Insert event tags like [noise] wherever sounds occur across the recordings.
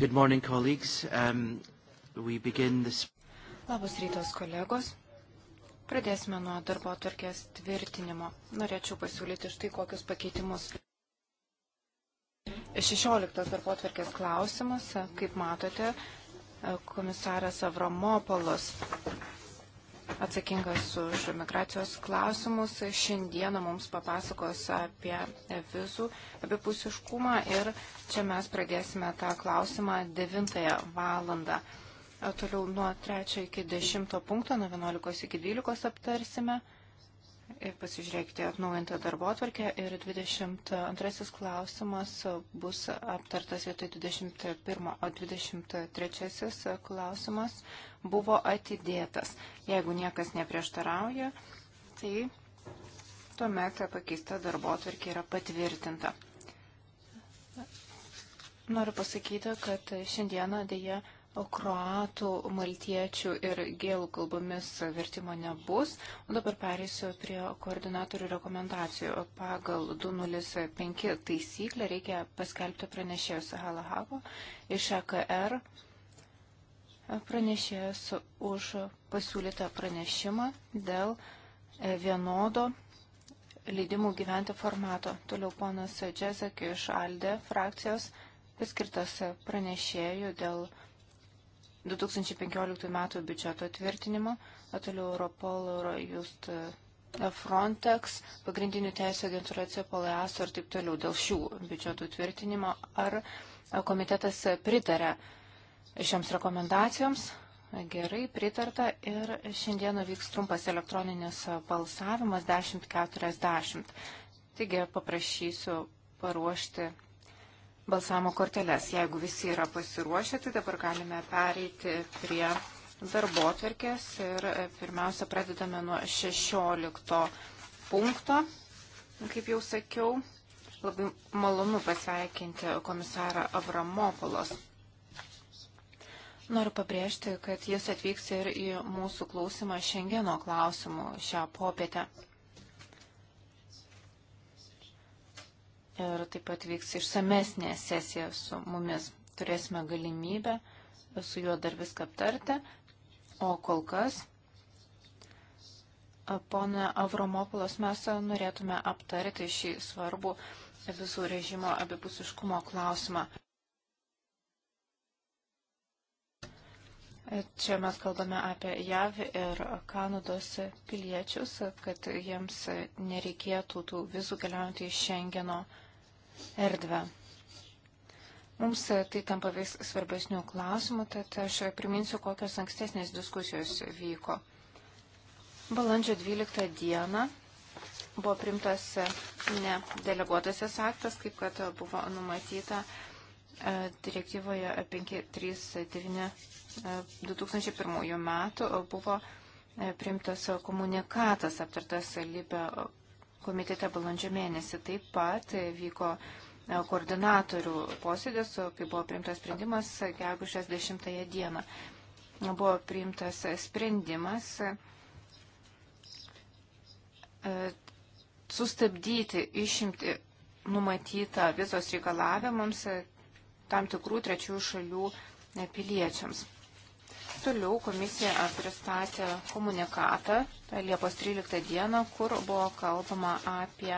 Good morning, colleagues. Um, we begin this... Labas rytas, kolegos. Pradėsime nuo darbo atvarkės tvirtinimo. Norėčiau pasiūlyti štai kokius pakeitimus. 16 darbo atvarkės klausimas, kaip matote, komisaras Avramopolos atsakingas už migracijos klausimus, šiandieną mums papasakos apie vizų abipusiškumą ir čia mes pradėsime tą klausimą 9 valandą. Toliau nuo 3 iki 10 punkto, nuo 11 iki 12 aptarsime. Pasižiūrėkite atnaujintą darbo atvarkę ir 22 klausimas bus aptartas vietoj 21, o 23 klausimas buvo atidėtas. Jeigu niekas neprieštarauja, tai tuomet pakeista darbo atvarkė yra patvirtinta. Noriu pasakyti, kad šiandieną dėja. Kroatų, maltiečių ir gėlų kalbomis vertimo nebus. O dabar perėsiu prie koordinatorių rekomendacijų. Pagal 205 taisyklę reikia paskelbti pranešėjus Halahavo iš AKR e pranešėjas už pasiūlytą pranešimą dėl e, vienodo leidimų gyventi formato. Toliau ponas Džezak iš Aldė frakcijos paskirtas pranešėjų dėl pranešimą 2015 metų biudžeto tvirtinimo, o toliau Europol, Eurojust, Frontex, pagrindinių teisų agentūra CEPOL, EASO ir taip toliau dėl šių biudžetų tvirtinimo. Ar komitetas pritarė šioms rekomendacijoms? Gerai, pritarta ir šiandieną vyks trumpas elektroninis balsavimas 10.40. Taigi paprašysiu paruošti balsavimo korteles. Jeigu visi yra pasiruošę, tai dabar galime pereiti prie darbo atverkės ir e, pirmiausia pradedame nuo 16 punkto. Kaip jau sakiau, labai malonu pasveikinti komisarą Avramopolos. Noriu pabrėžti, kad jis atvyks ir į mūsų klausimą Šengeno klausimų šią popietę. ir taip pat vyks išsamesnė sesija su mumis. Turėsime galimybę su juo dar viską aptarti, o kol kas, pone Avromopulos, mes norėtume aptarti šį svarbų visų režimo abipusiškumo klausimą. Čia mes kalbame apie JAV ir Kanados piliečius, kad jiems nereikėtų tų vizų keliaujant į Šengeno erdvę. Mums tai tampa vis svarbesnių klausimų, tad aš priminsiu, kokios ankstesnės diskusijos vyko. Balandžio 12 dieną buvo primtas ne deleguotasis aktas, kaip kad buvo numatyta e, direktyvoje 539 2001 e, metų, buvo e, primtas komunikatas aptartas Libė komitete balandžio mėnesį. Taip pat vyko e, koordinatorių posėdis, kai buvo priimtas sprendimas gegužės 10 dieną. Buvo priimtas sprendimas e, sustabdyti išimti numatytą vizos reikalavimams e, tam tikrų trečių šalių piliečiams. Toliau komisija pristatė komunikatą Liepos 13 dieną, kur buvo kalbama apie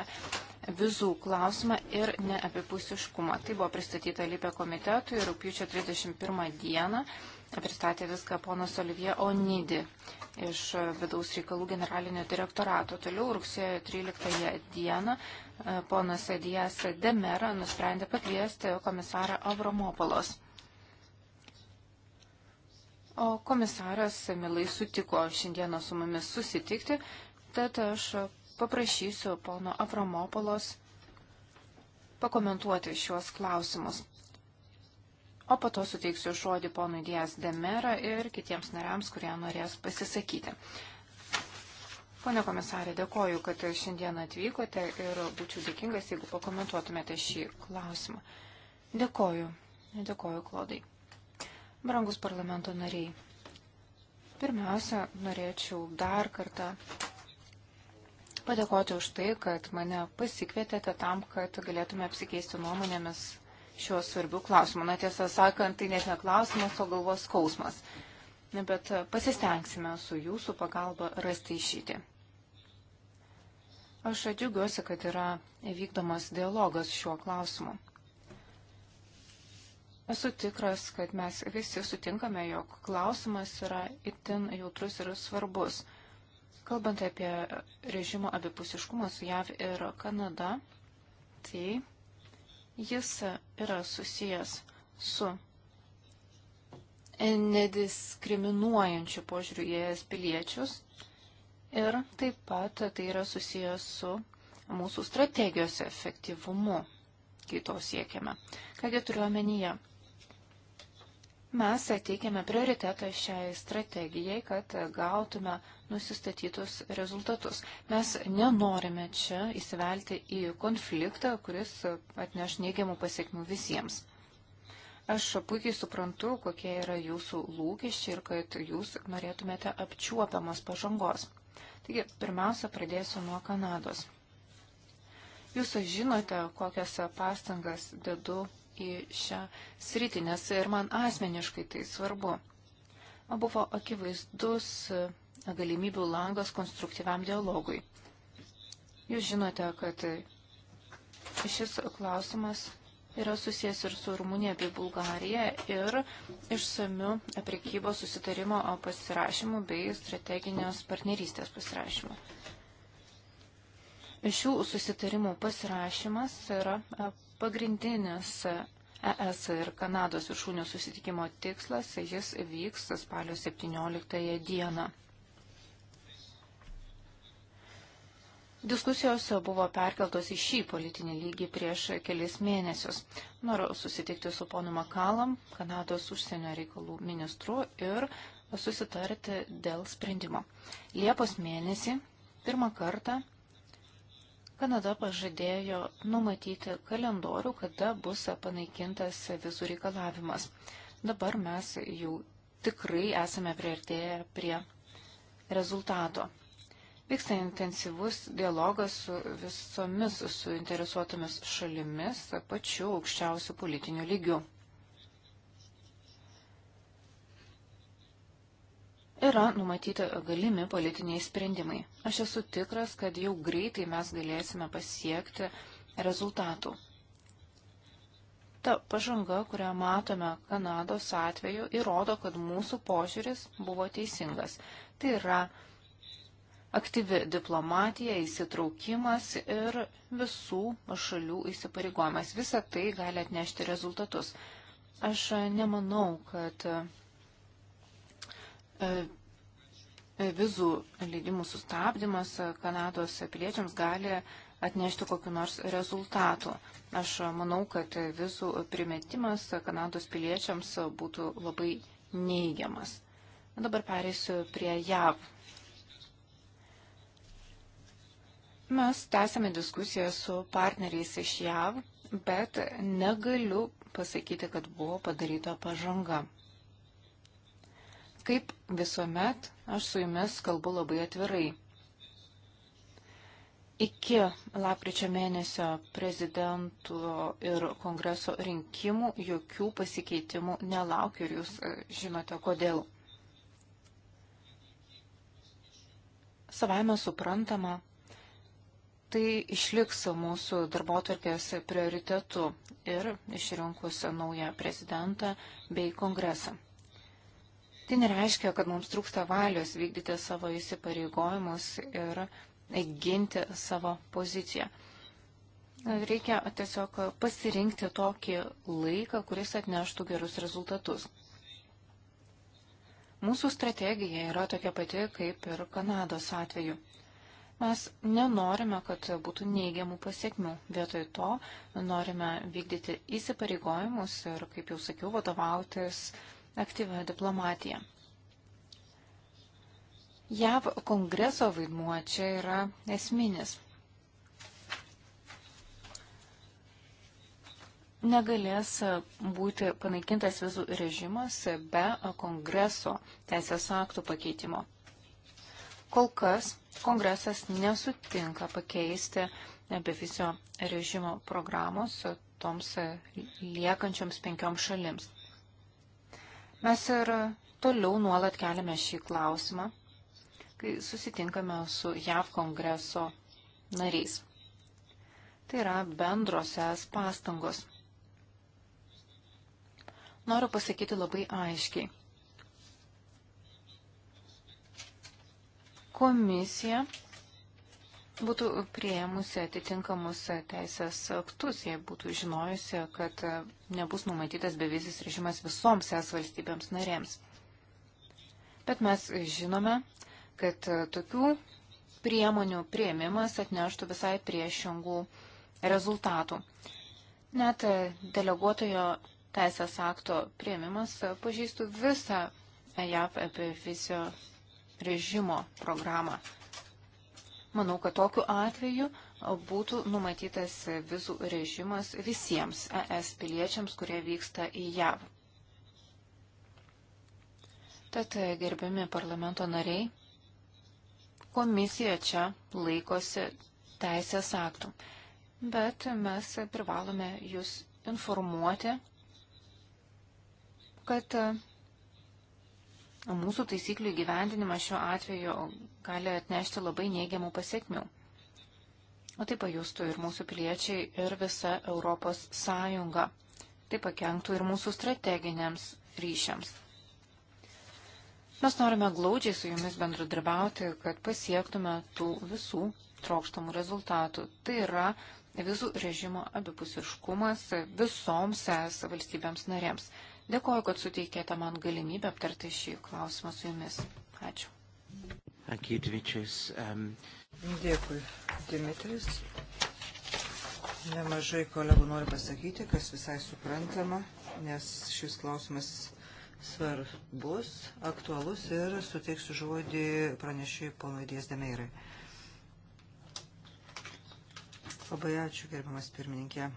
vizų klausimą ir neapipusiškumą. Tai buvo pristatyta Lipė komitetui rūpiučio 31 dieną. Pristatė viską ponas Olivier Onidi iš vidaus reikalų generalinio direktorato. Toliau rugsėjo 13 dieną e, ponas Edijas Demera nusprendė pakviesti komisarą Avromopolos. O komisaras milai sutiko šiandieną su mumis susitikti, tad aš paprašysiu pono Avramopolos pakomentuoti šiuos klausimus. O po to suteiksiu žodį ponui Dijas Demera ir kitiems nariams, kurie norės pasisakyti. Pone komisarė, dėkoju, kad šiandien atvykote ir būčiau dėkingas, jeigu pakomentuotumėte šį klausimą. Dėkoju. Dėkoju, Klodai. Brangus parlamento nariai, pirmiausia, norėčiau dar kartą padėkoti už tai, kad mane pasikvietėte tam, kad galėtume apsikeisti nuomonėmis šiuo svarbiu klausimu. Na, tiesą sakant, tai net ne klausimas, o galvos skausmas. Bet pasistengsime su jūsų pagalba rasti išeitį. Aš džiugiuosi, kad yra vykdomas dialogas šiuo klausimu. Esu tikras, kad mes visi sutinkame, jog klausimas yra itin jautrus ir svarbus. Kalbant apie režimo abipusiškumą su JAV ir Kanada, tai jis yra susijęs su nediskriminuojančiu požiūriu į ES piliečius ir taip pat tai yra susijęs su mūsų strategijos efektyvumu, kai to siekiame. Kągi turiu omenyje? Mes teikiame prioritetą šiai strategijai, kad gautume nusistatytus rezultatus. Mes nenorime čia įsivelti į konfliktą, kuris atneš neigiamų pasiekmių visiems. Aš puikiai suprantu, kokie yra jūsų lūkesčiai ir kad jūs norėtumėte apčiuopiamos pažangos. Taigi, pirmiausia, pradėsiu nuo Kanados. Jūs žinote, kokias pastangas dedu į šią sritį, nes ir man asmeniškai tai svarbu. Buvo akivaizdus e, galimybių langas konstruktyviam dialogui. Jūs žinote, kad šis klausimas yra susijęs ir su Rumunija bei Bulgarija ir išsamiu prekybos susitarimo pasirašymu bei strateginės partnerystės pasirašymu. Šių susitarimų pasirašymas yra Pagrindinis ES ir Kanados viršūnių susitikimo tikslas, jis vyks spalio 17 dieną. Diskusijos buvo perkeltos į šį politinį lygį prieš kelis mėnesius. Noriu susitikti su ponu Makalam, Kanados užsienio reikalų ministru ir susitarti dėl sprendimo. Liepos mėnesį pirmą kartą Kanada pažadėjo numatyti kalendorių, kada bus panaikintas vizų reikalavimas. Dabar mes jau tikrai esame priartėję prie rezultato. Vyksta intensyvus dialogas su visomis suinteresuotomis šalimis, pačiu aukščiausiu politiniu lygiu. yra numatyti galimi politiniai sprendimai. Aš esu tikras, kad jau greitai mes galėsime pasiekti rezultatų. Ta pažanga, kurią matome Kanados atveju, įrodo, kad mūsų požiūris buvo teisingas. Tai yra aktyvi diplomatija, įsitraukimas ir visų šalių įsipareigojimas. Visa tai gali atnešti rezultatus. Aš nemanau, kad E, e, vizų leidimų sustabdymas e, Kanados piliečiams gali atnešti kokiu nors rezultatu. Aš manau, kad vizų primetimas Kanados piliečiams būtų labai neigiamas. Dabar pereisiu prie JAV. Mes tęsėme diskusiją su partneriais iš JAV, bet negaliu pasakyti, kad buvo padaryta pažanga. Kaip visuomet, aš su jumis kalbu labai atvirai. Iki lapkričio mėnesio prezidentų ir kongreso rinkimų jokių pasikeitimų nelaukiu ir jūs e, žinote kodėl. Savaime suprantama, tai išliks mūsų darbotvarkės prioritetu ir išrinkus naują prezidentą bei kongresą. Tai nereiškia, kad mums trūksta valios vykdyti savo įsipareigojimus ir ginti savo poziciją. Reikia tiesiog pasirinkti tokį laiką, kuris atneštų gerus rezultatus. Mūsų strategija yra tokia pati kaip ir Kanados atveju. Mes nenorime, kad būtų neigiamų pasiekmių. Vietoj to norime vykdyti įsipareigojimus ir, kaip jau sakiau, vadovautis aktyvę diplomatiją. JAV kongreso vaidmuo čia yra esminis. Negalės būti panaikintas vizų režimas be kongreso teisės aktų pakeitimo. Kol kas kongresas nesutinka pakeisti bevizio režimo programos toms liekančioms penkioms šalims. Mes ir toliau nuolat keliame šį klausimą, kai susitinkame su JAV kongreso nariais. Tai yra bendrosios pastangos. Noriu pasakyti labai aiškiai. Komisija būtų prieimusi atitinkamus teisės aktus, jei būtų žinojusi, kad nebus numatytas bevizis režimas visoms es valstybėms narėms. Bet mes žinome, kad tokių priemonių prieimimas atneštų visai priešingų rezultatų. Net deleguotojo teisės akto prieimimas pažįstų visą e JAV bevizio režimo programą. Manau, kad tokiu atveju būtų numatytas vizų režimas visiems ES piliečiams, kurie vyksta į JAV. Tad, gerbiami parlamento nariai, komisija čia laikosi teisės aktų, bet mes privalome jūs informuoti, kad mūsų taisyklių gyvendinimas šiuo atveju gali atnešti labai neigiamų pasiekmių. O tai pajustų ir mūsų piliečiai, ir visa Europos Sąjunga. Tai pakenktų ir mūsų strateginiams ryšiams. Mes norime glaudžiai su jumis bendradarbiauti, kad pasiektume tų visų trokštamų rezultatų. Tai yra vizų režimo abipusiškumas visoms es valstybėms narėms. Dėkoju, kad suteikėte man galimybę aptarti šį klausimą su jumis. Ačiū. Ačiū, Dvičius. Um... Dėkui, Dimitris. Nemažai kolegų noriu pasakyti, kas visai suprantama, nes šis klausimas svarbus, aktualus ir suteiksiu žodį pranešiui ponui Dėsdemeirai. Labai ačiū, gerbiamas pirmininkė.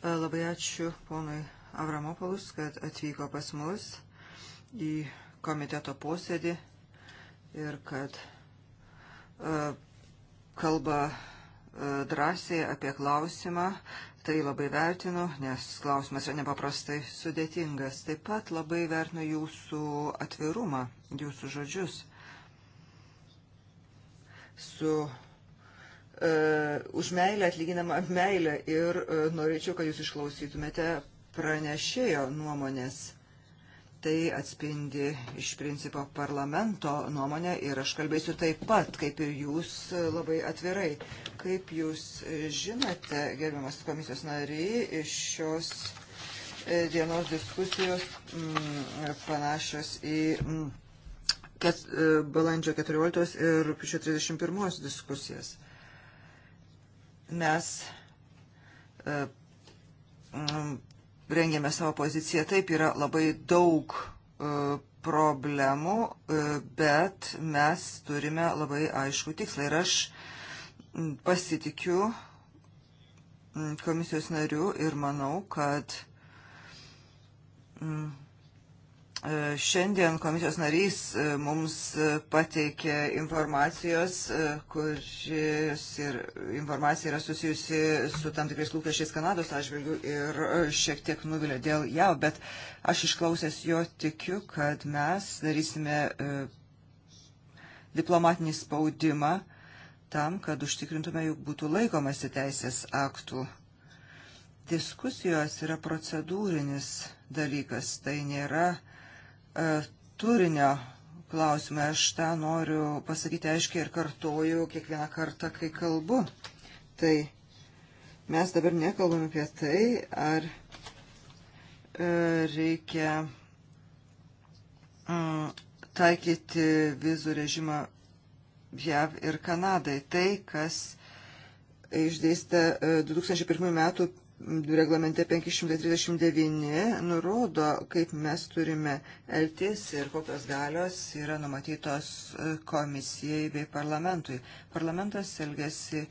E, labai ačiū ponui Avramopolus, kad atvyko pas mus į komiteto posėdį ir kad uh, kalba uh, drąsiai apie klausimą. Tai labai vertinu, nes klausimas yra nepaprastai sudėtingas. Taip pat labai vertinu jūsų atvirumą, jūsų žodžius. Su E, už meilę atlyginama meilė ir e, norėčiau, kad jūs išklausytumėte pranešėjo nuomonės. Tai atspindi iš principo parlamento nuomonę ir aš kalbėsiu taip pat, kaip ir jūs, e, labai atvirai. Kaip jūs žinote, gerbiamas komisijos nariai, iš šios dienos diskusijos m, mm, panašios į m, mm, ket, balandžio 14 ir 31 diskusijas mes e, rengėme savo poziciją. Taip yra labai daug e, problemų, e, bet mes turime labai aišku tikslą. Ir aš pasitikiu komisijos nariu ir manau, kad E, šiandien komisijos narys e, mums pateikė informacijos, e, kuris ir informacija yra susijusi su tam tikrais lūkesčiais Kanados atžvilgių ir šiek tiek nuvilė dėl jav, bet aš išklausęs jo tikiu, kad mes darysime diplomatinį spaudimą tam, kad užtikrintume, jog būtų laikomasi teisės aktų. Diskusijos yra procedūrinis dalykas, tai nėra E, turinio klausimą. Aš tą noriu pasakyti aiškiai ir kartoju kiekvieną kartą, kai kalbu. Tai mes dabar nekalbame apie tai, ar e, reikia mm, taikyti vizų režimą JAV ir Kanadai. Tai, kas išdėstė 2001 e, metų reglamente 539 nurodo, kaip mes turime elgtis ir kokios galios yra numatytos e, komisijai bei parlamentui. Parlamentas elgesi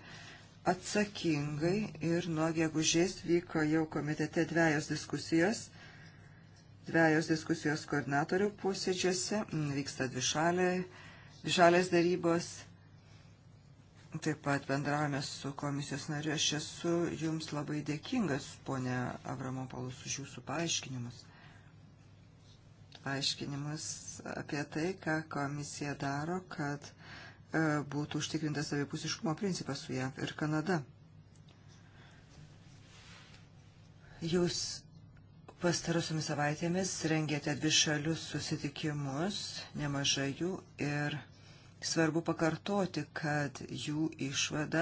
atsakingai ir nuo gegužės vyko jau komitete dviejos diskusijos. Dviejos diskusijos koordinatorių posėdžiuose vyksta dvišalės darybos Taip pat bendravome su komisijos nariu. Aš esu jums labai dėkingas, ponė Avramopolus, už jūsų paaiškinimus. Paaiškinimus apie tai, ką komisija daro, kad e, būtų užtikrintas abipusiškumo principas su JAV ir Kanada. Jūs pastarosiomis savaitėmis rengėte dvi šalius susitikimus, nemažai jų, ir Svarbu pakartoti, kad jų išvada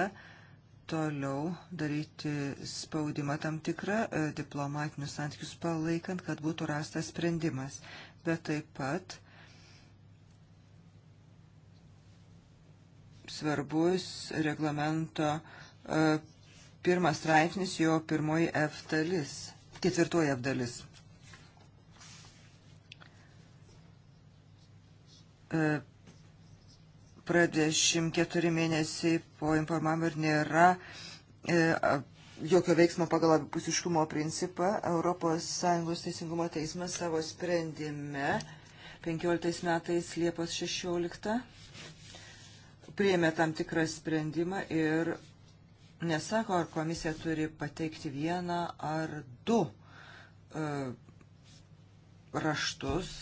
toliau daryti spaudimą tam tikrą, e, diplomatinius santykius palaikant, kad būtų rastas sprendimas. Bet taip pat svarbus reglamento e, pirmas straipsnis, jo pirmoji F dalis, ketvirtoji F dalis. E, 24 mėnesiai po informavimo ir nėra e, jokio veiksmo pagal abipusiškumo principą. ES Teisingumo teismas savo sprendime 15 metais Liepos 16 priėmė tam tikrą sprendimą ir nesako, ar komisija turi pateikti vieną ar du uh, raštus.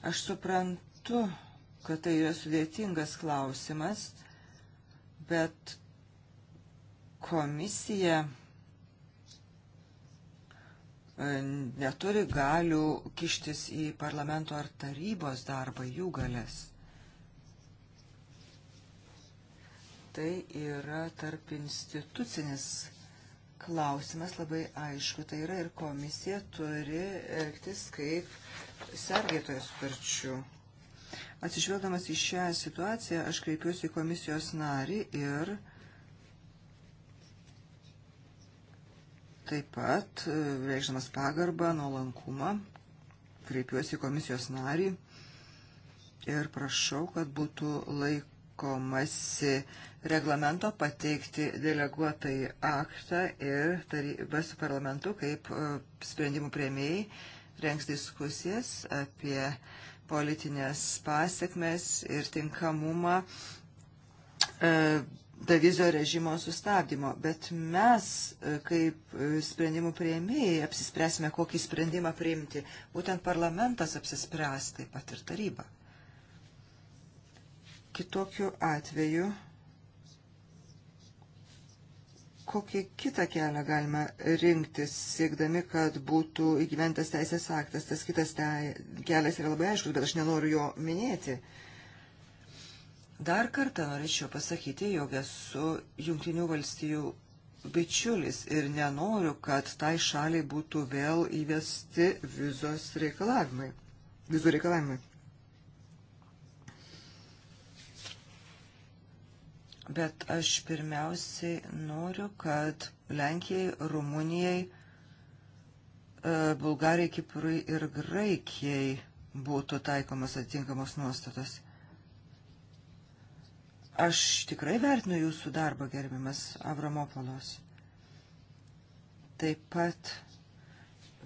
Aš suprantu, suprantu, kad tai yra sudėtingas klausimas, bet komisija e, neturi galių kištis į parlamento ar tarybos darbą jų galės. Tai yra tarp institucinis klausimas labai aišku. Tai yra ir komisija turi elgtis kaip sergėtojas sutarčių Atsižvelgdamas į šią situaciją, aš kreipiuosi į komisijos narį ir taip pat, e, reikšdamas pagarbą, nuolankumą, kreipiuosi į komisijos narį ir prašau, kad būtų laikomasi reglamento pateikti deleguotai aktą ir tarybą su parlamentu kaip e, sprendimų prieimėjai rengs diskusijas apie uh, politinės pasiekmes ir tinkamumą e, davizio režimo sustabdymo. Bet mes, e, kaip e, sprendimų prieimėjai, apsispręsime, kokį sprendimą priimti. Būtent parlamentas apsispręs taip pat ir taryba. Kitokiu atveju kokį kitą kelią galime rinktis, siekdami, kad būtų įgyventas teisės aktas. Tas kitas te... kelias yra labai aiškus, bet aš nenoriu jo minėti. Dar kartą norėčiau pasakyti, jog esu Junktinių valstijų bičiulis ir nenoriu, kad tai šaliai būtų vėl įvesti vizos reikalavimai. Vizų reikalavimai. bet aš pirmiausiai noriu, kad Lenkijai, Rumunijai, e, Bulgarijai, Kiprui ir Graikijai būtų taikomas atitinkamos nuostatos. Aš tikrai vertinu jūsų darbą, gerbimas Avramopolos. Taip pat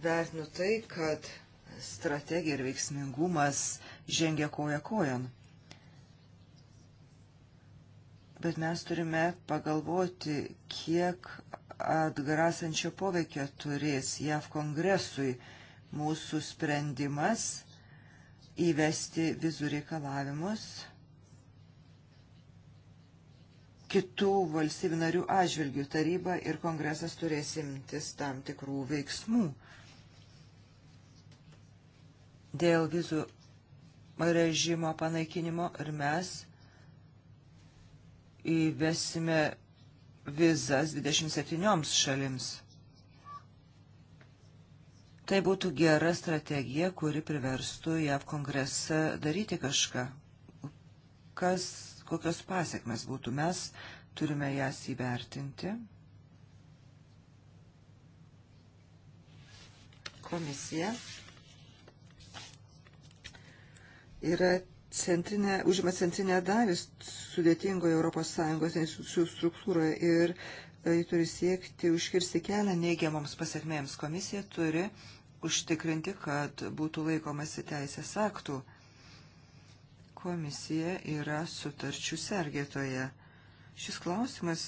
vertinu tai, kad strategija ir veiksmingumas žengia koja kojan. Kojan bet mes turime pagalvoti, kiek atgrasančio poveikio turės JAV kongresui mūsų sprendimas įvesti vizų reikalavimus kitų valstybių narių atžvilgių taryba ir kongresas turės imtis tam tikrų veiksmų. Dėl vizų režimo panaikinimo ir mes įvesime vizas 27 šalims. Tai būtų gera strategija, kuri priverstų JAV kongresą daryti kažką. Kas, kokios pasiekmes būtų, mes turime jas įvertinti. Komisija yra centrinę, užima centrinę dalį sudėtingoje ES institucijų struktūroje ir e, ji turi siekti užkirsti kelią neigiamoms pasiekmėms. Komisija turi užtikrinti, kad būtų laikomasi teisės aktų. Komisija yra sutarčių sergėtoje. Šis klausimas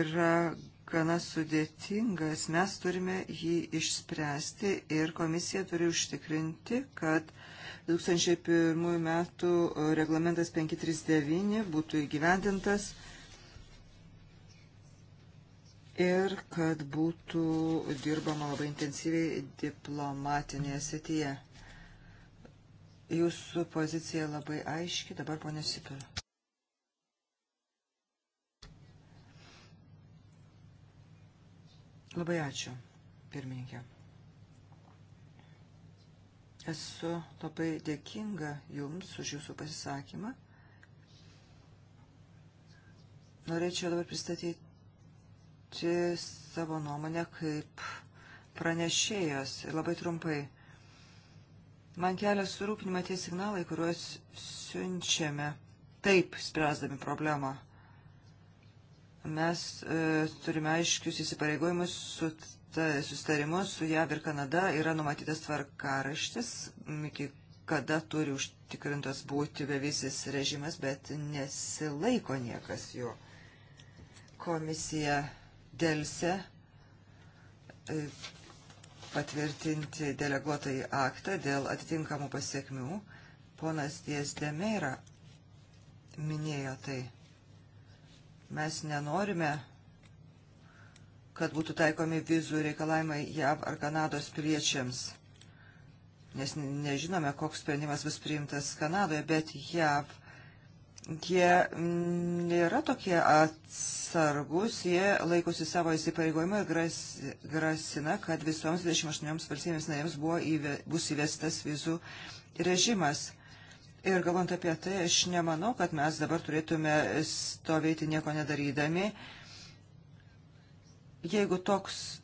yra gana sudėtingas. Mes turime jį išspręsti ir komisija turi užtikrinti, kad uh, 2001 metų reglamentas 539 būtų įgyvendintas ir kad būtų dirbama labai intensyviai diplomatinėje srityje. Jūsų pozicija labai aiški, dabar ponė Sipil. Labai ačiū, pirmininkė. Esu labai dėkinga Jums už Jūsų pasisakymą. Norėčiau dabar pristatyti savo nuomonę kaip pranešėjos ir labai trumpai. Man kelia surūpinimą tie signalai, kuriuos siunčiame taip spręsdami problemą. Mes e, turime aiškius įsipareigojimus sustarimus su JAV ir Kanada yra numatytas tvarkaraštis, iki kada turi užtikrintas būti bevisis režimas, bet nesilaiko niekas jo. Komisija dėlse e, patvirtinti deleguotąjį aktą dėl atitinkamų pasiekmių. Ponas Dies Demeira minėjo tai. Mes nenorime kad būtų taikomi vizų reikalavimai JAV ar Kanados piliečiams. Nes nežinome, koks sprendimas bus priimtas Kanadoje, bet JAV jie nėra tokie atsargus, jie laikosi savo įsipareigojimą ir gras, grasina, kad visoms 28 valstybėms narėms įve, bus įvestas vizų režimas. Ir galvant apie tai, aš nemanau, kad mes dabar turėtume stovėti nieko nedarydami Jeigu toks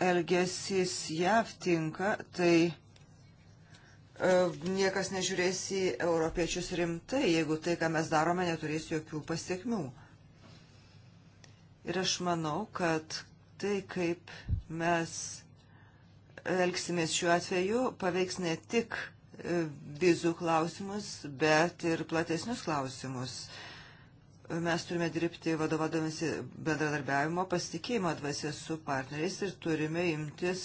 elgesys jav tinka, tai e, niekas nežiūrės į europiečius rimtai, jeigu tai, ką mes darome, neturės jokių pasiekmių. Ir aš manau, kad tai, kaip mes elgsimės šiuo atveju, paveiks ne tik e, vizų klausimus, bet ir platesnius klausimus mes turime dirbti vadovadamasi bendradarbiavimo pasitikėjimo dvasė su partneriais ir turime imtis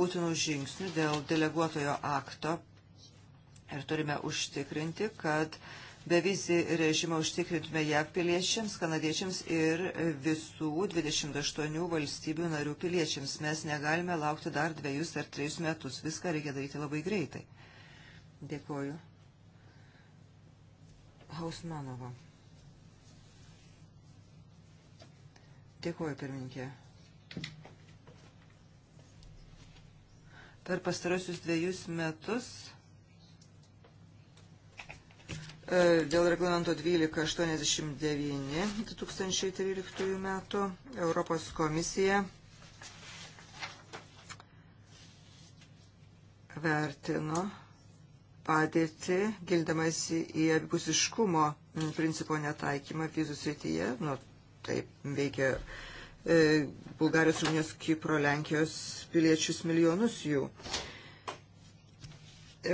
būtinų žingsnių dėl deleguotojo akto ir turime užtikrinti, kad bevizį režimą užtikrintume JAV piliečiams, kanadiečiams ir visų 28 valstybių narių piliečiams. Mes negalime laukti dar dviejus ar trejus metus. Viską reikia daryti labai greitai. Dėkoju. Hausmanova. Dėkuoju, pirmininkė. Per pastarosius dviejus metus e, Dėl reglamento 1289 2013 metų Europos komisija vertino padėti gildamasi į abipusiškumo principo netaikymą vizų srityje nuo Taip veikia e, Bulgarijos, Rumunijos, Kipro, Lenkijos piliečius milijonus jų.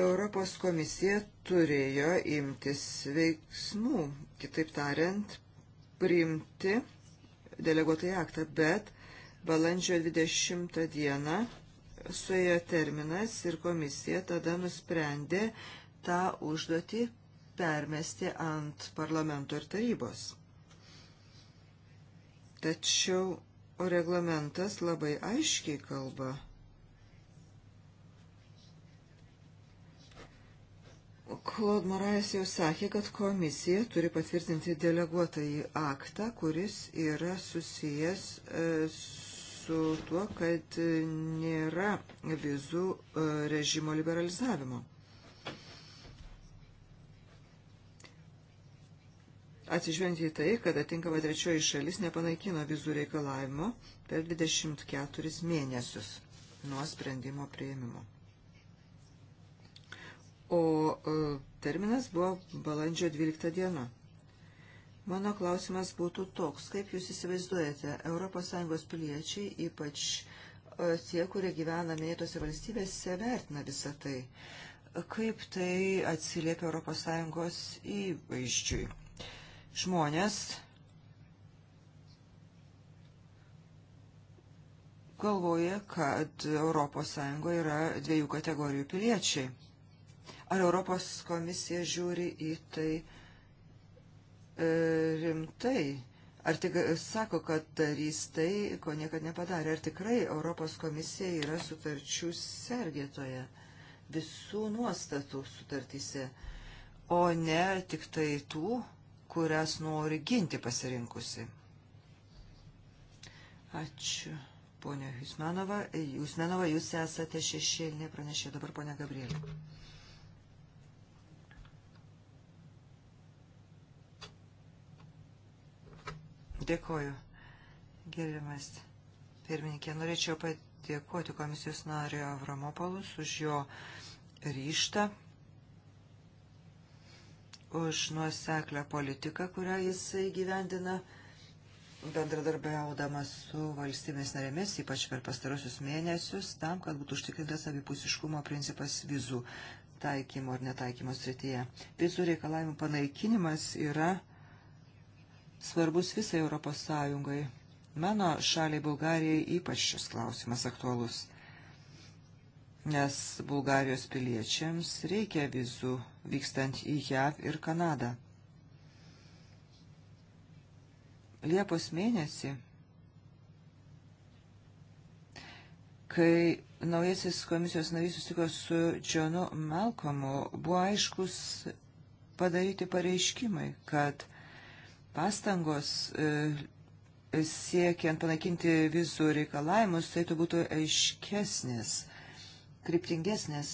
Europos komisija turėjo imtis veiksmų, kitaip tariant, priimti deleguotai aktą, bet balandžio 20 dieną suėjo terminas ir komisija tada nusprendė tą užduotį permesti ant parlamento ir tarybos. Tačiau reglamentas labai aiškiai kalba. Claude Morais jau sakė, kad komisija turi patvirtinti deleguotąjį aktą, kuris yra susijęs e, su tuo, kad nėra vizų e, režimo liberalizavimo. atsižvelgiant į tai, kad atinkama trečioji šalis nepanaikino vizų reikalavimo per 24 mėnesius nuo sprendimo prieimimo. O e, terminas buvo balandžio 12 diena. Mano klausimas būtų toks, kaip jūs įsivaizduojate, ES piliečiai, ypač e, tie, kurie gyvena minėtose valstybėse, vertina visą tai. Kaip tai atsiliepia ES įvaizdžiui? žmonės galvoja, kad ES yra dviejų kategorijų piliečiai. Ar Europos komisija žiūri į tai e, rimtai? Ar tik sako, kad darys tai, ko niekad nepadarė? Ar tikrai Europos komisija yra sutarčių sergėtoje visų nuostatų sutartyse, o ne tik tai tų, kurias nori ginti pasirinkusi. Ačiū. Pone Jusmenova, Jusmenova, jūs esate šešėlinė pranešė dabar, pone Gabrielė. Dėkoju, gerbiamas pirmininkė. Norėčiau padėkoti komisijos nario Avramopolus už jo ryštą už nuoseklę politiką, kurią jisai gyvendina bendradarbiaudamas su valstybės narėmis, ypač per pastarosius mėnesius, tam, kad būtų užtikrintas abipusiškumo principas vizų taikymo ar netaikymo srityje. Vizų reikalavimų panaikinimas yra svarbus visai Europos Sąjungai. Mano šaliai Bulgarijai ypač šis klausimas aktualus nes Bulgarijos piliečiams reikia vizų vykstant į JAV ir Kanadą. Liepos mėnesį, kai naujasis komisijos narys susitiko su Džonu Malkomu, buvo aiškus padaryti pareiškimai, kad pastangos e, siekiant panaikinti vizų reikalavimus, tai tu būtų aiškesnis kryptingesnės.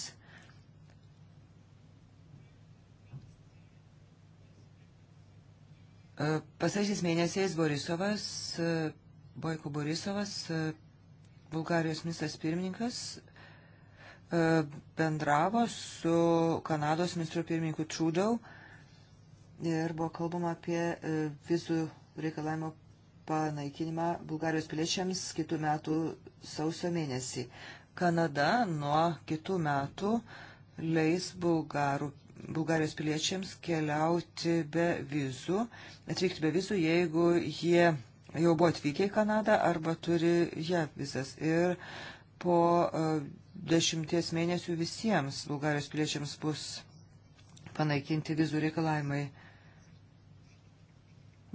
E, Pasaisiais mėnesiais Borisovas, e, Boiko Borisovas, e, Bulgarijos ministras pirmininkas, bendravo su Kanados ministro pirmininku Trudau ir buvo kalbama apie vizų reikalavimo panaikinimą Bulgarijos piliečiams kitų metų sausio mėnesį. Kanada nuo kitų metų leis bulgarų, Bulgarijos piliečiams keliauti be vizų, atvykti be vizų, jeigu jie jau buvo atvykę į Kanadą arba turi ją vizas. Ir po e, dešimties mėnesių visiems Bulgarijos piliečiams bus panaikinti vizų reikalavimai.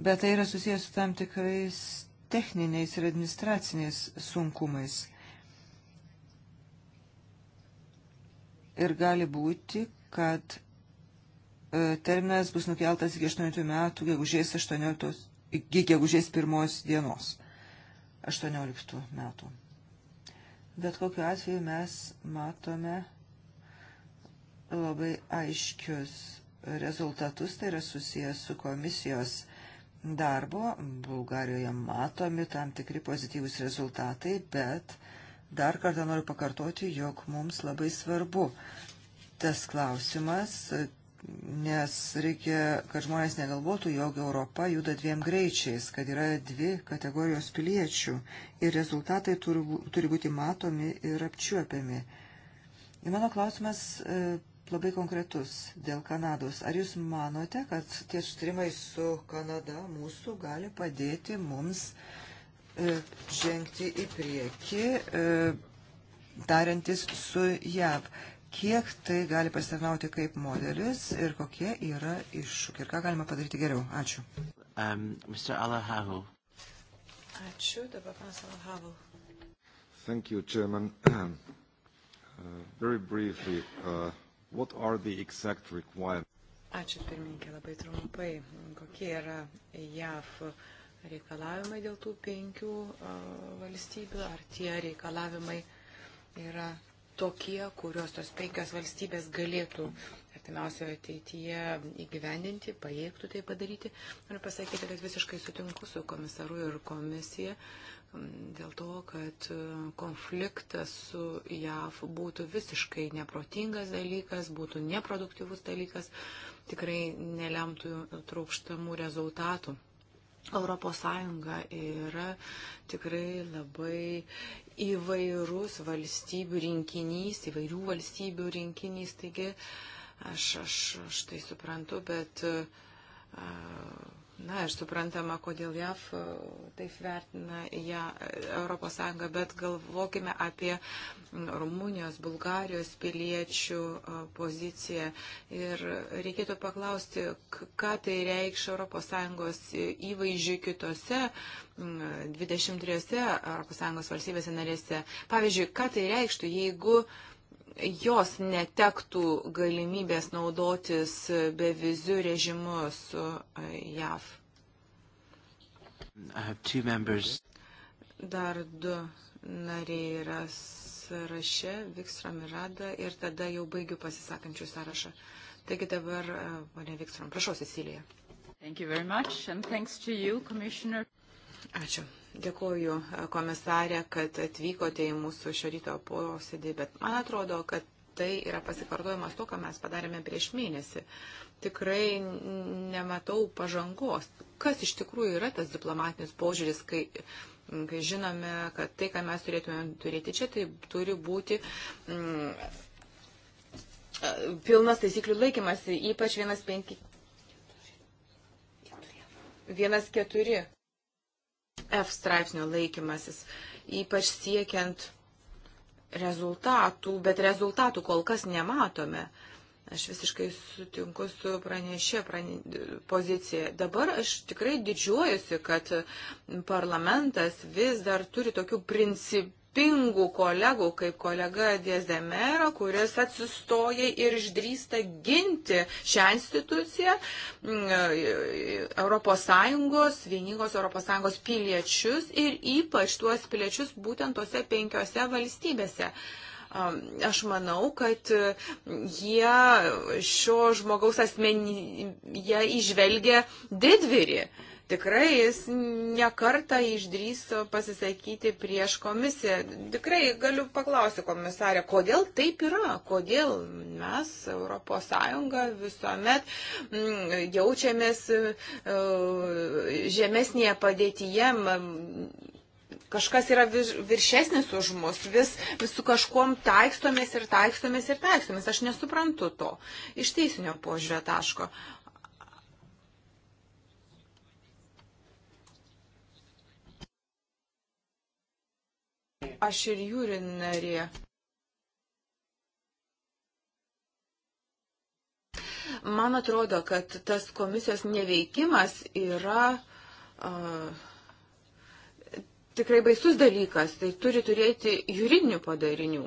Bet tai yra susijęs su tam tikrais techniniais ir administraciniais sunkumais. ir gali būti, kad e, terminas bus nukeltas iki 18 metų gegužės 18, iki gegužės 1 dienos 18 metų. Bet kokiu atveju mes matome labai aiškius rezultatus, tai yra susijęs su komisijos darbo. Bulgarijoje matomi tam tikri pozityvus rezultatai, bet uh, dar kartą noriu pakartoti, jog mums labai svarbu tas klausimas, nes reikia, kad žmonės negalvotų, jog Europa juda dviem greičiais, kad yra dvi kategorijos piliečių ir rezultatai turi, turi būti matomi ir apčiuopiami. Ir mano klausimas e, labai konkretus dėl Kanados. Ar jūs manote, kad tie sutrimai su Kanada mūsų gali padėti mums uh, E, žengti į priekį, darantis e, su JAV. Kiek tai gali pasitarnauti kaip modelis ir kokie yra iššūkiai ir ką galima padaryti geriau? Ačiū. Um, Mr. Alahavu. Ačiū, dabar panas Alahavu. Thank you, Chairman. [clears throat] uh, very briefly, uh, what are the exact requirements? Ačiū pirmininkė, labai trumpai. Kokie yra JAV uh, reikalavimai dėl tų penkių valstybių, ar tie reikalavimai yra tokie, kuriuos tos penkios valstybės galėtų artimiausioje ateityje įgyvendinti, pajėgtų tai padaryti. Noriu pasakyti, kad visiškai sutinku su komisaru ir komisija dėl to, kad konfliktas su JAV būtų visiškai neprotingas dalykas, būtų neproduktyvus dalykas, tikrai nelemtų trūkstamų rezultatų. Europos Sąjunga yra tikrai labai įvairus valstybių rinkinys, įvairių valstybių rinkinys, taigi aš, aš, aš tai suprantu, bet uh, Na, aš suprantama, kodėl JAF e, taip vertina ją e, Europos Sąjungą, bet galvokime apie Rumunijos, Bulgarijos piliečių e, poziciją. Ir reikėtų paklausti, ką tai reikš Europos Sąjungos įvaizdžiui kitose 23 Europos Sąjungos valstybėse narėse. Pavyzdžiui, ką tai reikštų, jeigu uh, jos netektų galimybės naudotis bevizių režimu su e, JAV. Dar du nariai yra sąraše, Vikstram ir Rada, ir tada jau baigiu pasisakančių sąrašą. Taigi dabar, e, ponė Vikstram, prašau, Cecilija. Thank you very much and thanks to you, Commissioner. Ačiū. Dėkuoju komisarė, kad atvykote į mūsų šio ryto posėdį, bet man atrodo, kad tai yra pasikartojimas to, ką mes padarėme prieš mėnesį. Tikrai nematau pažangos. Kas iš tikrųjų yra tas diplomatinis požiūris, kai kai žinome, kad tai, ką mes turėtume turėti čia, tai turi būti mm, pilnas taisyklių laikymas, ypač vienas penki. Vienas keturi. F straipsnio laikymasis, ypač siekiant rezultatų, bet rezultatų kol kas nematome. Aš visiškai sutinku su pranešė prane, pozicija. Dabar aš tikrai didžiuojusi, kad parlamentas vis dar turi tokių principų principingų kolegų, kaip kolega Diezdemera, kuris atsistoja ir išdrįsta ginti šią instituciją, mm, ES, vieningos ES piliečius ir ypač tuos piliečius būtent tose penkiose valstybėse aš manau, kad jie šio žmogaus asmenyje išvelgia didvyrį. Tikrai jis nekarta išdrįso pasisakyti prieš komisiją. Tikrai galiu paklausti komisarę, kodėl taip yra, kodėl mes, ES, visuomet mm, jaučiamės e, žemesnėje padėtyje, kažkas yra virš, viršesnis už mus, vis, vis su kažkuom taikstomės ir taikstomės ir taikstomės. Aš nesuprantu to iš teisinio požiūrio taško. Uh, Aš ir jūri narė. Man atrodo, kad tas komisijos neveikimas yra uh, tikrai baisus dalykas, tai turi turėti juridinių padarinių.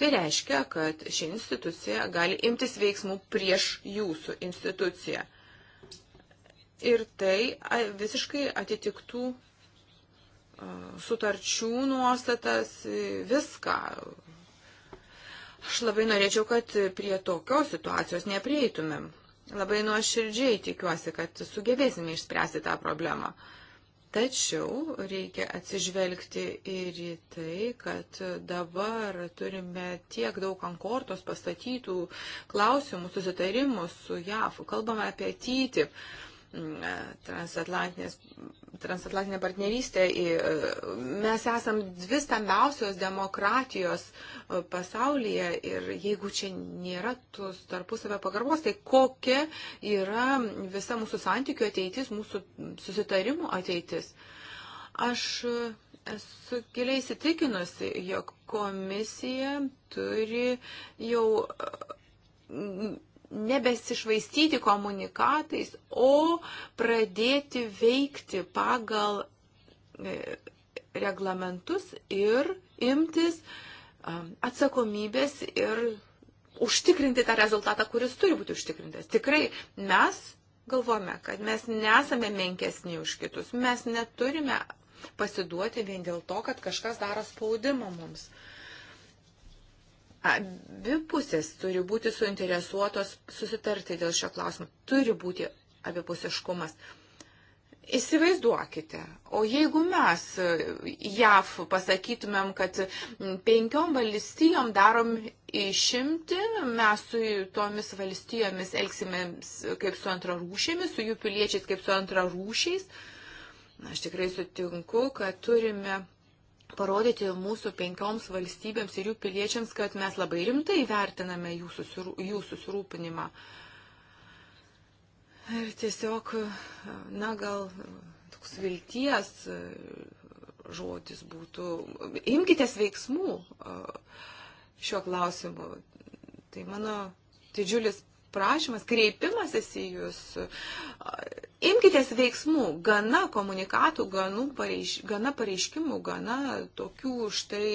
Tai reiškia, kad ši institucija gali imtis veiksmų prieš jūsų instituciją. Ir tai visiškai atitiktų sutarčių nuostatas, viską. Aš labai norėčiau, kad prie tokios situacijos neprieitumėm. Labai nuoširdžiai tikiuosi, kad sugebėsime išspręsti tą problemą. Tačiau reikia atsižvelgti ir į tai, kad dabar turime tiek daug ankortos pastatytų klausimų, susitarimų su JAF. Kalbame apie TTIP, transatlantinės transatlantinę partnerystę. E, mes esam dvi stambiausios demokratijos e, pasaulyje ir jeigu čia nėra tos tarpusavio pagarbos, tai kokia yra visa mūsų santykių ateitis, mūsų susitarimų ateitis. Aš e, esu giliai įsitikinusi, jog komisija turi jau nebesišvaistyti komunikatais, o pradėti veikti pagal e, reglamentus ir imtis e, atsakomybės ir užtikrinti tą rezultatą, kuris turi būti užtikrintas. Tikrai mes galvome, kad mes nesame menkesni už kitus, mes neturime pasiduoti vien dėl to, kad kažkas daro spaudimą mums. Uh, Abi pusės turi būti suinteresuotos susitarti dėl šio klausimo. Turi būti abipusiškumas. Įsivaizduokite, o jeigu mes JAV pasakytumėm, kad penkiom valstijom darom išimti, mes su tomis valstijomis elgsimės kaip su antrarūšėmis, su jų piliečiais kaip su antrarūšiais, aš tikrai sutinku, kad turime parodyti mūsų penkioms valstybėms ir jų piliečiams, kad mes labai rimtai vertiname jų, susirū, jų susirūpinimą. Ir tiesiog, na gal toks vilties e, žodis būtų, imkitės veiksmų e, šiuo klausimu. Tai mano didžiulis prašymas, kreipimasis į jūs. Imkitės veiksmų, gana komunikatų, pareiš, gana pareiškimų, gana tokių štai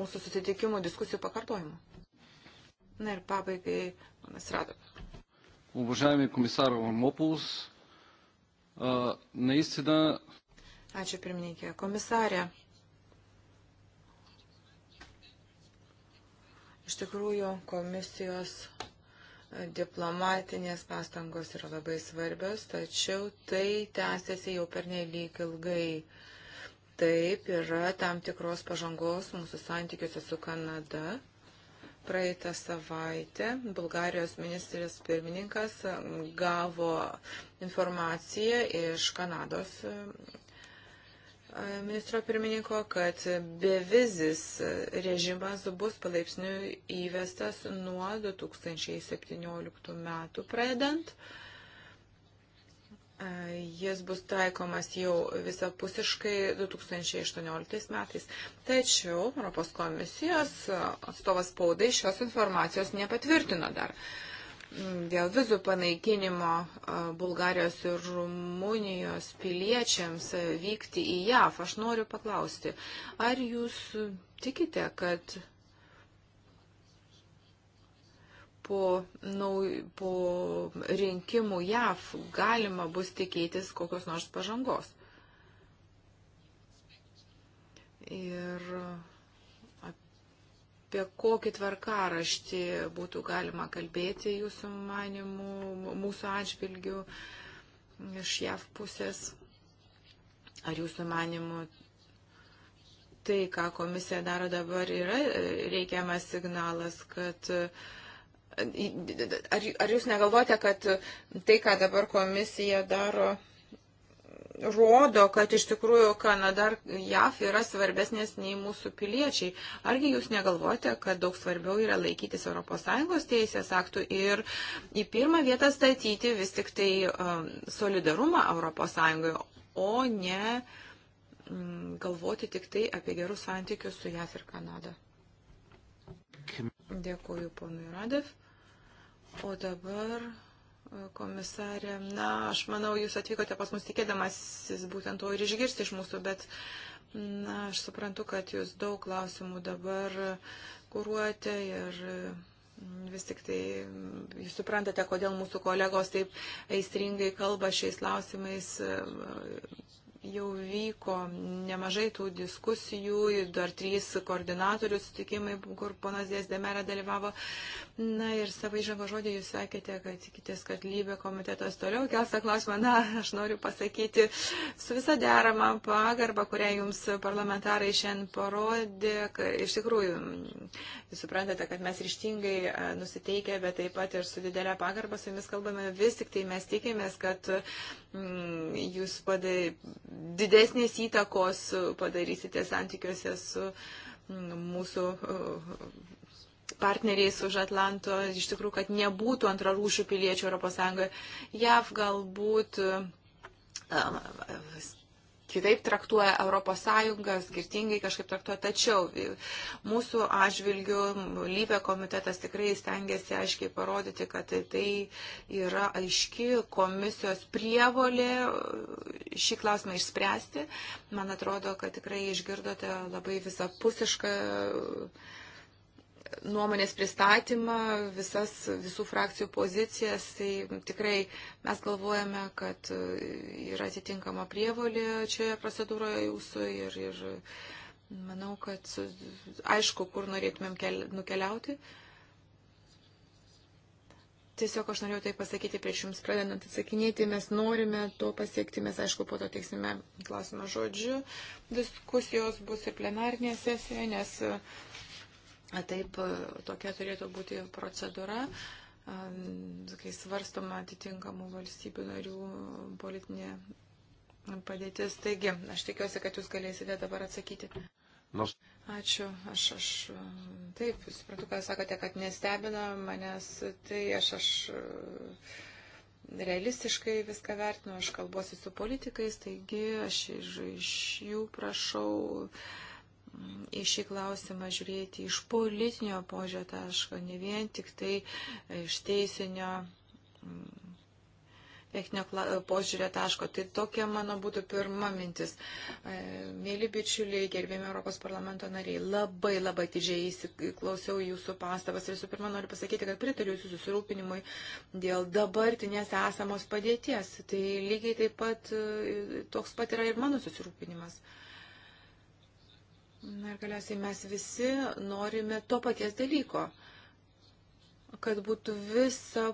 mūsų susitikimų diskusijų pakartojimų. Na ir pabaigai, manas rado. Уважаемый комиссар Вармопулс, наистина... Ačiū pirmininkė. Komisarė. Iš tikrųjų, komisijos Diplomatinės pastangos yra labai svarbios, tačiau tai tęsiasi jau per nelik ilgai. Taip, yra tam tikros pažangos mūsų santykiuose su Kanada. Praeitą savaitę Bulgarijos ministrės pirmininkas gavo informaciją iš Kanados ministro pirmininko, kad bevizis režimas bus palaipsniui įvestas nuo 2017 metų pradedant. Jis bus taikomas jau visapusiškai 2018 metais. Tačiau Europos komisijos atstovas spaudai šios informacijos nepatvirtino dar. Uh, dėl vizų panaikinimo Bulgarijos ir Rumunijos piliečiams vykti į JAV. Aš noriu paklausti, ar jūs tikite, kad po, nau, po rinkimų JAV galima bus tikėtis kokios nors pažangos? Ir apie kokį tvarkaraštį būtų galima kalbėti jūsų manimų, mūsų atžvilgių iš JAV pusės. Ar jūsų manimų tai, ką komisija daro dabar, yra e, reikiamas signalas, kad e, ar, ar jūs negalvojate, kad tai, ką dabar komisija daro, rodo, kad iš tikrųjų Kanada ar JAF yra svarbesnės nei mūsų piliečiai. Argi jūs negalvojate, kad daug svarbiau yra laikytis ES teisės aktų ir į pirmą vietą statyti vis tik tai um, solidarumą ES, o ne um, galvoti tik tai apie gerus santykius su JAF ir Kanada? Dėkuoju ponui Radev. O dabar komisarė. Na, aš manau, jūs atvykote pas mus tikėdamasis būtent to ir išgirsti iš mūsų, bet na, aš suprantu, kad jūs daug klausimų dabar kuruojate ir mm, vis tik tai jūs suprantate, kodėl mūsų kolegos taip aistringai kalba šiais klausimais jau vyko nemažai tų diskusijų, dar trys koordinatorių sutikimai, kur ponas Dės Demerė dalyvavo. Na ir savo įžango žodį jūs sakėte, kad tikitės, kad lybė komitetas toliau kels tą klausimą. Na, aš noriu pasakyti su visa derama pagarba, kurią jums parlamentarai šiandien parodė. Iš tikrųjų, jūs suprantate, kad mes ryštingai e, nusiteikę, bet taip pat ir su didelė pagarba su jumis kalbame. Vis tik tai mes tikimės, kad mm, jūs padai, didesnės įtakos padarysite santykiuose su mm, mūsų uh, partneriais už Atlanto, iš tikrųjų, kad nebūtų antrarūšių piliečių ES. JAV galbūt uh, kitaip traktuoja ES, skirtingai kažkaip traktuoja. Tačiau mūsų atžvilgių lyvė komitetas tikrai stengiasi aiškiai parodyti, kad tai yra aiški komisijos prievolė e, šį klausimą išspręsti. Man atrodo, kad tikrai išgirdote labai visapusišką nuomonės pristatymą, visas, visų frakcijų pozicijas, tai tikrai mes galvojame, kad e, yra atitinkama prievolė šioje procedūroje jūsų ir, ir manau, kad aišku, kur norėtumėm kel, nukeliauti. Tiesiog aš norėjau tai pasakyti prieš Jums pradedant atsakinėti, mes norime to pasiekti, mes aišku po to teiksime klausimą žodžiu, diskusijos bus ir plenarnėje sesijoje, nes uh, Taip, e, tokia turėtų būti procedūra, kai svarstoma atitinkamų valstybių narių politinė padėtis. Taigi, aš tikiuosi, kad jūs galėsite dabar atsakyti. Nors. Ačiū. Aš, aš taip, supratau, kad sakote, kad nestebina manęs, tai aš, aš realistiškai viską vertinu, aš kalbuosi su politikais, taigi aš iš, iš jų prašau. Uh, į šį klausimą žiūrėti iš politinio požiūrio taško, ne vien tik tai iš teisinio mm, techninio požiūrio taško. Tai tokia mano būtų pirma mintis. E, mėly bičiuliai, gerbėmi Europos parlamento nariai, labai labai didžiai įsiklausiau jūsų pastabas ir visų pirma noriu pasakyti, kad pritariu jūsų susirūpinimui dėl dabartinės esamos padėties. Tai lygiai taip pat e, toks pat yra ir mano susirūpinimas. Na ir galiausiai mes visi norime to paties dalyko, kad būtų visa,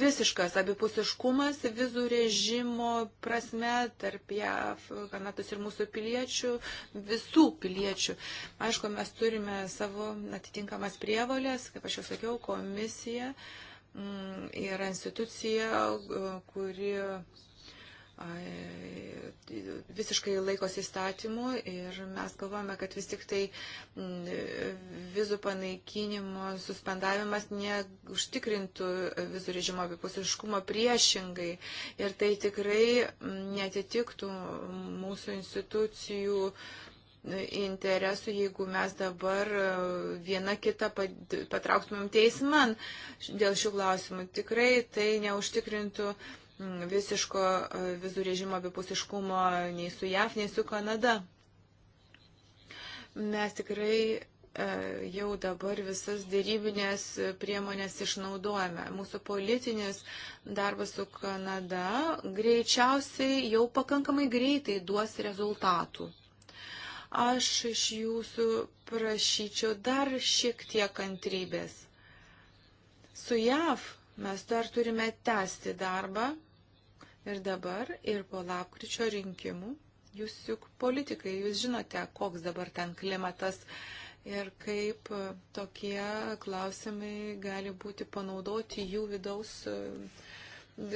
visiškas abipusiškumas vizų režimo prasme tarp JAV, Kanados ir mūsų piliečių, visų piliečių. Aišku, mes turime savo atitinkamas prievalės, kaip aš jau sakiau, komisija mm, yra institucija, kuri visiškai laikosi įstatymų ir mes galvojame, kad vis tik tai mm, vizų panaikinimo suspendavimas neužtikrintų vizų režimo abipusiškumo priešingai ir tai tikrai netitiktų mūsų institucijų interesų, jeigu mes dabar vieną kitą patrauktumėm teisman dėl šių klausimų. Tikrai tai neužtikrintų uh, visiško e, vizų režimo abipusiškumo nei su JAF, nei su Kanada. Mes tikrai e, jau dabar visas dėrybinės priemonės išnaudojame. Mūsų politinis darbas su Kanada greičiausiai jau pakankamai greitai duos rezultatų. Aš iš jūsų prašyčiau dar šiek tiek kantrybės. Su JAV mes dar turime tęsti darbą Ir dabar, ir po lapkričio rinkimų, jūs juk politikai, jūs žinote, koks dabar ten klimatas ir kaip e, tokie klausimai gali būti panaudoti jų vidaus e,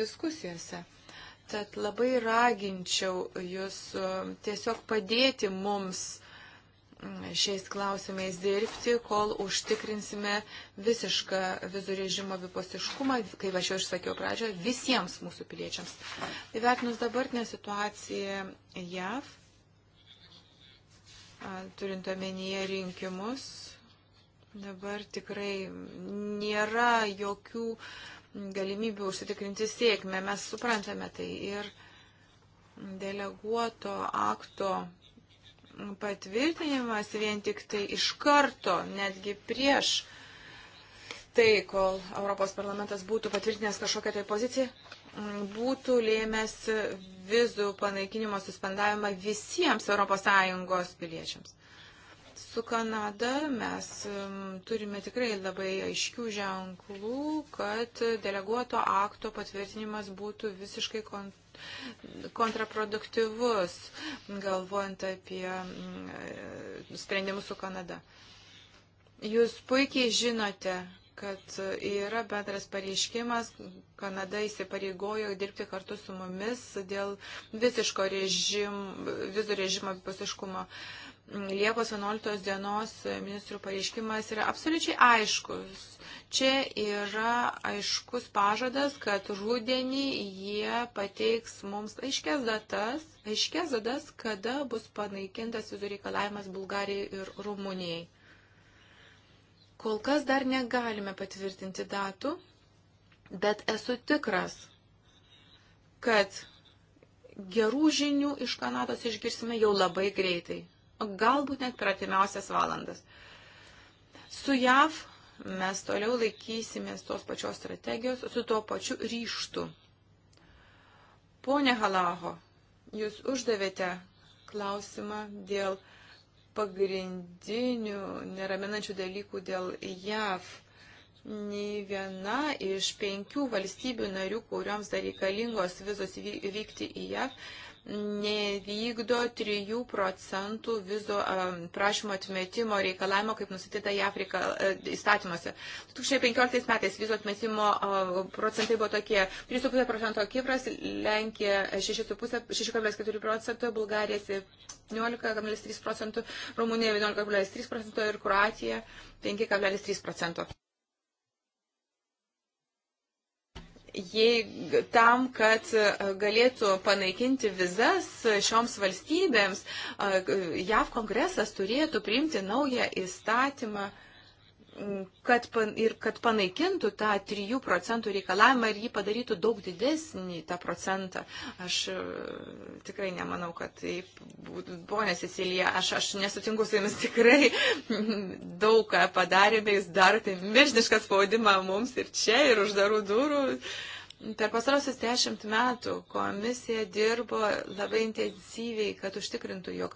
diskusijose. Tad labai raginčiau jūs e, tiesiog padėti mums šiais klausimais dirbti, kol užtikrinsime visišką vizų režimo viposiškumą, kaip aš jau išsakiau pradžioje, visiems mūsų piliečiams. Įvertinus dabartinę situaciją JAV, turint omenyje rinkimus, dabar tikrai nėra jokių galimybių užsitikrinti sėkmę. Mes suprantame tai ir deleguoto akto patvirtinimas vien tik tai iš karto, netgi prieš tai, kol Europos parlamentas būtų patvirtinęs kažkokią tai poziciją, būtų lėmęs vizų panaikinimo suspendavimą visiems ES piliečiams. Su Kanada mes turime tikrai labai aiškių ženklų, kad deleguoto akto patvirtinimas būtų visiškai kontroliuojamas kontraproduktyvus, galvojant apie mm, e, sprendimus su Kanada. Jūs puikiai žinote, kad yra bendras pareiškimas, Kanada įsipareigojo dirbti kartu su mumis dėl visiško režim, vizų režimo abipusiškumo. Mm, Liepos 11 dienos ministrų pareiškimas yra absoliučiai aiškus Čia yra aiškus pažadas, kad rūdienį jie pateiks mums aiškės datas, aiškės datas, kada bus panaikintas vizų reikalavimas Bulgarijai ir Rumunijai. Kol kas dar negalime patvirtinti datų, bet esu tikras, kad gerų žinių iš Kanados išgirsime jau labai greitai, galbūt net per atimiausias valandas. Su JAV mes toliau laikysimės tos pačios strategijos su tuo pačiu ryštu. Pone Halaho, jūs uždavėte klausimą dėl pagrindinių neraminančių dalykų dėl JAV. Nei viena iš penkių valstybių narių, kuriuoms dar reikalingos vizos vykti į JAV, nevykdo 3 procentų vizų prašymo atmetimo reikalavimo, kaip nusityta JAF įstatymuose. 2015 metais vizų atmetimo procentai buvo tokie 3,5 procento Kipras, Lenkija 6,4 procento, Bulgarija 17,3 procentų, Rumunija 11,3 procento ir Kroatija 5,3 procento. jei, tam, kad e, galėtų panaikinti vizas šioms valstybėms, e, e, JAV kongresas turėtų priimti naują įstatymą kad, ir kad panaikintų tą 3 procentų reikalavimą ir jį padarytų daug didesnį tą procentą. Aš e, tikrai nemanau, kad taip būtų. Pone Cecilija, aš, aš nesutinku su jumis [laughs] tikrai daug ką padarėme, jūs darote milžinišką spaudimą mums ir čia, ir uždarų durų. Uh, Per pasarosius dešimt metų komisija dirbo labai intensyviai, kad užtikrintų, jog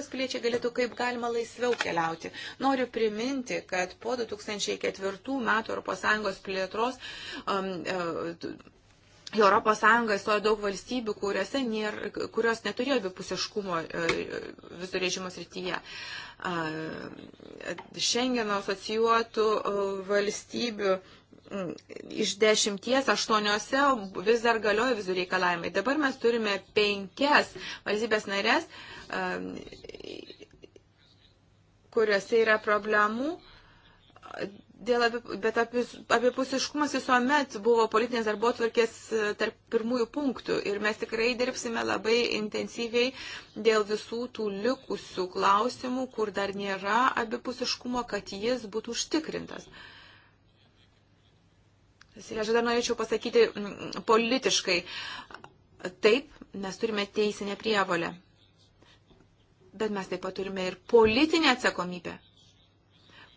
ES piliečiai galėtų kaip galima laisviau keliauti. Noriu priminti, kad po 2004 metų ES plėtros um, e, Į Europos Sąjungą įstojo daug valstybių, nėr, kurios neturėjo abipusiškumo e, visų režimo srityje. Šengeno asocijuotų e, valstybių Mm, iš dešimties aštuoniuose vis dar galioja vizų reikalavimai. Dabar mes turime penkias valstybės narės, um, kuriuose yra problemų. Dėl abi, bet abipusiškumas visuomet buvo politinės darbo tvarkės e, tarp pirmųjų punktų ir mes tikrai dirbsime labai intensyviai dėl visų tų likusių klausimų, kur dar nėra abipusiškumo, kad jis būtų užtikrintas. Uh, Vasilė, aš dar norėčiau pasakyti mm, politiškai. Taip, mes turime teisinę prievalę, bet mes taip pat turime ir politinę atsakomybę.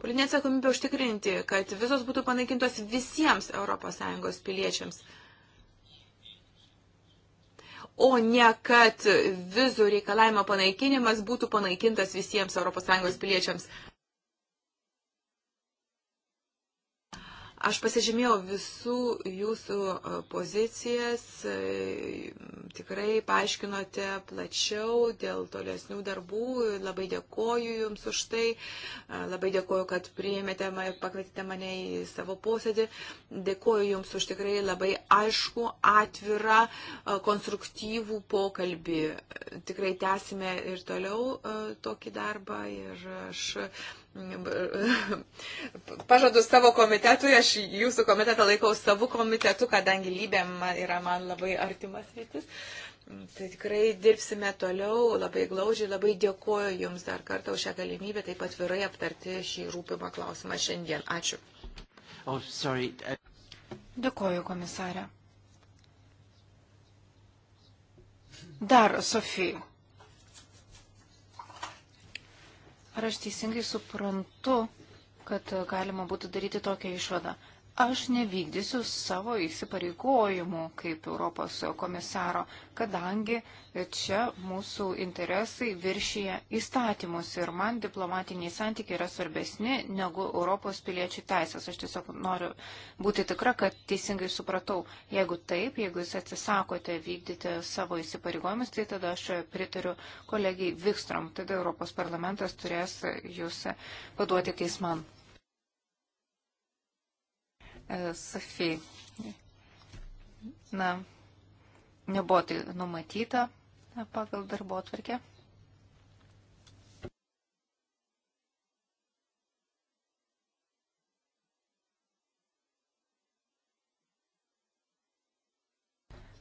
Politinė atsakomybė užtikrinti, kad visos būtų panaikintos visiems ES piliečiams. O ne, kad vizų reikalavimo panaikinimas būtų panaikintas visiems ES piliečiams. Aš pasižymėjau visų jūsų e, pozicijas, e, tikrai paaiškinote plačiau dėl tolesnių darbų, labai dėkoju Jums už tai, e, labai dėkoju, kad priėmėte, pakvietėte mane į savo posėdį, dėkoju Jums už tikrai labai aišku, atvirą, konstruktyvų pokalbį. Tikrai tęsime ir toliau tokį darbą ir aš [laughs] pažadus savo komitetui, aš jūsų komitetą laikau savo komitetu, kadangi lybė yra man labai artimas rytis. Tai tikrai dirbsime toliau, labai glaudžiai, labai dėkuoju Jums dar kartą už šią galimybę taip atvirai aptarti šį rūpimą klausimą šiandien. Ačiū. Oh, sorry. Dėkuoju, komisarė. Dar, Sofija. Ar aš teisingai suprantu, kad galima būtų daryti tokią išvadą? aš nevykdysiu savo įsipareigojimų kaip Europos komisaro, kadangi čia mūsų interesai viršyje įstatymus ir man diplomatiniai santykiai yra svarbesni negu Europos piliečių teisės. Aš tiesiog noriu būti tikra, kad teisingai supratau. Jeigu taip, jeigu jūs atsisakote vykdyti savo įsipareigojimus, tai tada aš pritariu kolegijai Vikstrom. Tada Europos parlamentas turės jūs paduoti teisman. Safi. Na, nebuvo tai numatyta pagal darbo atvarkę.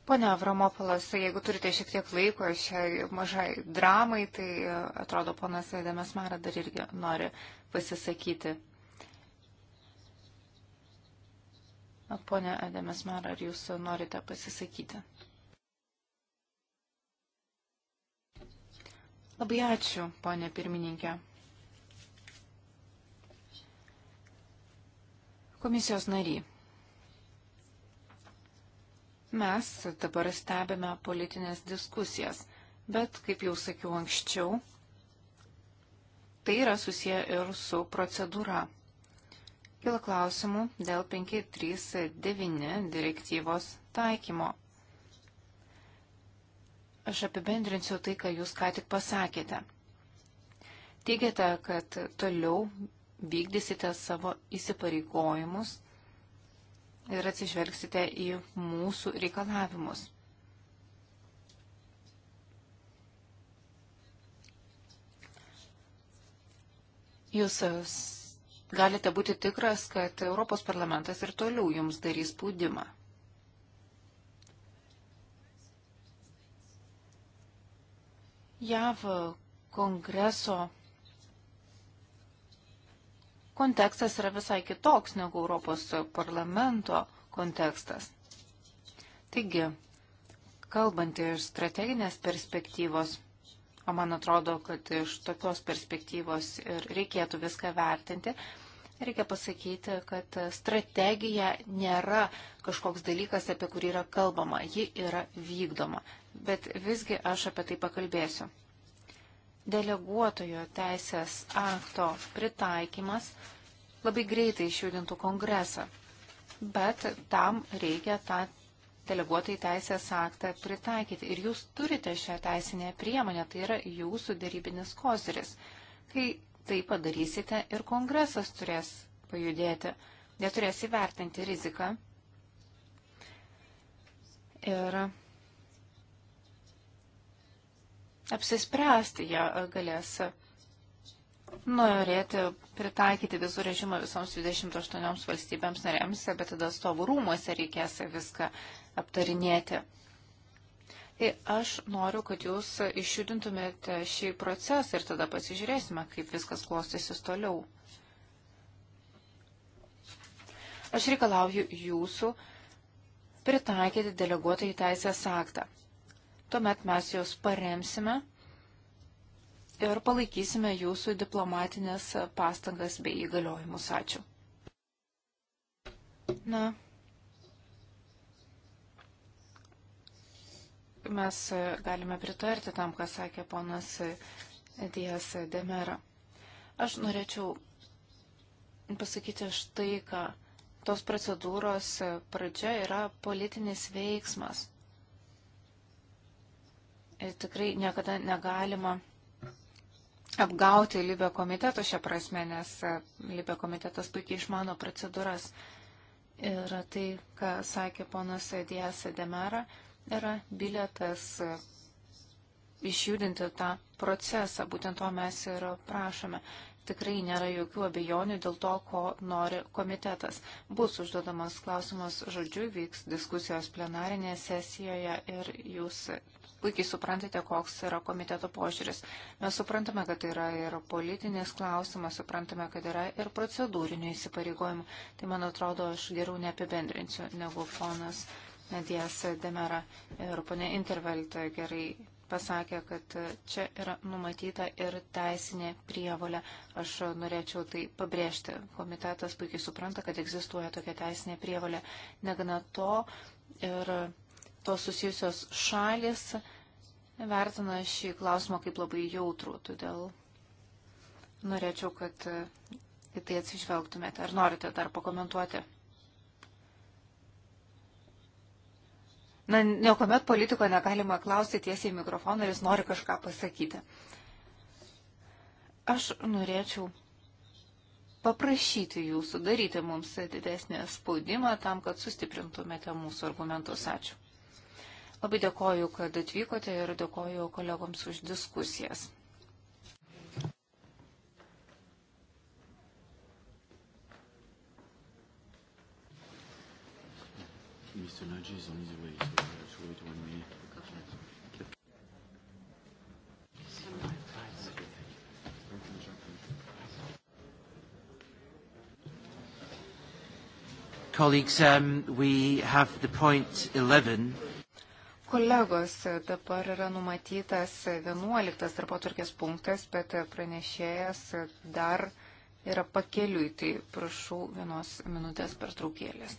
Pone Avramopolas, jeigu turite šiek tiek laiko šiai mažai dramai, tai e, atrodo ponas Eidemės Mara dar irgi nori pasisakyti. Pone Edemės Mara, ar jūs norite pasisakyti? Labai ačiū, ponė pirmininkė. Komisijos nariai. Mes dabar stebime politinės diskusijas, bet, kaip jau sakiau anksčiau, tai yra susiję ir su procedūra. Kila klausimų dėl 539 direktyvos taikymo. Aš apibendrinsiu tai, ką jūs ką tik pasakėte. Teigiate, kad toliau vykdysite savo įsipareigojimus ir atsižvelgsite į mūsų reikalavimus. Jūs galite būti tikras, kad Europos parlamentas ir toliau jums darys spaudimą. JAV kongreso kontekstas yra visai kitoks negu Europos parlamento kontekstas. Taigi, kalbant iš strateginės perspektyvos, o man atrodo, kad iš tokios perspektyvos ir reikėtų viską vertinti, Reikia pasakyti, kad strategija nėra kažkoks dalykas, apie kurį yra kalbama, ji yra vykdoma. Bet visgi aš apie tai pakalbėsiu. Deleguotojo teisės akto pritaikymas labai greitai išjudintų kongresą, bet tam reikia tą deleguotai teisės aktą pritaikyti. Ir jūs turite šią teisinę priemonę, tai yra jūsų darybinis koziris. Kai tai padarysite ir kongresas turės pajudėti, neturės įvertinti riziką. Ir apsispręsti jie galės norėti pritaikyti vizų režimą visoms 28 valstybėms narėms, bet tada stovų rūmose reikės viską aptarinėti. Ir tai aš noriu, kad jūs išjudintumėte šį procesą ir tada pasižiūrėsime, kaip viskas klostysis toliau. Aš reikalauju jūsų pritaikyti deleguotą į teisės aktą. Tuomet mes jūs paremsime ir palaikysime jūsų diplomatinės pastangas bei įgaliojimus. Ačiū. Na, Mes galime pritarti tam, ką sakė ponas Dijas Demera. Aš norėčiau pasakyti štai, ką tos procedūros pradžia yra politinis veiksmas. Ir tikrai niekada negalima apgauti Libė komiteto šią prasme, nes Libė komitetas puikiai išmano procedūras. Ir tai, ką sakė ponas Dijas Demera, yra bilietas e, išjudinti tą procesą. Būtent to mes ir prašome. Tikrai nėra jokių abejonių dėl to, ko nori komitetas. Bus užduodamas klausimas žodžiu, vyks diskusijos plenarinėje sesijoje ir jūs puikiai suprantate, koks yra komiteto požiūris. Mes suprantame, kad tai yra ir politinis klausimas, suprantame, kad yra ir procedūrinių įsipareigojimų. Tai, man atrodo, aš geriau neapibendrinsiu negu ponas Dijas Demera ir ponė Intervelt gerai pasakė, kad čia yra numatyta ir teisinė prievalė. Aš norėčiau tai pabrėžti. Komitetas puikiai supranta, kad egzistuoja tokia teisinė prievalė. Negana to ir tos susijusios šalis vertina šį klausimą kaip labai jautrų. Todėl norėčiau, kad į tai atsižvelgtumėte. Ar norite dar pakomentuoti? Na, niekuomet politiko negalima klausti tiesiai mikrofoną, jis nori kažką pasakyti. Aš norėčiau paprašyti jūsų daryti mums didesnį spaudimą tam, kad sustiprintumėte mūsų argumentus. Ačiū. Labai dėkoju, kad atvykote ir dėkoju kolegoms už diskusijas. Mr. Nagy is on his way, so we have to wait one minute. Colleagues, um, we have the point 11. Kolegos, dabar yra numatytas 11 darbo turkės punktas, bet pranešėjas dar yra pakeliui, tai prašau vienos minutės pertraukėlės.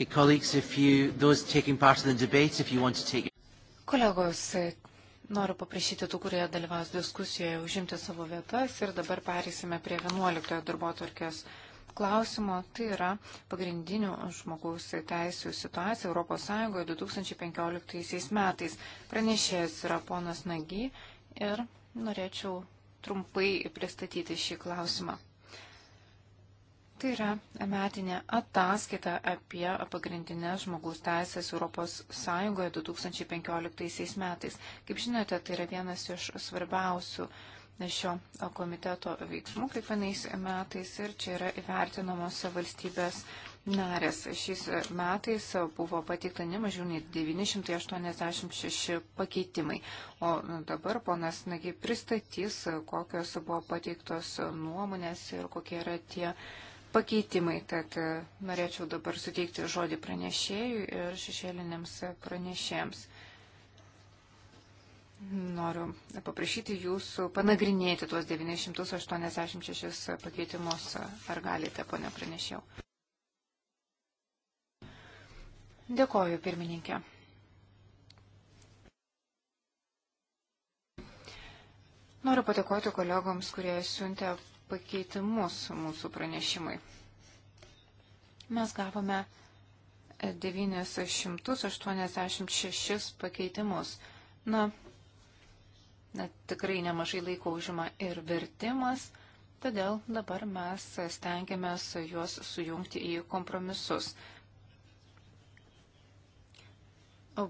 Okay, colleagues, if you, those taking part in the debate, if you want to take... Kolegos, noriu paprašyti tų, kurie dalyvaus diskusijoje, užimti savo vietas ir dabar perėsime prie 11 darbo tvarkės klausimo. Tai yra pagrindinių žmogaus teisų situacija ES 2015 metais. Pranešėjas yra ponas Nagy ir norėčiau trumpai pristatyti šį klausimą. Tai yra metinė ataskaita apie pagrindinės žmogaus teisės ES 2015 metais. Kaip žinote, tai yra vienas iš svarbiausių šio komiteto veiksmų kiekvienais metais ir čia yra įvertinamos valstybės narės. Šiais metais buvo pateikta ne mažiau nei 986 pakeitimai, o dabar ponas Nagi pristatys, kokios buvo pateiktos nuomonės ir kokie yra tie pakeitimai. Tad e, norėčiau dabar suteikti žodį pranešėjui ir šešėliniams pranešėjams. Noriu paprašyti jūsų panagrinėti tuos 986 pakeitimus. Ar galite, ponia pranešiau? Dėkoju, pirmininkė. Noriu padėkoti kolegoms, kurie siuntė pakeitimus mūsų pranešimui. Mes gavome 986 pakeitimus. Na, na, tikrai nemažai laiko užima ir vertimas, todėl dabar mes stengiamės juos sujungti į kompromisus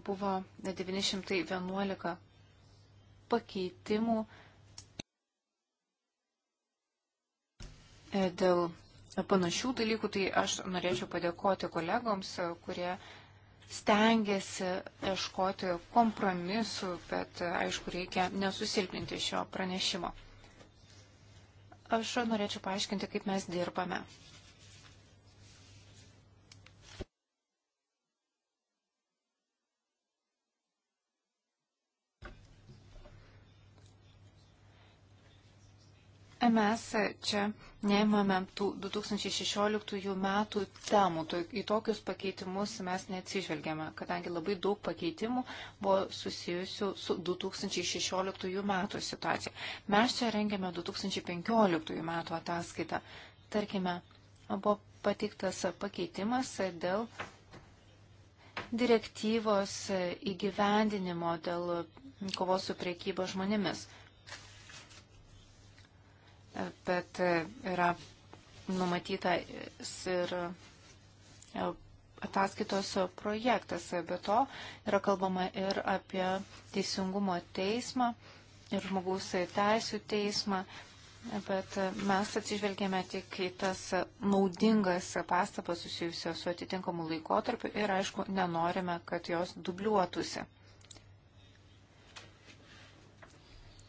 buvo 911 pakeitimų E, dėl panašių dalykų, tai aš norėčiau padėkoti kolegoms, e, kurie stengiasi ieškoti kompromisų, bet e, aišku, reikia nesusilpninti šio pranešimo. Aš norėčiau paaiškinti, kaip mes dirbame. Mes čia neimame tų 2016 metų temų. Į tokius pakeitimus mes neatsižvelgiame, kadangi labai daug pakeitimų buvo susijusių su 2016 metų situacija. Mes čia rengiame 2015 metų ataskaitą. Tarkime, buvo pateiktas pakeitimas dėl direktyvos įgyvendinimo, dėl kovos su priekyba žmonėmis bet yra numatyta ir e, ataskaitos projektas. Be to yra kalbama ir apie teisingumo teismą ir žmogaus teisų teismą, bet mes atsižvelgėme tik į tas naudingas pastabas susijusios su atitinkamu laikotarpiu ir aišku, nenorime, kad jos dubliuotųsi.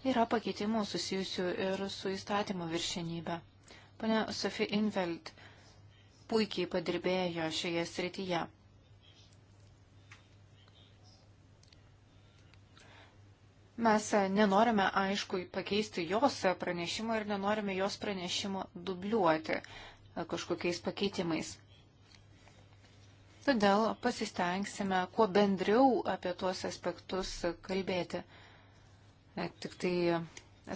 Yra pakeitimų susijusių ir su įstatymo viršenybė. Pane Sofi Inveld puikiai padirbėjo šioje srityje. Mes nenorime, aišku, pakeisti jos pranešimo ir nenorime jos pranešimo dubliuoti kažkokiais pakeitimais. Todėl pasistengsime kuo bendriau apie tuos aspektus kalbėti. E, tik tai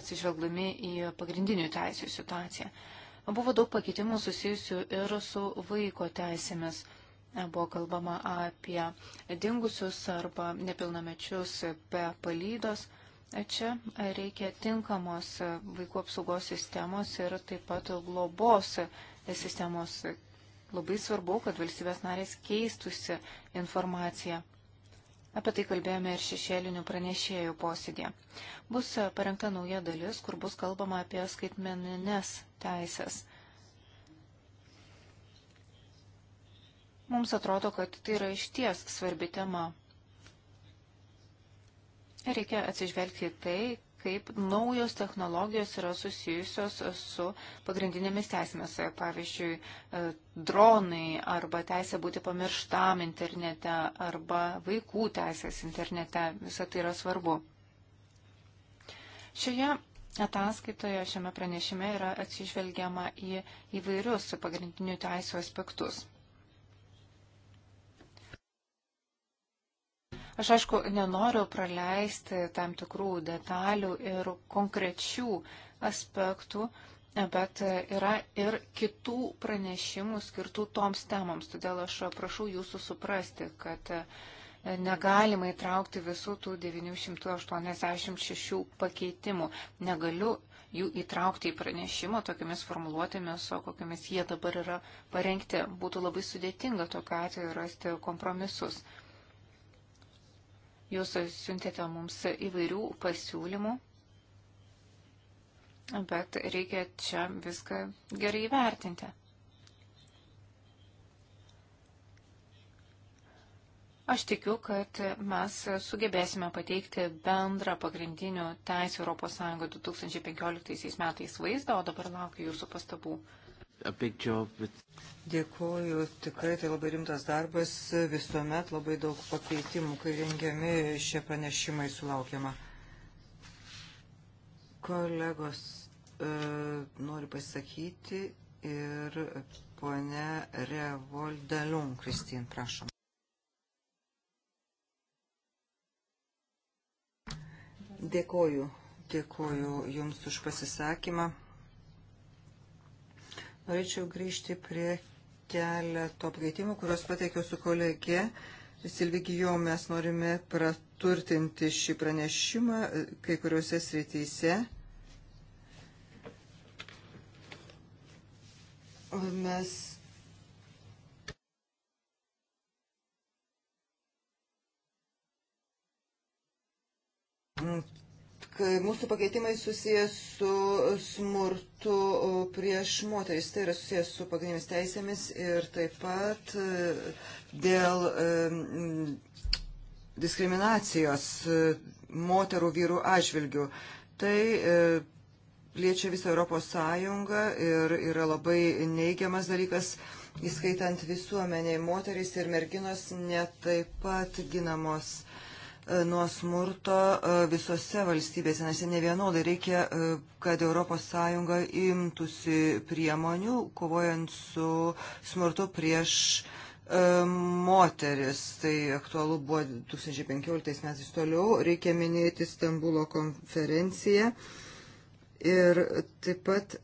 atsižvelgdami į pagrindinių teisų situaciją. E, buvo daug pakeitimų susijusių ir su vaiko teisėmis. E, buvo kalbama apie dingusius arba nepilnamečius be palydos. Čia reikia tinkamos vaikų apsaugos sistemos ir taip pat globos sistemos. Labai svarbu, kad valstybės narės keistusi informaciją. Apie tai kalbėjome ir šešėlinių pranešėjų posėdė. Bus parengta nauja dalis, kur bus kalbama apie skaitmeninės teisės. Mums atrodo, kad tai yra išties svarbi tema. Reikia atsižvelgti tai, kaip naujos technologijos yra susijusios su pagrindinėmis teisėmis. Pavyzdžiui, e, dronai arba teisė būti pamirštam internete arba vaikų teisės internete. Visą tai yra svarbu. Šioje ataskaitoje, šiame pranešime yra atsižvelgiama į įvairius pagrindinių teisų aspektus. Aš aišku, nenoriu praleisti tam tikrų detalių ir konkrečių aspektų, bet yra ir kitų pranešimų skirtų toms temams. Todėl aš prašau jūsų suprasti, kad negalima įtraukti visų tų 986 pakeitimų. Negaliu jų įtraukti į pranešimą tokiamis formuluotėmis, o kokiamis jie dabar yra parengti. Būtų labai sudėtinga tokiu atveju rasti kompromisus. Jūs siuntėte mums įvairių pasiūlymų, bet reikia čia viską gerai įvertinti. Aš tikiu, kad mes sugebėsime pateikti bendrą pagrindinių teisų ES 2015 metais vaizdą, o dabar laukiu jūsų pastabų. With... Dėkuoju, tikrai tai labai rimtas darbas, visuomet labai daug pakeitimų, kai rengiami šie pranešimai sulaukiama. Kolegos, e, noriu pasakyti ir ponia Revoldalum, Kristin, prašom. Dėkuoju, dėkuoju Jums už pasisakymą. Norėčiau grįžti prie keleto pakeitimų, kuriuos pateikiau su kolegė. Silvigijo mes norime praturtinti šį pranešimą e, kai kuriuose srityse. Mes E, mūsų pakeitimai susijęs su smurtu prieš moteris. Tai yra susijęs su pagrindinėmis teisėmis ir taip pat e, dėl e, diskriminacijos moterų vyrų atžvilgių. Tai liečia visą Europos Sąjungą ir yra labai neigiamas dalykas įskaitant visuomeniai, moterys ir merginos netaip pat ginamos E, nuo smurto e, visose valstybėse, nes ne vienodai reikia, e, kad ES imtųsi priemonių, kovojant su smurtu prieš moteris. Tai aktualu buvo 2015 metais toliau. Reikia minėti Stambulo konferenciją. Ir taip pat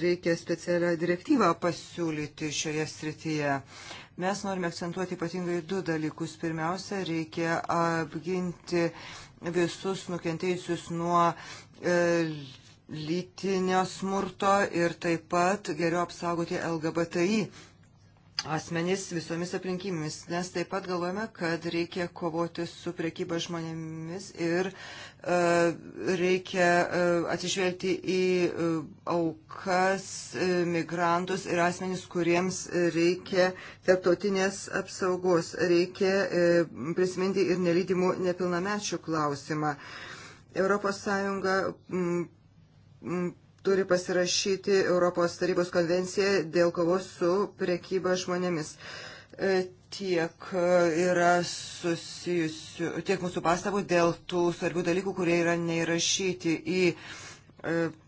reikia specialią direktyvą pasiūlyti šioje srityje. Mes norime akcentuoti ypatingai du dalykus. Pirmiausia, reikia apginti visus nukentėjusius nuo e, lytinio smurto ir taip pat geriau apsaugoti LGBTI asmenys visomis aplinkybėmis, nes taip pat galvojame, kad reikia kovoti su priekyba žmonėmis ir e, reikia e, atsižvelgti į e, aukas, e, migrantus ir asmenys, kuriems reikia tarptautinės apsaugos, reikia e, prisiminti ir nelydimų nepilnamečių klausimą. Europos Sąjunga m, m, turi pasirašyti Europos tarybos konvenciją dėl kovos su prekyba žmonėmis. E, tiek e, yra susijusių, tiek mūsų pastabų dėl tų svarbių dalykų, kurie yra neįrašyti į e,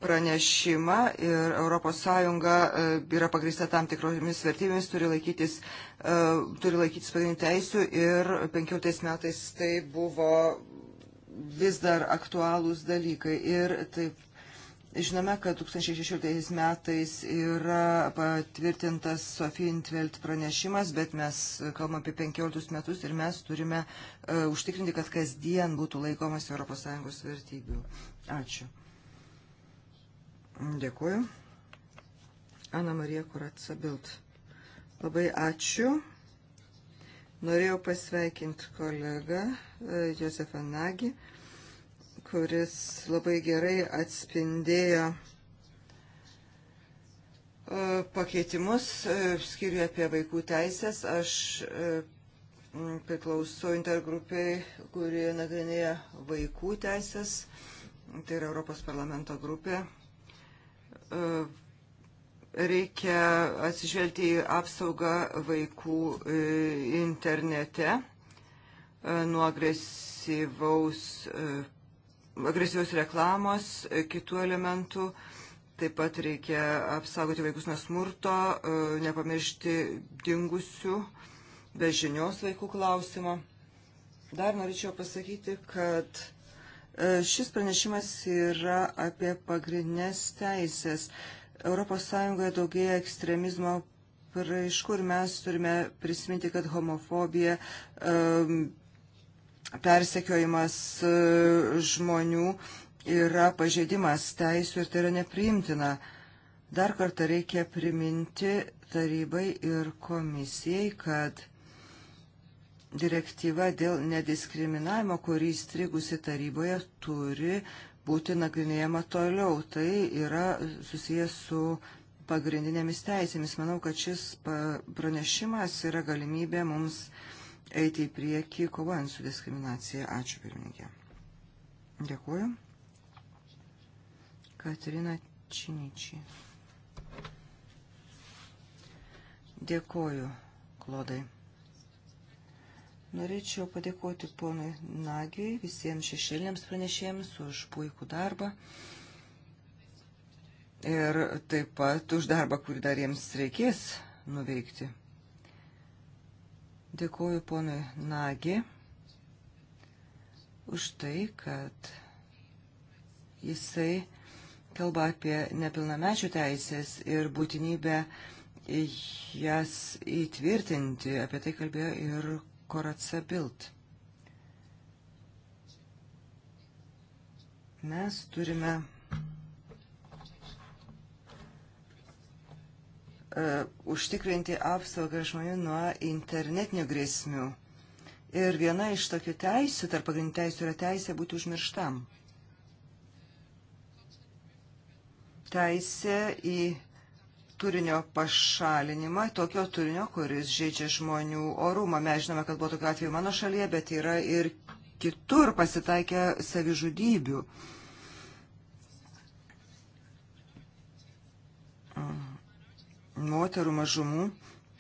pranešimą ir ES yra pagrįsta tam tikromis vertybėmis, turi laikytis, turi laikytis pagrindinių teisių ir 15 metais tai buvo vis dar aktualūs dalykai. Ir taip Žinome, kad 2016 metais yra patvirtintas Sofija Intvelt pranešimas, bet mes kalbam apie 15 metus ir mes turime uh, užtikrinti, kad kasdien būtų laikomas ES vertybių. Ačiū. Dėkuoju. Ana Marija Kuratsa Bild. Labai ačiū. Norėjau pasveikinti kolegą e, Josefą Nagį. Uh, kuris labai gerai atspindėjo e, pakeitimus e, skiriu apie vaikų teisės. Aš e, priklausau intergrupiai, kuri nagrinėja vaikų teisės. Tai yra Europos parlamento grupė. Reikia atsižvelgti į apsaugą vaikų internete nuo agresyvaus agresyvios reklamos, e, kitų elementų. Taip pat reikia apsaugoti vaikus nuo smurto, e, nepamiršti dingusių, be žinios vaikų klausimo. Dar norėčiau pasakyti, kad e, šis pranešimas yra apie pagrindinės teisės. ES daugėja ekstremizmo praiškų ir mes turime prisiminti, kad homofobija, persekiojimas e, žmonių yra pažeidimas teisų ir tai yra nepriimtina. Dar kartą reikia priminti tarybai ir komisijai, kad direktyva dėl nediskriminavimo, kurį įstrigusi taryboje, turi būti nagrinėjama toliau. Tai yra susijęs su pagrindinėmis teisėmis. Manau, kad šis pranešimas yra galimybė mums eiti į priekį, kovojant su diskriminacija. Ačiū, pirmininkė. Dėkuoju. Katrina Činičiai. Dėkuoju, Klodai. Norėčiau padėkoti ponui Nagiui, visiems šešėlėms pranešėjams už puikų darbą ir taip pat už darbą, kurį dar jiems reikės nuveikti. Dėkuoju ponui Nagi už tai, kad jisai kalba apie nepilnamečių teisės ir būtinybę jas įtvirtinti. Apie tai kalbėjo ir Koratsa Bild. Mes turime E, užtikrinti apsaugą žmonių nuo internetinių grėsmių. Ir viena iš tokių teisių, tarp pagrindinių teisių, yra teisė būti užmirštam. Teisė į turinio pašalinimą, tokio turinio, kuris žaidžia žmonių orumą. Mes žinome, kad buvo tokių atvejų mano šalyje, bet yra ir kitur pasitaikę savižudybių. Mm moterų mažumų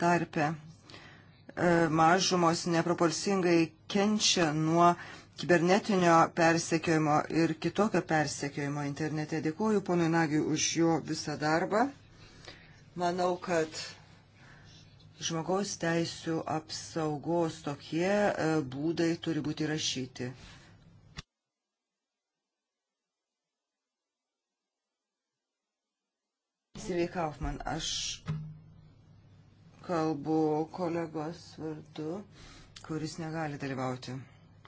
tarpe e, mažumos neproporcingai kenčia nuo kibernetinio persekiojimo ir kitokio persekiojimo internete. Dėkuoju ponui Nagiui už jo visą darbą. Manau, kad žmogaus teisų apsaugos tokie e, būdai turi būti rašyti. Silvija Kaufman, aš kalbu kolegos vardu, kuris negali dalyvauti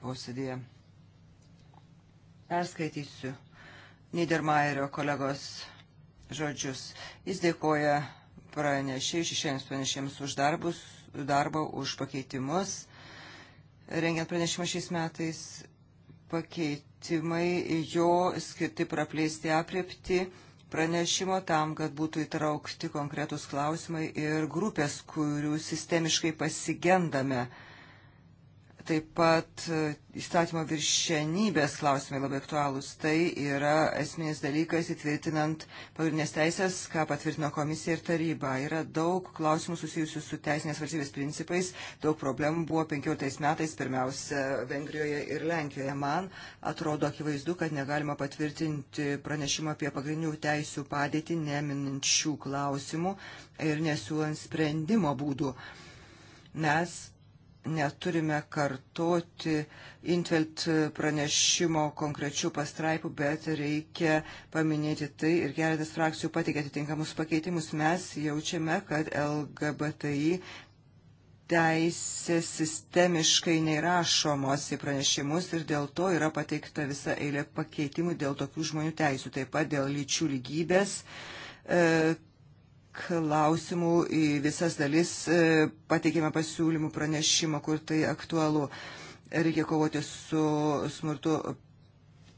posėdėje. Perskaitysiu Niedermayerio kolegos žodžius. Jis dėkoja pranešėjai, šešiems pranešėjams už darbus, darbą, už pakeitimus. Rengiant pranešimą šiais metais pakeitimai jo skirti praplėsti apriepti pranešimo tam, kad būtų įtraukti konkretus klausimai ir grupės, kurių sistemiškai pasigendame. Uh, Taip pat e, įstatymo viršenybės klausimai labai aktualūs. Tai yra esminis dalykas įtvirtinant pagrindinės teisės, ką patvirtino komisija ir taryba. Yra daug klausimų susijusių su teisinės valstybės principais, daug problemų buvo 15 metais, pirmiausia, Vengrijoje ir Lenkijoje. Man atrodo akivaizdu, kad negalima patvirtinti pranešimą apie pagrindinių teisių padėtį, nemininčių klausimų ir nesiūlant sprendimo būdų. Mes neturime kartoti Intelt pranešimo konkrečių pastraipų, bet reikia paminėti tai ir keletas frakcijų patikė atitinkamus pakeitimus. Mes jaučiame, kad LGBTI teisės sistemiškai neįrašomos į pranešimus ir dėl to yra pateikta visa eilė pakeitimų dėl tokių žmonių teisų, taip pat dėl lyčių lygybės, e, klausimų į visas dalis e, pateikėme pasiūlymų pranešimą, kur tai aktualu. Reikia kovoti su smurtu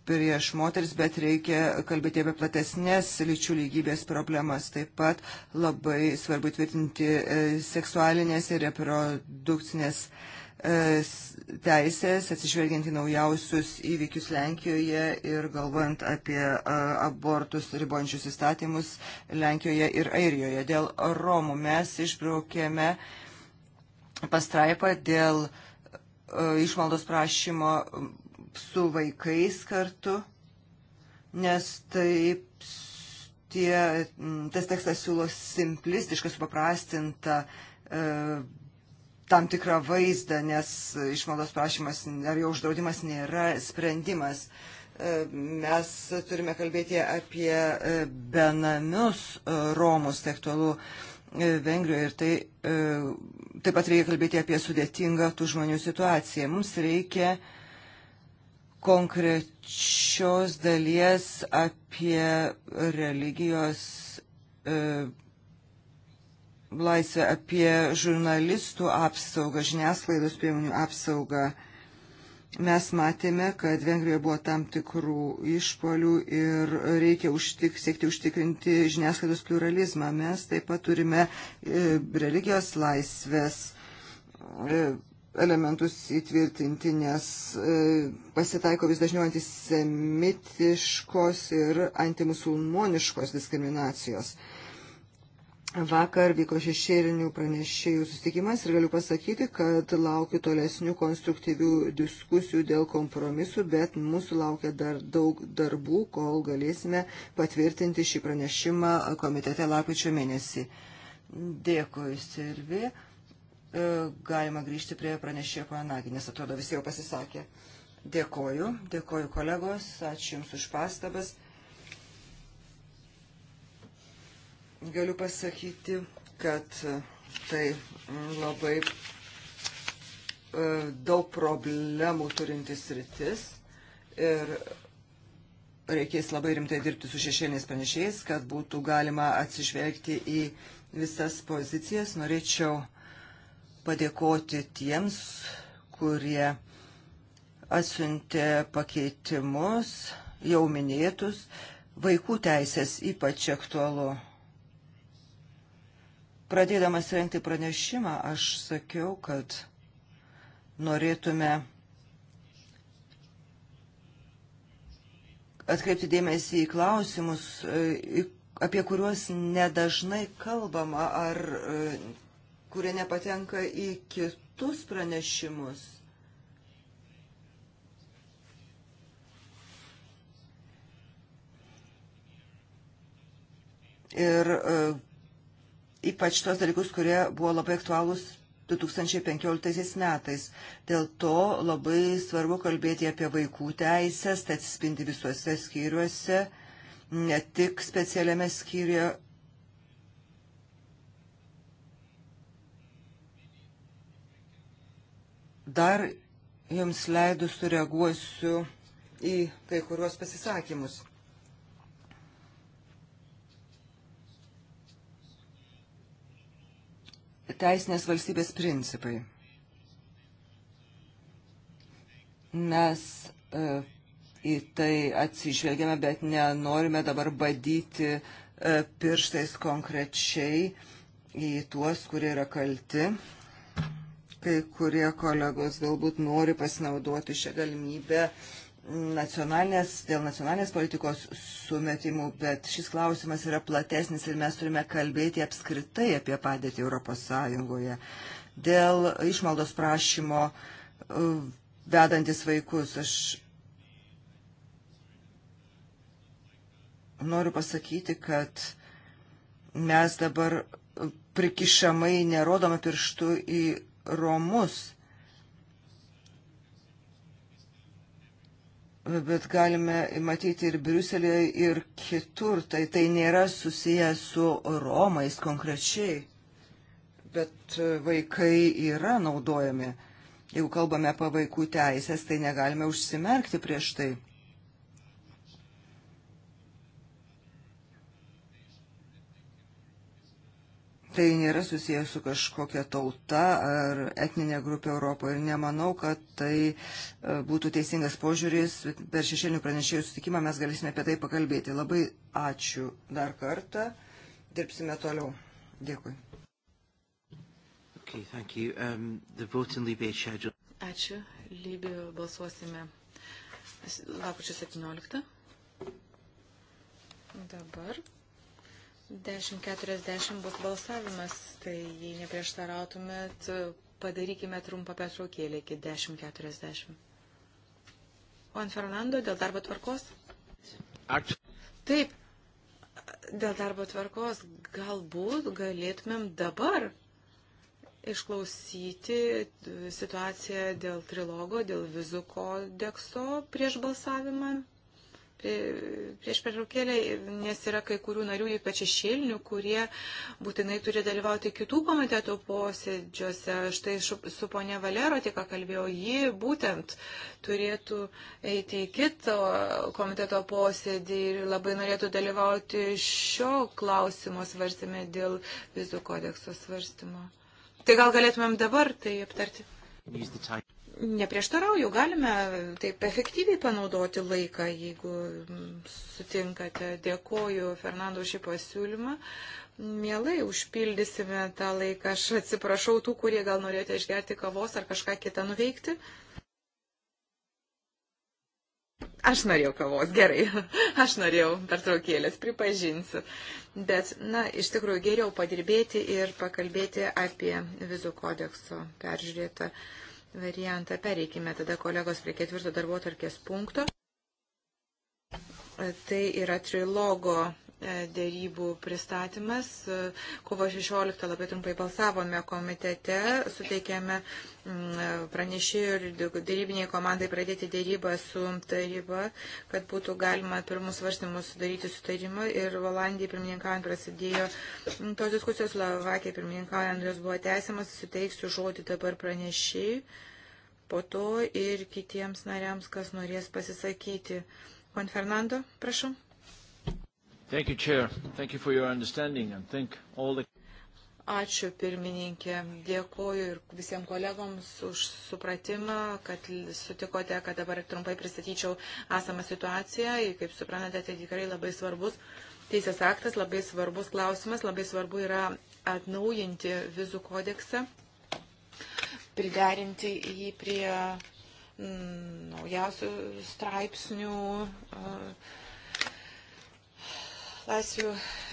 prieš moteris, bet reikia kalbėti apie platesnės lyčių lygybės problemas. Taip pat labai svarbu tvirtinti e, seksualinės ir reprodukcinės uh, teisės, atsižvelgiant į naujausius įvykius Lenkijoje ir galvojant apie abortus ribojančius įstatymus Lenkijoje ir Airijoje. Dėl Romų mes išbraukėme pastraipą dėl išmaldos prašymo su vaikais kartu, nes taip tie, tas tekstas siūlo simplistišką, supaprastintą e, tam tikrą vaizdą, nes išmaldos prašymas ar jo uždraudimas nėra sprendimas. E, mes turime kalbėti apie e, benamius e, Romus, tai aktualu Vengrijoje ir tai taip pat reikia kalbėti apie sudėtingą tų žmonių situaciją. Mums reikia konkrečios dalies apie religijos laisvę, apie žurnalistų apsaugą, žiniasklaidos priemonių apsaugą. Mes matėme, kad Vengrijoje buvo tam tikrų išpolių ir reikia užtik, siekti užtikrinti žiniasklaidos pluralizmą. Mes taip pat turime e, religijos laisvės e, elementus įtvirtinti, nes e, pasitaiko vis dažniau antisemitiškos ir antimusulmoniškos diskriminacijos. Vakar vyko šešėlinių pranešėjų susitikimas ir galiu pasakyti, kad laukiu tolesnių konstruktyvių diskusijų dėl kompromisų, bet mūsų laukia dar daug darbų, kol galėsime patvirtinti šį pranešimą komitete lapkričio mėnesį. Dėkui, Silvi. E, galima grįžti prie pranešėjo panagį, nes atrodo visi jau pasisakė. Dėkoju, dėkoju kolegos, ačiū Jums už pastabas. galiu pasakyti, kad tai labai e, daug problemų turintis rytis ir reikės labai rimtai dirbti su šešėliniais panašiais, kad būtų galima atsižvelgti į visas pozicijas. Norėčiau padėkoti tiems, kurie atsiuntė pakeitimus, jau minėtus. Vaikų teisės ypač aktualu Pradėdamas rengti pranešimą, aš sakiau, kad norėtume atkreipti dėmesį į klausimus, e, apie kuriuos nedažnai kalbama ar e, kurie nepatenka į kitus pranešimus. Ir uh, ypač tos dalykus, kurie buvo labai aktualūs 2015 metais. Dėl to labai svarbu kalbėti apie vaikų teisės, tai atsispindi visuose skyriuose, ne tik specialiame skyriuje. Dar jums leidus sureaguosiu į kai kuriuos pasisakymus. teisinės valstybės principai. Mes e, į tai atsižvelgiame, bet nenorime dabar badyti e, pirštais konkrečiai į tuos, kurie yra kalti. Kai kurie kolegos galbūt nori pasinaudoti šią galimybę uh, nacionalinės, dėl nacionalinės politikos sumetimų, bet šis klausimas yra platesnis ir mes turime kalbėti apskritai apie padėtį Europos Sąjungoje. Dėl išmaldos prašymo e, vedantis vaikus, aš noriu pasakyti, kad mes dabar prikišamai nerodome pirštų į romus bet galime matyti ir Briuselėje, ir kitur. Tai tai nėra susiję su Romais konkrečiai, bet vaikai yra naudojami. Jeigu kalbame apie vaikų teisės, tai negalime užsimerkti prieš tai. tai nėra susijęs su kažkokia tauta ar etninė grupė Europoje. Ir nemanau, kad tai e, būtų teisingas požiūris. Per šešėlinių pranešėjų sutikimą mes galėsime apie tai pakalbėti. Labai ačiū dar kartą. Dirbsime toliau. Dėkui. Okay, thank you. Um, the vote in Libya schedule. Ačiū. Libijoje balsuosime lapkričio 17. Dabar 10.40 bus balsavimas, tai jei neprieštarautumėt, padarykime trumpą pertraukėlį iki 10.40. Juan Fernando, dėl darbo tvarkos? Ačiū. Taip, dėl darbo tvarkos galbūt galėtumėm dabar išklausyti situaciją dėl trilogo, dėl vizų kodekso prieš balsavimą prieš pertraukėlę, nes yra kai kurių narių, ypač šešėlinių, kurie būtinai turi dalyvauti kitų komitetų posėdžiuose. Štai su ponė Valero tik kalbėjau, ji būtent turėtų eiti į kito komiteto posėdį ir labai norėtų dalyvauti šio klausimo svarstymė dėl vizų kodekso svarstymo. Tai gal galėtumėm dabar tai aptarti? Neprieštarauju, galime taip efektyviai panaudoti laiką, jeigu sutinkate. Dėkoju Fernando šį pasiūlymą. Mielai užpildysime tą laiką. Aš atsiprašau tų, kurie gal norėjote išgerti kavos ar kažką kitą nuveikti. Aš norėjau kavos, gerai. [laughs] Aš norėjau pertraukėlės, pripažinsiu. Bet, na, iš tikrųjų, geriau padirbėti ir pakalbėti apie vizų kodekso peržiūrėtą. Uh, variantą. Pereikime tada kolegos prie ketvirto darbo tarkės punkto. Tai yra trilogo E, dėrybų pristatymas. E, kovo 16 labai trumpai balsavome komitete, suteikėme mm, e, pranešėjų ir dėrybiniai komandai pradėti dėrybą su taryba, kad būtų galima pirmus varstymus sudaryti sutarimą ir Olandijai pirmininkaujant prasidėjo mm, tos diskusijos, Slovakijai pirmininkaujant jos buvo tęsiamas, suteiksiu žodį dabar pranešėjai, po to ir kitiems nariams, kas norės pasisakyti. Juan Fernando, prašau. Thank you, Chair. Thank you for your understanding and thank all the... Ačiū pirmininkė, dėkoju ir visiems kolegoms už supratimą, kad sutikote, kad dabar trumpai pristatyčiau esamą situaciją. Ir kaip suprantate, tai tikrai labai svarbus teisės aktas, labai svarbus klausimas, labai svarbu yra atnaujinti vizų kodeksą, priderinti jį prie mm, naujausių straipsnių. Uh, laisvių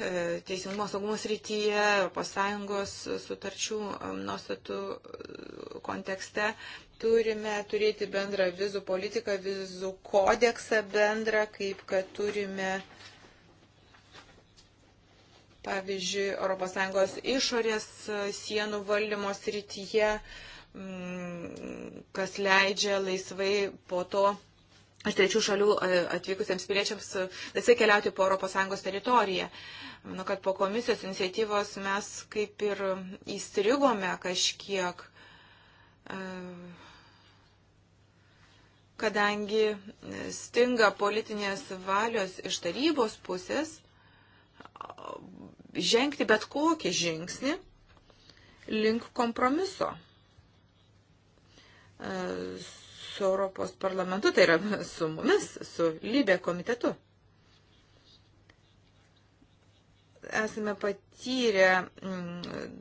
e, teisingumo saugumo srityje, ES sutarčių e, nuostatų e, kontekste turime turėti bendrą vizų politiką, vizų kodeksą bendrą, kaip kad turime pavyzdžiui, ES išorės sienų valdymo srityje, kas leidžia laisvai po to iš trečių šalių e, atvykusiems piliečiams laisvai e, keliauti po ES teritoriją. Manau, kad po komisijos iniciatyvos mes kaip ir įstrigome kažkiek, e, kadangi stinga politinės valios iš tarybos pusės žengti bet kokį žingsnį link kompromiso su Europos parlamentu, tai yra [laughs] su mumis, su Libė komitetu. Esame patyrę m, mm,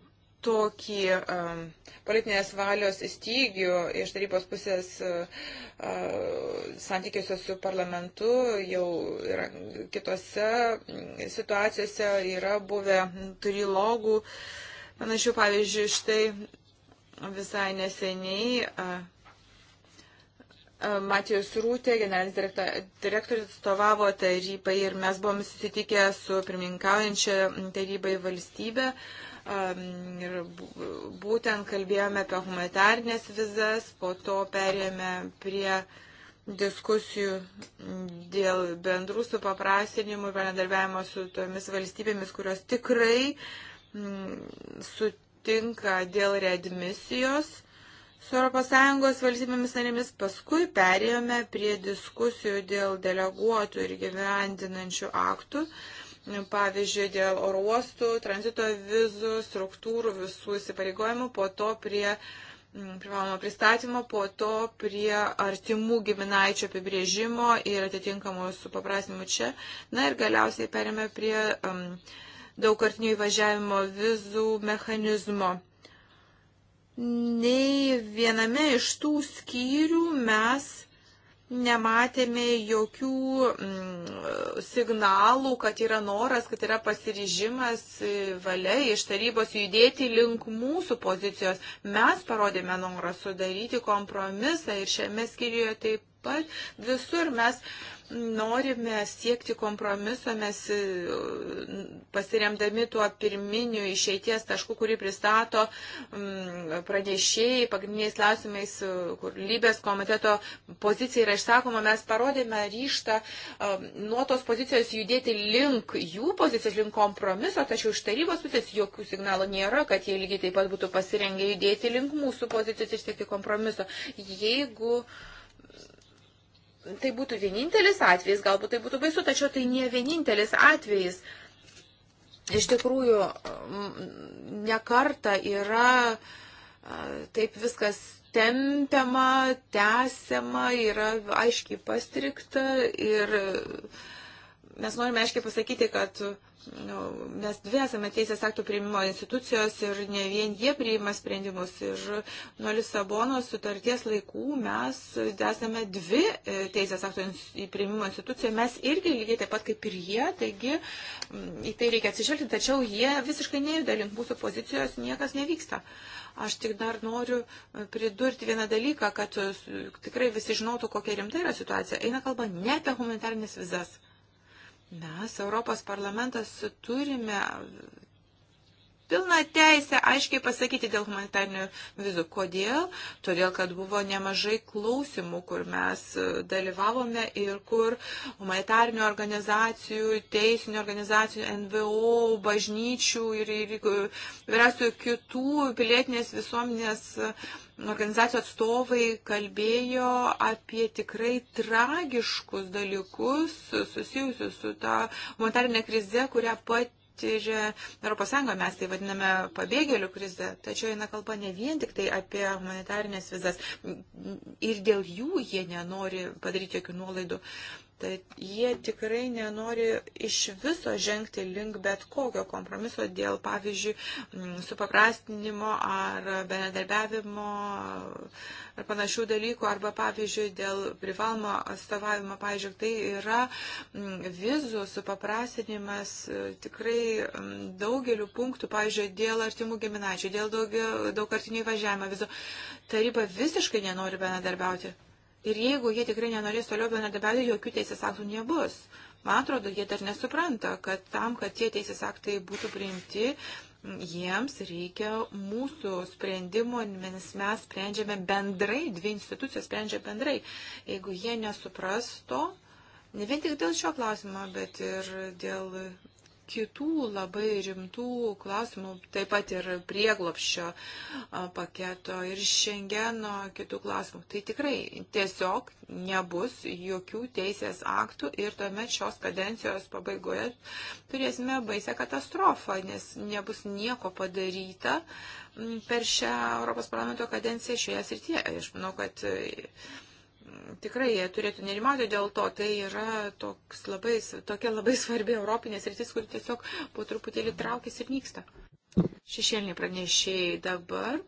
tokį um, politinės valios įstygių iš tarybos pusės uh, uh, santykiuose su parlamentu, jau yra, kitose mm, situacijose yra buvę trilogų. Panašių pavyzdžių štai visai neseniai. Uh, Matijos Rūtė, generalinis direktorius atstovavo tarybai ir mes buvom susitikę su pirmininkaujančia tarybai valstybė um, ir būtent kalbėjome apie humanitarnės vizas, po to perėjome prie diskusijų dėl bendrų supaprastinimų ir bendradarbiavimo su tomis valstybėmis, kurios tikrai mm, sutinka dėl readmisijos su ES valstybėmis narėmis, paskui perėjome prie diskusijų dėl deleguotų ir gyvendinančių aktų, pavyzdžiui, dėl oro uostų, tranzito vizų, struktūrų, visų įsipareigojimų, po to prie mm, privalomo pristatymo, po to prie artimų giminaičio apibrėžimo ir atitinkamų supaprasnimų čia. Na ir galiausiai perėmė prie um, mm, daugkartinių įvažiavimo vizų mechanizmo nei viename iš tų skyrių mes nematėme jokių mm, signalų, kad yra noras, kad yra pasiryžimas e, valia iš tarybos judėti link mūsų pozicijos. Mes parodėme norą sudaryti kompromisą ir šiame skyriuje taip pat visur mes norime siekti kompromiso, mes e, pasiremdami tuo pirminiu išeities tašku, kurį pristato pranešėjai, pagrindiniais klausimais, e, kur lybės komiteto pozicija yra išsakoma, mes parodėme ryštą e, nuo tos pozicijos judėti link jų pozicijos, link kompromiso, tačiau iš tarybos pusės jokių signalų nėra, kad jie lygiai taip pat būtų pasirengę judėti link mūsų pozicijos ir siekti kompromiso. Jeigu uh, tai būtų vienintelis atvejis, galbūt tai būtų baisu, tačiau tai ne vienintelis atvejis. Iš tikrųjų, mm, nekarta yra taip viskas tempiama, tęsiama, yra aiškiai pastrikta ir uh, mes norime aiškiai pasakyti, kad nu, mes dvi esame teisės aktų priimimo institucijos ir ne vien jie priima sprendimus. Ir nuo Lisabonos sutarties laikų mes esame dvi e, teisės aktų priimimo institucijos, mes irgi lygiai taip pat kaip ir jie, taigi mm, į tai reikia atsižvelgti, tačiau jie visiškai nejuda link mūsų pozicijos, niekas nevyksta. Aš tik dar noriu e, pridurti vieną dalyką, kad e, tikrai visi žinotų, kokia rimta yra situacija. Eina kalba ne apie humanitarnės vizas. Mes, Europos parlamentas, turime pilną teisę aiškiai pasakyti dėl humanitarnių vizų. Kodėl? Todėl, kad buvo nemažai klausimų, kur mes dalyvavome ir kur humanitarnių organizacijų, teisinių organizacijų, NVO, bažnyčių ir, ir, ir, ir kitų pilietinės visuomenės organizacijų atstovai kalbėjo apie tikrai tragiškus dalykus susijusius su ta humanitarinė krize, kurią pat patiria Europos Sąjunga, mes tai vadiname pabėgėlių krizę, tačiau eina kalba ne vien tik tai apie humanitarinės vizas ir dėl jų jie nenori padaryti jokių nuolaidų. Tad jie tikrai nenori iš viso žengti link bet kokio kompromiso dėl, pavyzdžiui, mm, supaprastinimo ar benedarbiavimo ar panašių dalykų, arba, pavyzdžiui, dėl privalomo atstovavimo, pavyzdžiui, tai yra mm, vizų supaprastinimas e, tikrai mm, daugeliu punktų, pavyzdžiui, dėl artimų giminaičių, dėl daugkartinių įvažiavimo vizų. Taryba visiškai nenori benedarbiauti. Ir jeigu jie tikrai nenorės toliau bendradarbiauti, jokių teisės aktų nebus. Man atrodo, jie dar nesupranta, kad tam, kad tie teisės aktai būtų priimti, jiems reikia mūsų sprendimo, nes mes sprendžiame bendrai, dvi institucijos sprendžia bendrai. Jeigu jie nesupras to, ne vien tik dėl šio klausimo, bet ir dėl kitų labai rimtų klausimų, taip pat ir prieglopščio paketo ir šengeno kitų klausimų. Tai tikrai tiesiog nebus jokių teisės aktų ir tuomet šios kadencijos pabaigoje turėsime baisę katastrofą, nes nebus nieko padaryta per šią Europos parlamento kadenciją šioje srityje. Aš manau, kad tikrai jie turėtų nerimauti dėl to. Tai yra toks labai, tokia labai svarbi Europinė sritis, kuri tiesiog po truputėlį traukis ir nyksta. Šešėliniai pranešėjai dabar.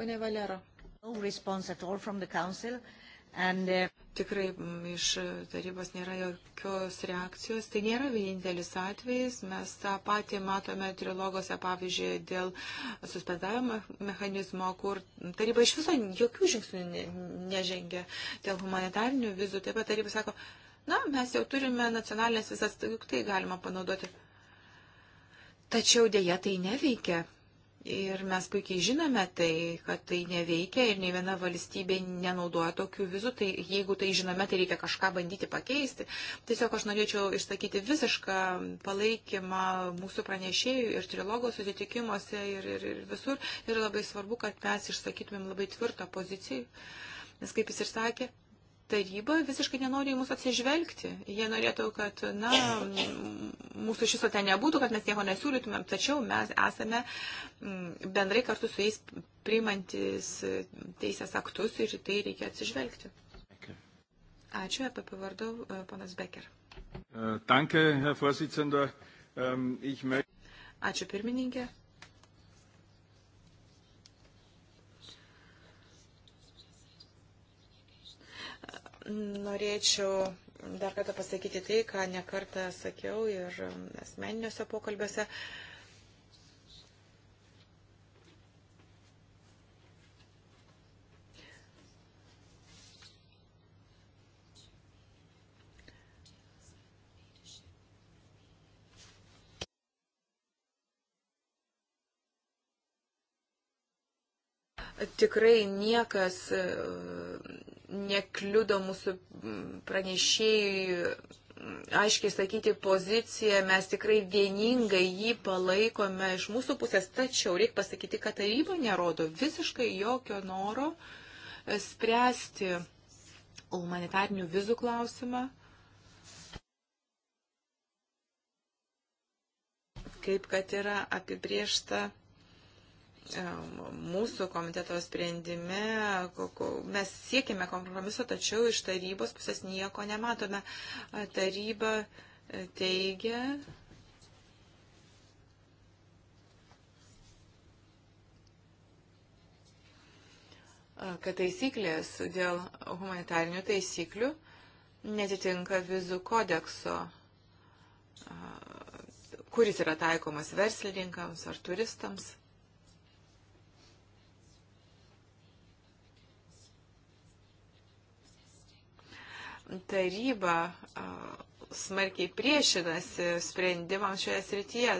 Pane Valero. No response at all from the council. Uh, And, uh, Tikrai mm, iš tarybos nėra jokios reakcijos. Tai nėra vienintelis atvejis. Mes tą patį matome trilogose, pavyzdžiui, dėl suspendavimo mechanizmo, kur taryba iš viso jokių žingsnių ne, nežengia dėl humanitarinių vizų. Taip pat taryba sako, na, mes jau turime nacionalinės visas, juk tai galima panaudoti. Tačiau dėja tai neveikia. Ir mes puikiai žinome tai, kad tai neveikia ir nei viena valstybė nenaudoja tokių vizų, tai jeigu tai žinome, tai reikia kažką bandyti pakeisti. Tiesiog aš norėčiau išsakyti visišką palaikymą mūsų pranešėjų ir trilogo susitikimuose ir, ir, ir visur. Ir labai svarbu, kad mes išsakytumėm labai tvirtą poziciją, nes kaip jis ir sakė, taryba visiškai nenori į mūsų atsižvelgti. Jie norėtų, kad na, mūsų šiso ten nebūtų, kad mes nieko nesiūlytumėm, tačiau mes esame mm, bendrai kartu su jais priimantis teisės aktus ir tai reikia atsižvelgti. Ačiū, apie pavardu, e, ponas Becker. Äh, danke, Herr Vorsitzender. Ähm, ich möchte. Ačiū pirmininkė. norėčiau dar kartą pasakyti tai, ką nekartą sakiau ir asmeniniuose pokalbiuose. Tikrai niekas nekliudo mūsų pranešėjai aiškiai sakyti poziciją, mes tikrai vieningai jį palaikome iš mūsų pusės, tačiau reikia pasakyti, kad taryba nerodo visiškai jokio noro e, spręsti humanitarnių vizų klausimą. kaip kad yra apibriešta mūsų komiteto sprendime, mes siekime kompromiso, tačiau iš tarybos pusės nieko nematome. Taryba teigia, kad taisyklės dėl humanitarinių taisyklių netitinka vizų kodekso, kuris yra taikomas verslininkams ar turistams. taryba smarkiai priešinasi sprendimams šioje srityje.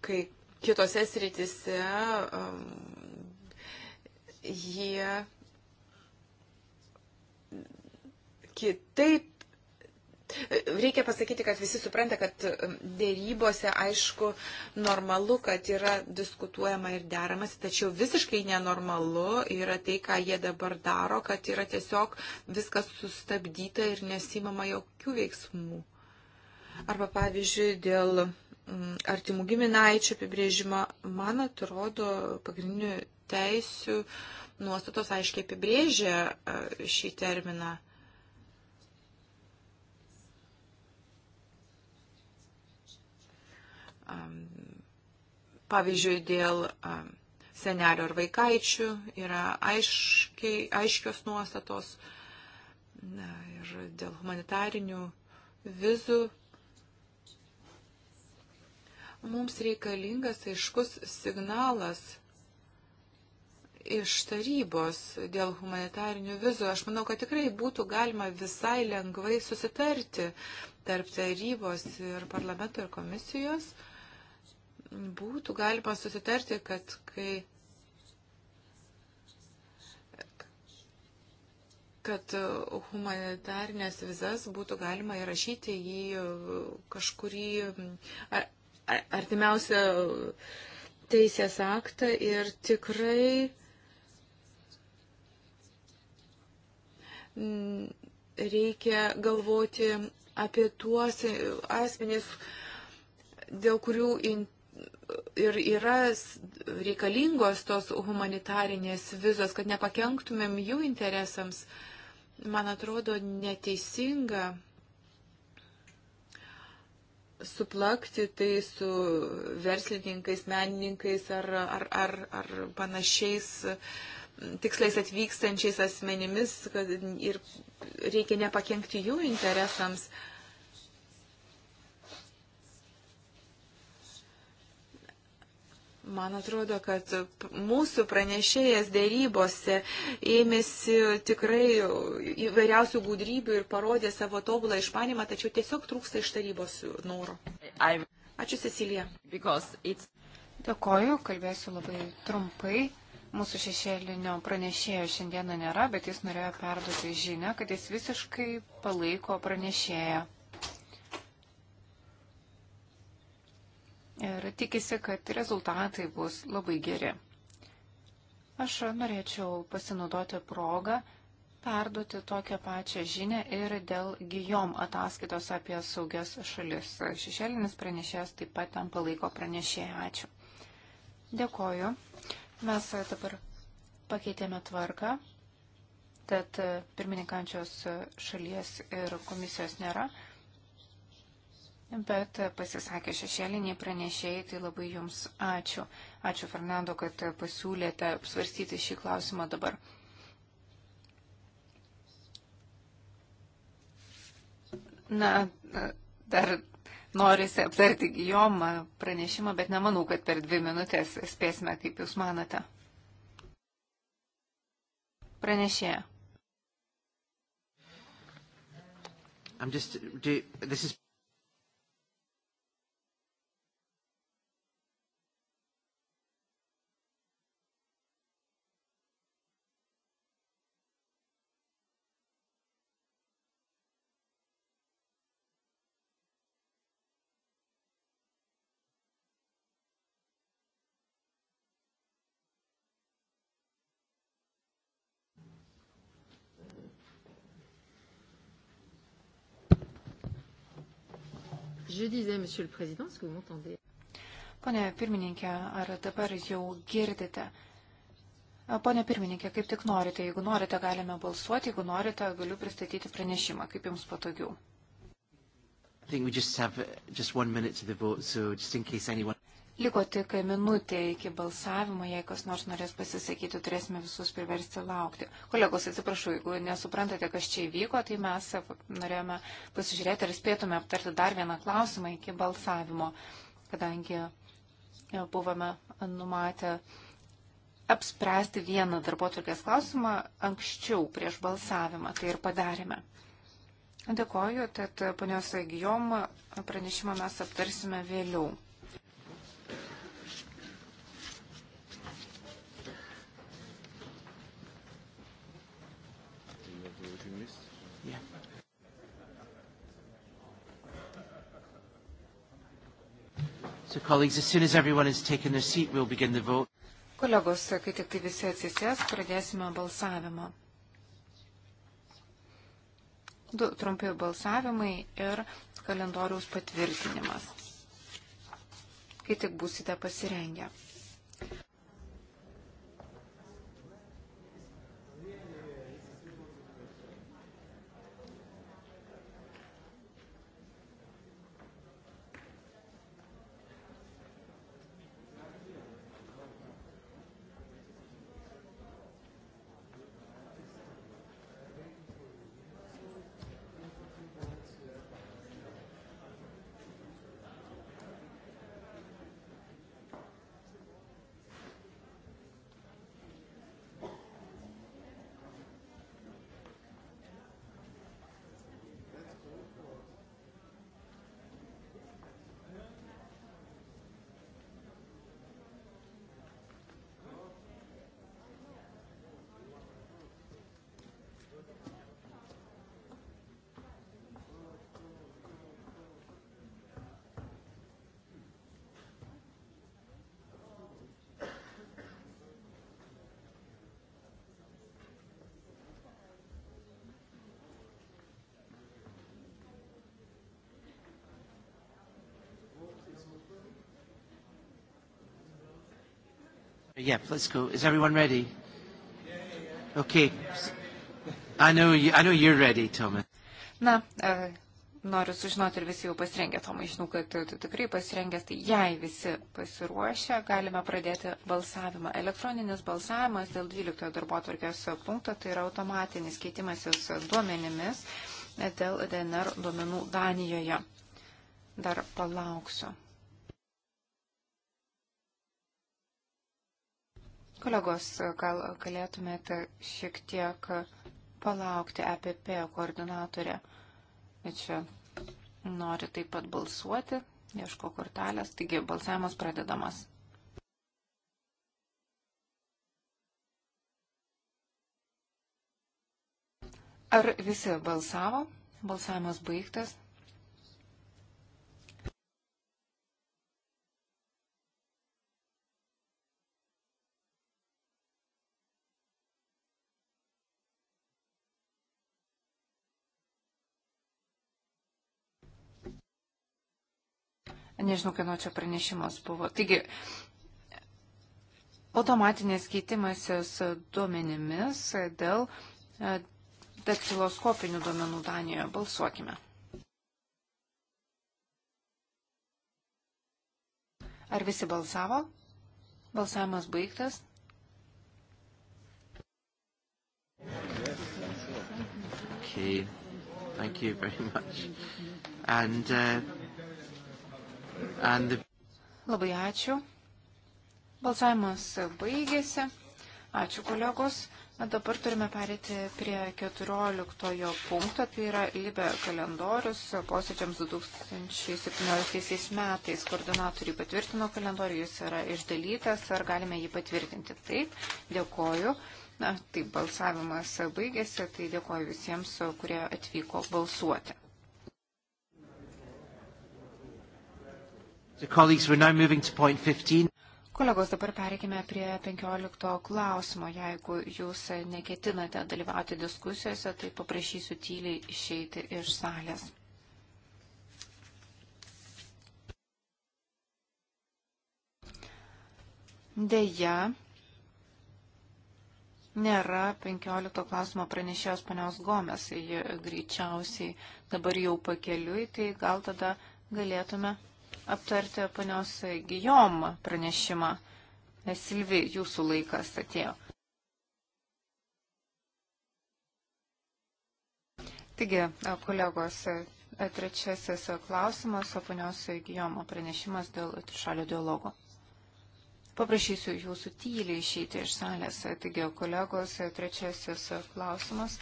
Kai kitose srityse jie kitaip Reikia pasakyti, kad visi supranta, kad um, dėrybose, aišku, normalu, kad yra diskutuojama ir deramas, tačiau visiškai nenormalu yra tai, ką jie dabar daro, kad yra tiesiog viskas sustabdyta ir nesimama jokių veiksmų. Arba pavyzdžiui, dėl mm, artimų giminaičių apibrėžimo, man atrodo, pagrindinių teisių nuostatos aiškiai apibrėžia e, šį terminą Pavyzdžiui, dėl senelio ar vaikaičių yra aiškiai, aiškios nuostatos na, ir dėl humanitarinių vizų. Mums reikalingas aiškus signalas iš tarybos dėl humanitarinių vizų. Aš manau, kad tikrai būtų galima visai lengvai susitarti tarp tarybos ir parlamento ir komisijos. Uh, būtų galima susitarti, kad kai kad humanitarnės vizas būtų galima įrašyti į kažkurį ar, ar, artimiausią teisės aktą ir tikrai reikia galvoti apie tuos asmenys, dėl kurių in, ir yra reikalingos tos humanitarinės vizos, kad nepakenktumėm jų interesams, man atrodo neteisinga suplakti tai su verslininkais, menininkais ar, ar, ar, ar panašiais tikslais atvykstančiais asmenimis kad ir reikia nepakenkti jų interesams. Uh, Man atrodo, kad mūsų pranešėjas dėrybose ėmėsi tikrai įvairiausių gudrybių ir parodė savo tobulą išmanimą, tačiau tiesiog trūksta iš tarybos noro. Ačiū, Cecilija. Dėkoju, kalbėsiu labai trumpai. Mūsų šešėlinio pranešėjo šiandieną nėra, bet jis norėjo perduoti žinę, kad jis visiškai palaiko pranešėją. ir tikisi, kad rezultatai bus labai geri. Aš norėčiau pasinaudoti progą perduoti tokią pačią žinę ir dėl gyjom ataskaitos apie saugias šalis. Šešėlinis pranešėjas taip pat ten palaiko pranešėją. Ačiū. Dėkoju. Mes dabar pakeitėme tvarką, tad pirmininkančios šalies ir komisijos nėra bet pasisakė šešėliniai pranešėjai, tai labai jums ačiū. Ačiū, Fernando, kad pasiūlėte svarstyti šį klausimą dabar. Na, dar norisi aptarti Gijomą pranešimą, bet nemanau, kad per dvi minutės spėsime, kaip jūs manate. Pranešėja. Just, do, is... Pone pirmininkė, ar dabar jau girdite? Pone pirmininkė, kaip tik norite. Jeigu norite, galime balsuoti. Jeigu norite, galiu pristatyti pranešimą, kaip jums patogiau. Uh, vote, so anyone... Liko tik minutė iki balsavimo, jei kas nors norės pasisakyti, turėsime visus priversti laukti. Kolegos, atsiprašau, jeigu nesuprantate, kas čia įvyko, tai mes norėjome pasižiūrėti ir spėtume aptarti dar vieną klausimą iki balsavimo, kadangi e, buvome numatę apspręsti vieną darbotvarkės klausimą anksčiau prieš balsavimą, tai ir padarėme. Dėkoju, tad ponios Gijom pranešimą mes aptarsime vėliau. So colleagues, as soon as everyone has taken their seat, we'll begin the vote. Kolegos, kai tik tai visi atsisės, pradėsime balsavimą. Du trumpi balsavimai ir kalendoriaus patvirtinimas, kai tik būsite pasirengę. yeah, let's go. Is everyone ready? Okay. I know, you, I know you're ready, Thomas. Na, uh, noriu sužinoti, ar visi jau pasirengę, Tomai, žinau, kad tu, tu tikrai pasirengęs, tai jei visi pasiruošę, galime pradėti balsavimą. Elektroninis balsavimas dėl 12 darbo atvarkės punkto, tai yra automatinis keitimasis duomenimis dėl DNR duomenų Danijoje. Dar palauksiu. Kolegos, gal galėtumėte šiek tiek palaukti EPP koordinatorę. Čia nori taip pat balsuoti, ieško kortelės, taigi balsavimas pradedamas. Ar visi balsavo? Balsavimas baigtas. Nežinau, kieno čia pranešimas buvo. Taigi, automatinės keitimasis duomenimis dėl e, daktiloskopinių duomenų Danijoje. Balsuokime. Ar visi balsavo? Balsavimas baigtas. Okay. Thank you very much. And uh, And... Labai ačiū. Balsavimas baigėsi. Ačiū kolegos. Na, dabar turime perėti prie 14 punkto, tai yra Libė kalendorius posėdžiams 2017 metais. Koordinatoriai patvirtino kalendorių, jis yra išdalytas, ar galime jį patvirtinti? Taip, dėkoju. Na, taip, balsavimas baigėsi, tai dėkoju visiems, kurie atvyko balsuoti. Kolegos, dabar pereikime prie 15 klausimo. Jeigu jūs neketinate dalyvauti diskusijose, tai paprašysiu tyliai išeiti iš salės. Deja, nėra 15 klausimo pranešėjos panios Gomes, ji greičiausiai dabar jau pakeliui, tai gal tada galėtume aptarti panios Gijom pranešimą. Silvi, jūsų laikas atėjo. Taigi, kolegos, trečiasis klausimas, o panios Gijomo pranešimas dėl trišalio dialogo. Paprašysiu jūsų tyliai išeiti iš salės. Taigi, kolegos, trečiasis klausimas,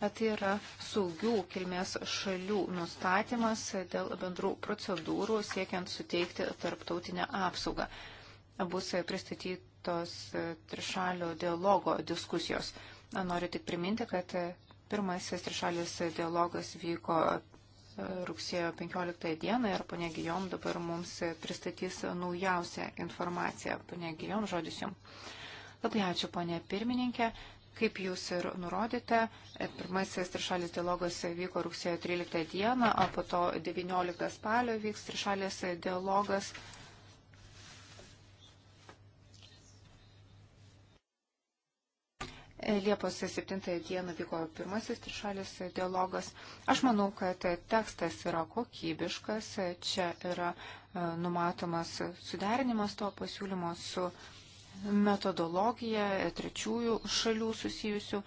tai yra saugių kilmės šalių nustatymas dėl bendrų procedūrų siekiant suteikti tarptautinę apsaugą. Bus pristatytos trišalio dialogo diskusijos. Noriu tik priminti, kad pirmasis trišalis dialogas vyko rugsėjo 15 dieną ir ponė Gijom dabar mums pristatys naujausią informaciją. Ponė Gijom, žodis jums. Labai ačiū, ponė pirmininkė. Kaip jūs ir nurodėte, e, pirmasis trišalis dialogas vyko rugsėjo 13 dieną, o po to 19 spalio vyks trišalis dialogas. E, Liepos 7 dieną vyko pirmasis trišalis dialogas. Aš manau, kad tekstas yra kokybiškas, čia yra e, numatomas suderinimas to pasiūlymo su metodologija e, trečiųjų šalių susijusių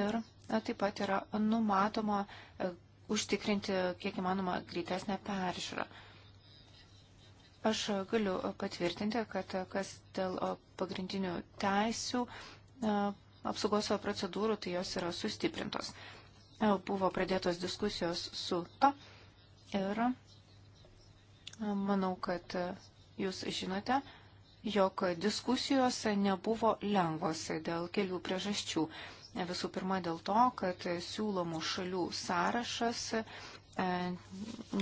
ir e, taip pat yra numatoma e, užtikrinti kiek įmanoma greitesnę peržiūrą. Aš galiu patvirtinti, kad kas dėl pagrindinių teisių apsaugos procedūrų, tai jos yra sustiprintos. Buvo pradėtos diskusijos su to ir manau, kad jūs žinote, jog diskusijos nebuvo lengvos dėl kelių priežasčių. Visų pirma, dėl to, kad siūlomų šalių sąrašas e,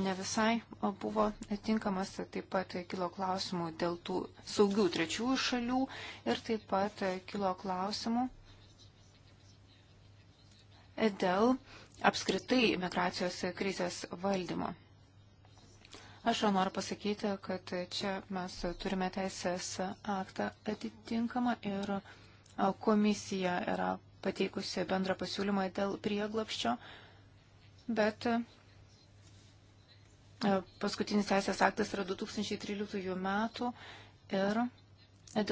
ne visai buvo tinkamas, taip pat kilo klausimų dėl tų saugių trečiųjų šalių ir taip pat kilo klausimų dėl apskritai migracijos krizės valdymo. Aš jau noriu pasakyti, kad čia mes turime teisės aktą atitinkamą ir komisija yra pateikusi bendrą pasiūlymą dėl prieglapščio, bet e, paskutinis teisės aktas yra 2013 metų ir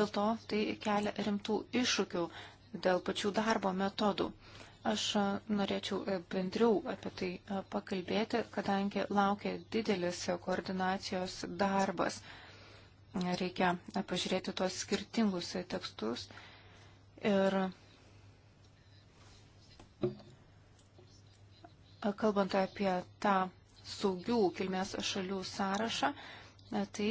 dėl to tai kelia rimtų iššūkių dėl pačių darbo metodų. Aš norėčiau e, bendriau apie tai pakalbėti, kadangi laukia didelis koordinacijos darbas. Reikia pažiūrėti tuos skirtingus e, tekstus ir kalbant apie tą saugių kilmės šalių sąrašą, tai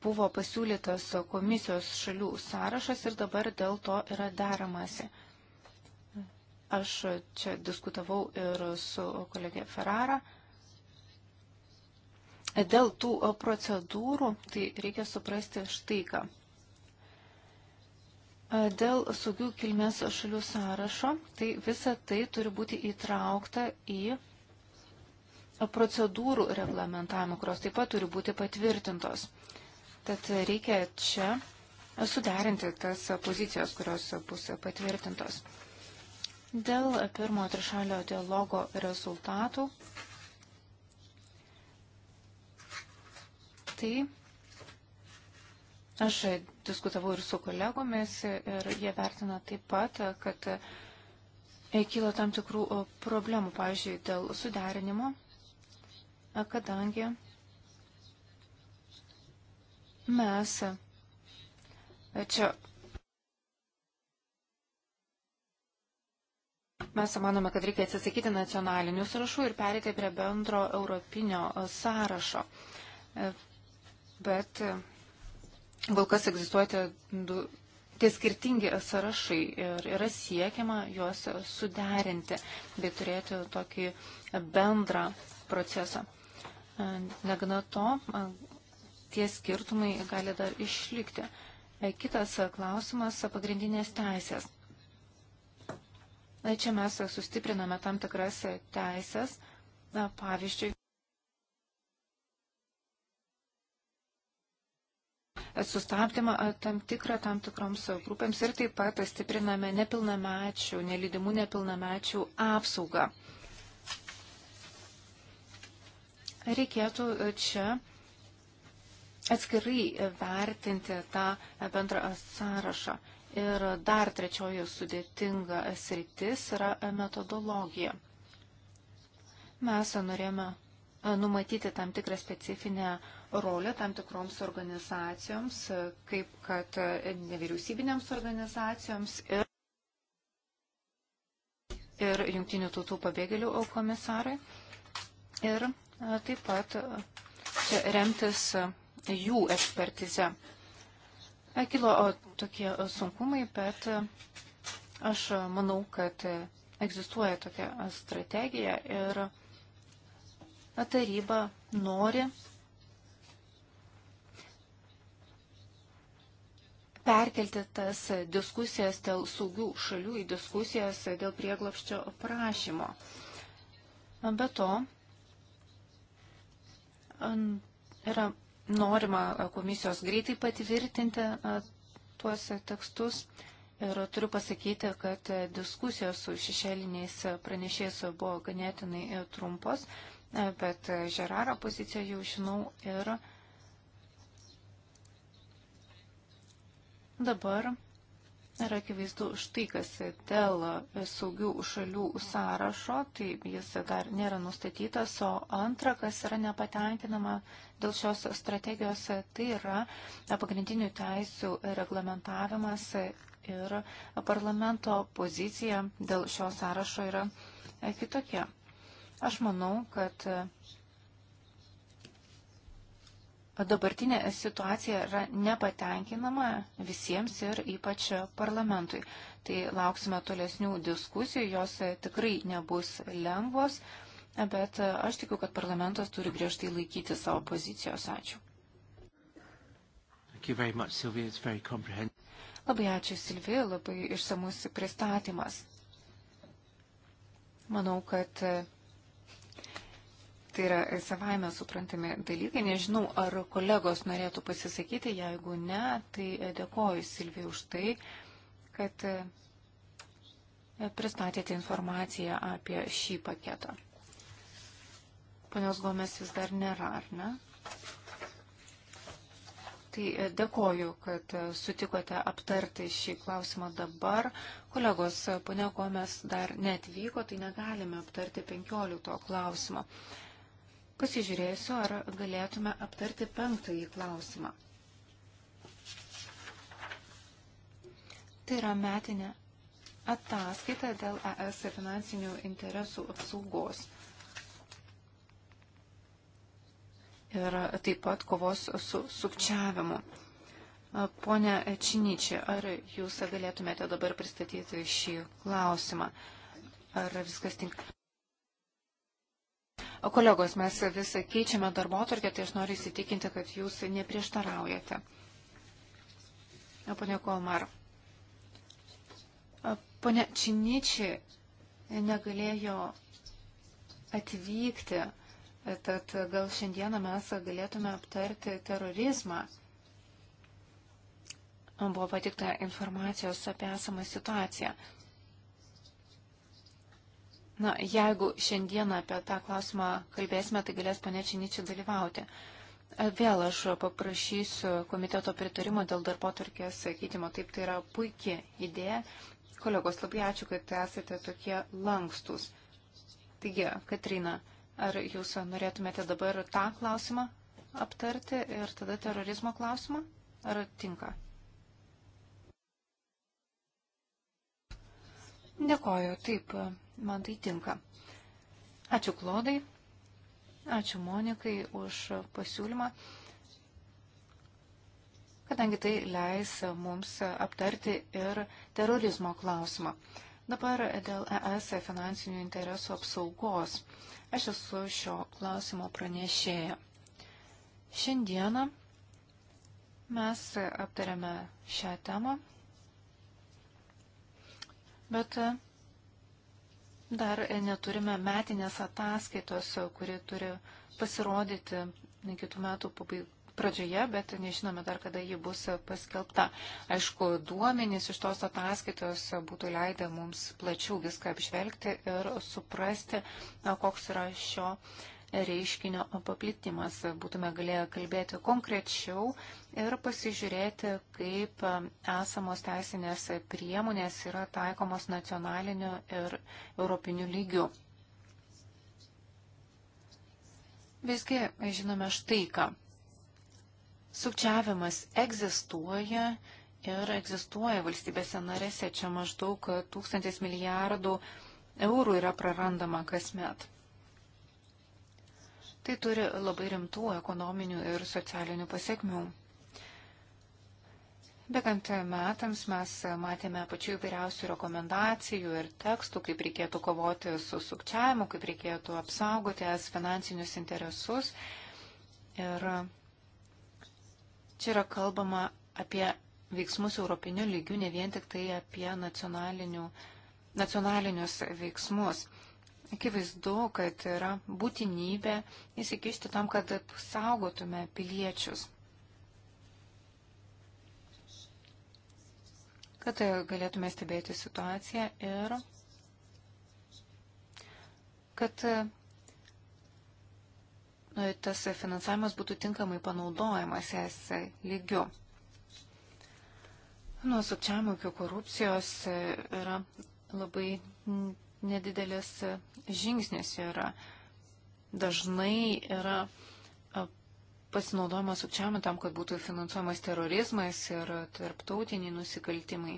buvo pasiūlytas komisijos šalių sąrašas ir dabar dėl to yra deramasi. Aš čia diskutavau ir su kolegė Ferrara. Dėl tų procedūrų, tai reikia suprasti štai ką. Dėl saugių kilmės šalių sąrašo, tai visa tai turi būti įtraukta į procedūrų reglamentavimą, kurios taip pat turi būti patvirtintos. Tad reikia čia suderinti tas pozicijos, kurios bus patvirtintos. Dėl pirmo trišalio dialogo rezultatų, tai aš diskutavau ir su kolegomis ir jie vertina taip pat, kad kyla tam tikrų problemų, pavyzdžiui, dėl suderinimo, kadangi Mes e, čia. Mes manome, kad reikia atsisakyti nacionalinių sąrašų ir perėti prie bendro europinio e, sąrašo. E, bet kol kas egzistuoja du, tie skirtingi sąrašai ir yra siekiama juos suderinti bei turėti tokį bendrą procesą. Negana to, tie skirtumai gali dar išlikti. E, kitas klausimas - pagrindinės teisės. E, čia mes sustipriname tam tikras teisės, pavyzdžiui, sustabdymą e, tam tikrą tam tikroms grupėms ir taip pat stipriname nepilnamečių, nelydimų nepilnamečių apsaugą. Reikėtų čia atskirai vertinti tą bendrą sąrašą. Ir dar trečioji sudėtinga sritis yra metodologija. Mes norėjome e, numatyti tam tikrą specifinę rolę tam tikroms organizacijoms, e, kaip kad e, nevyriausybinėms organizacijoms ir, ir jungtinių tautų pabėgėlių komisarai. Ir taip pat čia remtis jų ekspertize. E, kilo tokie e, sunkumai, bet e, aš manau, kad egzistuoja tokia strategija ir taryba nori perkelti tas diskusijas dėl saugių šalių į diskusijas dėl prieglapščio prašymo. Be to, yra norima e, komisijos greitai patvirtinti e, tuos tekstus. Ir turiu pasakyti, kad e, diskusijos su šešėliniais pranešėjais buvo ganėtinai trumpos, bet Žeraro poziciją jau žinau ir dabar yra akivaizdu štai kas dėl saugių šalių sąrašo, tai jis dar nėra nustatytas, o antra, kas yra nepatenkinama dėl šios strategijos, tai yra pagrindinių teisių reglamentavimas ir parlamento pozicija dėl šio sąrašo yra kitokia. Aš manau, kad dabartinė situacija yra nepatenkinama visiems ir ypač parlamentui. Tai lauksime tolesnių diskusijų, jos tikrai nebus lengvos, bet aš tikiu, kad parlamentas turi griežtai laikyti savo pozicijos. Ačiū. Much, Sylvia. Labai ačiū Silvija, labai išsamus pristatymas. Manau, kad Tai yra savaime suprantami dalykai. Nežinau, ar kolegos norėtų pasisakyti, jeigu ne, tai dėkoju Silvijai už tai, kad e, pristatėte informaciją apie šį paketą. Panios Gomes vis dar nėra, ar ne? Tai e, dėkoju, kad e, sutikote aptarti šį klausimą dabar. Kolegos, ponia Gomes dar netvyko, tai negalime aptarti 15 klausimo. Pasižiūrėsiu, ar galėtume aptarti penktąjį klausimą. Tai yra metinė ataskaita dėl ES finansinių interesų apsaugos. ir taip pat kovos su sukčiavimu. Pone Činičiai, ar jūs galėtumėte dabar pristatyti šį klausimą? Ar viskas tinka? Kolegos, mes visą keičiame darbo turkę, tai aš noriu įsitikinti, kad jūs neprieštaraujate. Pane Kolmar. Pane Činičiai negalėjo atvykti, tad gal šiandieną mes galėtume aptarti terorizmą. Buvo patikta informacijos apie esamą situaciją. Na, jeigu šiandieną apie tą klausimą kalbėsime, tai galės ponė Činičiai dalyvauti. Vėl aš paprašysiu komiteto pritarimo dėl darbo tvarkės keitimo. Taip, tai yra puikia idėja. Kolegos, labai ačiū, kad esate tokie lankstus. Taigi, Katrina, ar jūs norėtumėte dabar tą klausimą aptarti ir tada terorizmo klausimą? Ar tinka? Dėkoju, taip man tai tinka. Ačiū Klodai, ačiū Monikai už pasiūlymą, kadangi tai leis mums aptarti ir terorizmo klausimą. Dabar dėl ES finansinių interesų apsaugos. Aš esu šio klausimo pranešėja. Šiandieną mes aptarėme šią temą, bet Dar neturime metinės ataskaitos, kuri turi pasirodyti kitų metų pradžioje, bet nežinome dar, kada ji bus paskelbta. Aišku, duomenys iš tos ataskaitos būtų leidę mums plačiau viską apžvelgti ir suprasti, koks yra šio reiškinio paplitimas. Būtume galėję kalbėti konkrečiau ir pasižiūrėti, kaip esamos teisinės priemonės yra taikomos nacionaliniu ir europiniu lygiu. Visgi žinome štai ką. Sukčiavimas egzistuoja ir egzistuoja valstybėse narėse. Čia maždaug tūkstantis milijardų eurų yra prarandama kasmet. Tai turi labai rimtų ekonominių ir socialinių pasiekmių. Bėgant metams mes matėme pačių įvairiausių rekomendacijų ir tekstų, kaip reikėtų kovoti su sukčiavimu, kaip reikėtų apsaugoti es finansinius interesus. Ir čia yra kalbama apie veiksmus europinių lygių, ne vien tik tai apie nacionalinius veiksmus akivaizdu, kad yra būtinybė įsikišti tam, kad saugotume piliečius. Kad galėtume stebėti situaciją ir kad nu, tas finansavimas būtų tinkamai panaudojamas es lygiu. Nuo sukčiavimo iki korupcijos yra labai nedidelis žingsnis yra. Dažnai yra pasinaudojama sukčiavimą tam, kad būtų finansuojamas terorizmas ir tarptautiniai nusikaltimai.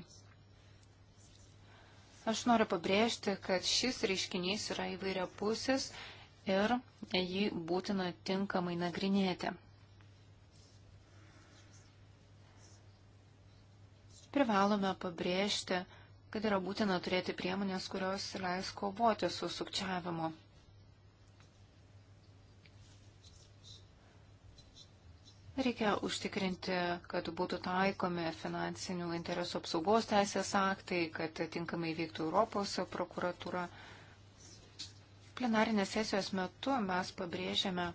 Aš noriu pabrėžti, kad šis reiškinys yra įvairia pusės ir jį būtina tinkamai nagrinėti. Privalome pabrėžti, kad kad yra būtina turėti priemonės, kurios leis kovoti su sukčiavimu. Reikia užtikrinti, kad būtų taikomi finansinių interesų apsaugos teisės aktai, kad tinkamai veiktų Europos prokuratūra. Plenarinės sesijos metu mes pabrėžiame,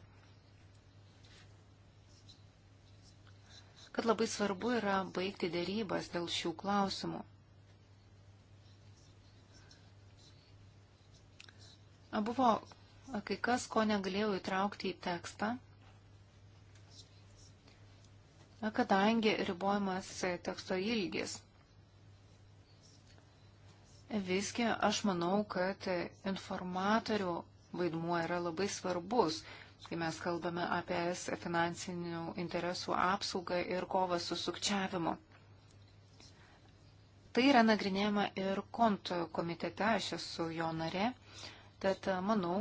kad labai svarbu yra baigti dėrybas dėl šių klausimų. Buvo kai kas, ko negalėjau įtraukti į tekstą, kadangi ribojamas teksto ilgis. Visgi aš manau, kad informatorių vaidmuo yra labai svarbus, kai mes kalbame apie es finansinių interesų apsaugą ir kovą su sukčiavimu. Tai yra nagrinėjama ir kont komitete, aš esu jo narė. Tad e, manau,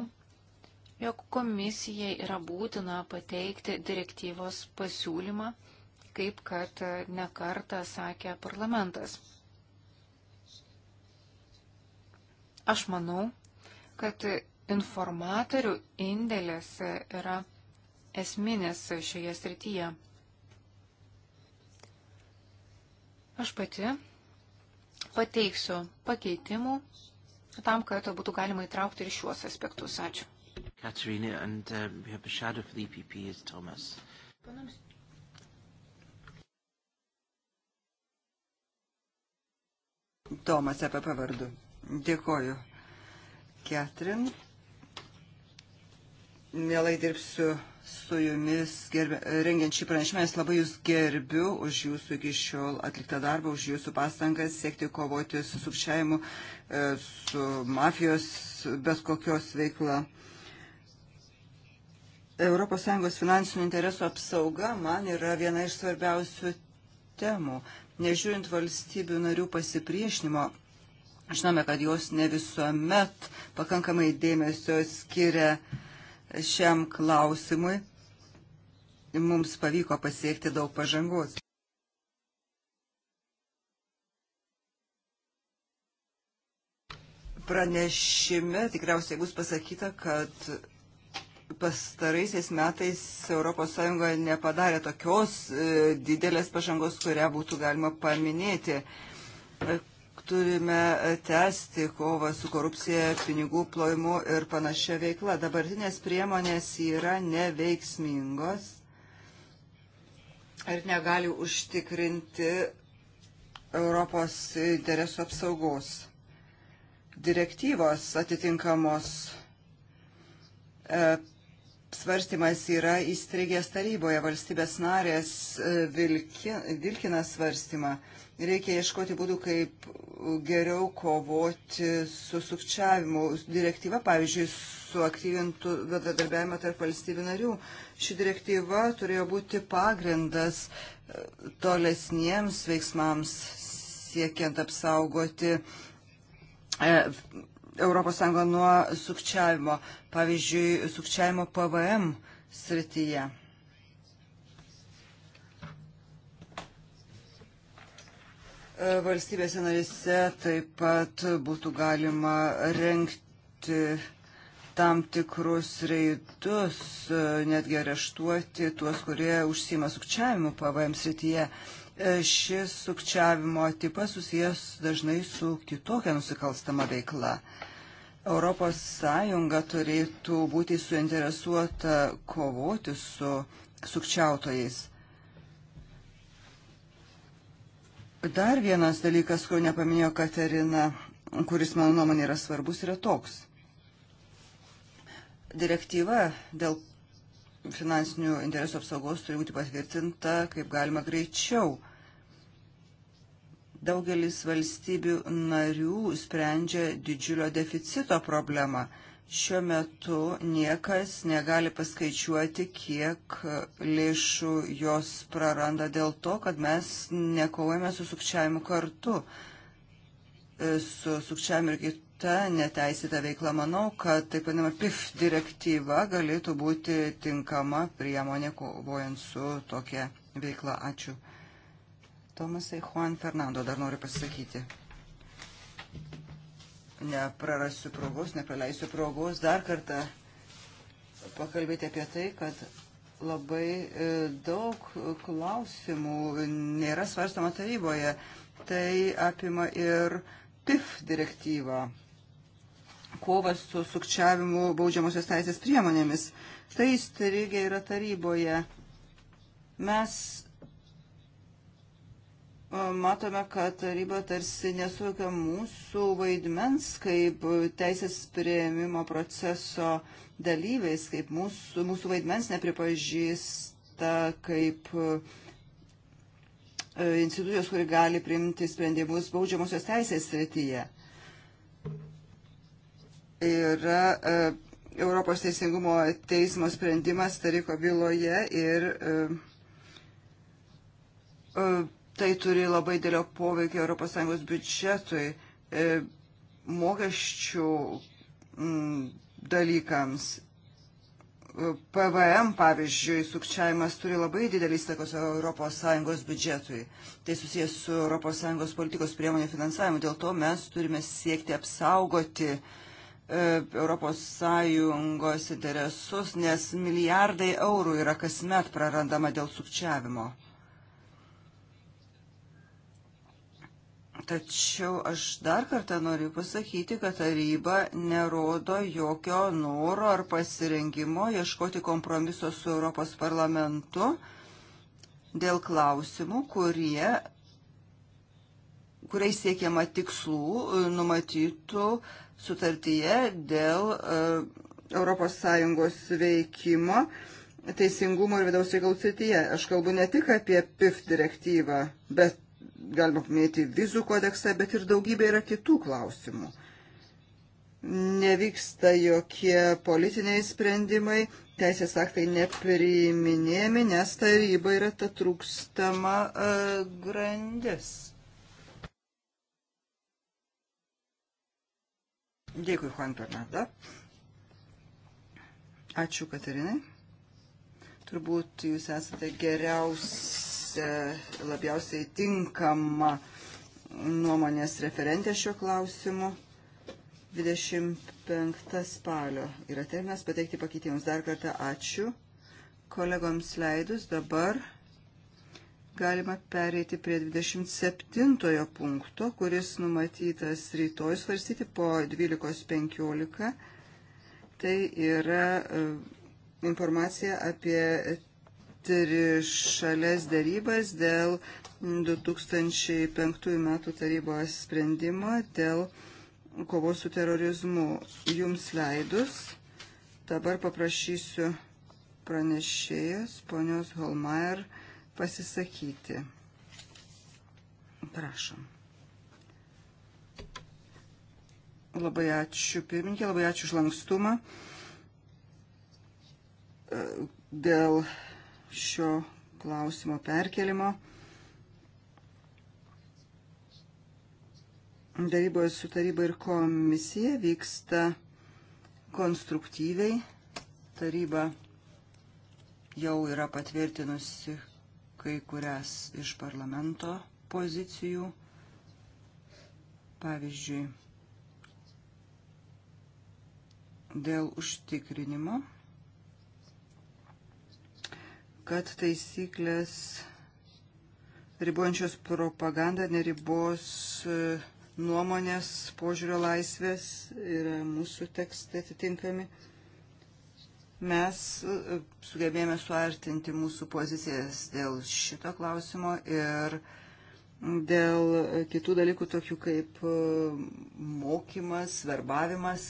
jog komisijai yra būtina pateikti direktyvos pasiūlymą, kaip kad e, nekartą sakė parlamentas. Aš manau, kad informatorių indėlis e, yra esminis šioje srityje. Aš pati pateiksiu pakeitimų tam, kad būtų galima įtraukti ir šiuos aspektus. Ačiū. Katerina, and uh, we have a shadow for the EPP is Thomas. Panams. Tomas apie pavardų. Dėkoju. Ketrin. Mielai dirbsiu su jumis gerbė, rengiant šį pranešimą, nes labai jūs gerbiu už jūsų iki šiol atliktą darbą, už jūsų pastangas siekti kovoti su sukčiavimu, e, su mafijos, bet kokios veikla. ES finansinių interesų apsauga man yra viena iš svarbiausių temų. Nežiūrint valstybių narių pasipriešinimo, žinome, kad jos ne visuomet pakankamai dėmesio skiria uh, šiam klausimui mums pavyko pasiekti daug pažangos. Pranešime tikriausiai bus pasakyta, kad pastaraisiais metais ES nepadarė tokios e, didelės pažangos, kurią būtų galima paminėti turime tęsti kovą su korupcija, pinigų plojimu ir panašia veikla. Dabartinės priemonės yra neveiksmingos ir negali užtikrinti Europos interesų apsaugos. Direktyvos atitinkamos e, svarstymas yra įstrigęs taryboje, valstybės narės e, vilki, vilkina svarstymą. E, Reikia ieškoti būdų, kaip geriau kovoti su sukčiavimu. Direktyva, pavyzdžiui, suaktyvintų bendradarbiavimą tarp valstybių narių. Ši direktyva turėjo būti pagrindas e, tolesniems veiksmams siekiant apsaugoti ES nuo sukčiavimo, pavyzdžiui, sukčiavimo PVM srityje. E, valstybėse narėse taip pat būtų galima renkti tam tikrus reidus, e, netgi areštuoti tuos, kurie užsima sukčiavimu PVM srityje. E, šis sukčiavimo tipas susijęs dažnai su kitokia nusikalstama veikla. Europos Sąjunga turėtų būti suinteresuota kovoti su sukčiautojais. Dar vienas dalykas, kurio nepaminėjo Katerina, kuris mano nuomonė yra svarbus, yra toks. Direktyva dėl finansinių interesų apsaugos turi būti patvirtinta kaip galima greičiau. Daugelis valstybių narių sprendžia didžiulio deficito problemą. Šiuo metu niekas negali paskaičiuoti, kiek lėšų jos praranda dėl to, kad mes nekovojame su sukčiavimu kartu. E, su sukčiavimu ir kita neteisėta veikla manau, kad taip vadinama PIF direktyva galėtų būti tinkama priemonė kovojant su tokia veikla. Ačiū. Tomasai Juan Fernando dar noriu pasakyti neprarasiu progos, nepraleisiu progos dar kartą pakalbėti apie tai, kad labai e, daug klausimų nėra svarstama taryboje. Tai apima ir PIF direktyvą, kovas su sukčiavimu baudžiamosios teisės priemonėmis. Tai įstrigė yra taryboje. Mes matome, kad taryba tarsi nesuvokia mūsų vaidmens kaip teisės prieimimo proceso dalyviais, kaip mūsų, mūsų vaidmens nepripažįsta kaip e, institucijos, kuri gali priimti sprendimus baudžiamosios teisės srityje. Yra e, Europos Teisingumo teismo sprendimas Tariko byloje ir e, Tai turi labai dėlio poveikio ES biudžetui, e, mokesčių mm, dalykams. E, PVM, pavyzdžiui, sukčiavimas turi labai didelį įstakos ES biudžetui. Tai susijęs su ES politikos priemonių finansavimu. Dėl to mes turime siekti apsaugoti ES interesus, nes milijardai eurų yra kasmet prarandama dėl sukčiavimo. Tačiau aš dar kartą noriu pasakyti, kad taryba nerodo jokio noro ar pasirengimo ieškoti kompromiso su Europos parlamentu dėl klausimų, kurie, kuriais siekiama tikslų e, numatytų sutartyje dėl ES veikimo teisingumo ir vidaus reikalų srityje. Aš kalbu ne tik apie PIF direktyvą, bet galima paminėti vizų kodeksą, bet ir daugybė yra kitų klausimų. Nevyksta jokie politiniai sprendimai, teisės aktai nepriiminėjami, nes taryba yra ta trūkstama e, grandis. Dėkui, Juan Bernardo. Ačiū, Katerinai. Turbūt jūs esate geriausi pirmiausia e, labiausiai tinkama nuomonės referentė šiuo klausimu. 25 spalio yra terminas pateikti pakeitimus. Dar kartą ačiū. Kolegoms leidus dabar galima pereiti prie 27 punkto, kuris numatytas rytoj svarstyti po 12.15. Tai yra e, informacija apie trišalės darybas dėl 2005 metų tarybos sprendimo dėl kovos su terorizmu. Jums leidus, dabar paprašysiu pranešėjos ponios Holmeier pasisakyti. Prašom. Labai ačiū pirmininkė, labai ačiū už lankstumą dėl šio klausimo perkelimo. Darybos su taryba ir komisija vyksta konstruktyviai. Taryba jau yra patvirtinusi kai kurias iš parlamento pozicijų. Pavyzdžiui, dėl užtikrinimo kad taisyklės ribojančios propagandą neribos e, nuomonės, požiūrio laisvės yra mūsų tekstai atitinkami. Mes e, sugebėjome suartinti mūsų pozicijas dėl šito klausimo ir dėl kitų dalykų, tokių kaip e, mokymas, verbavimas.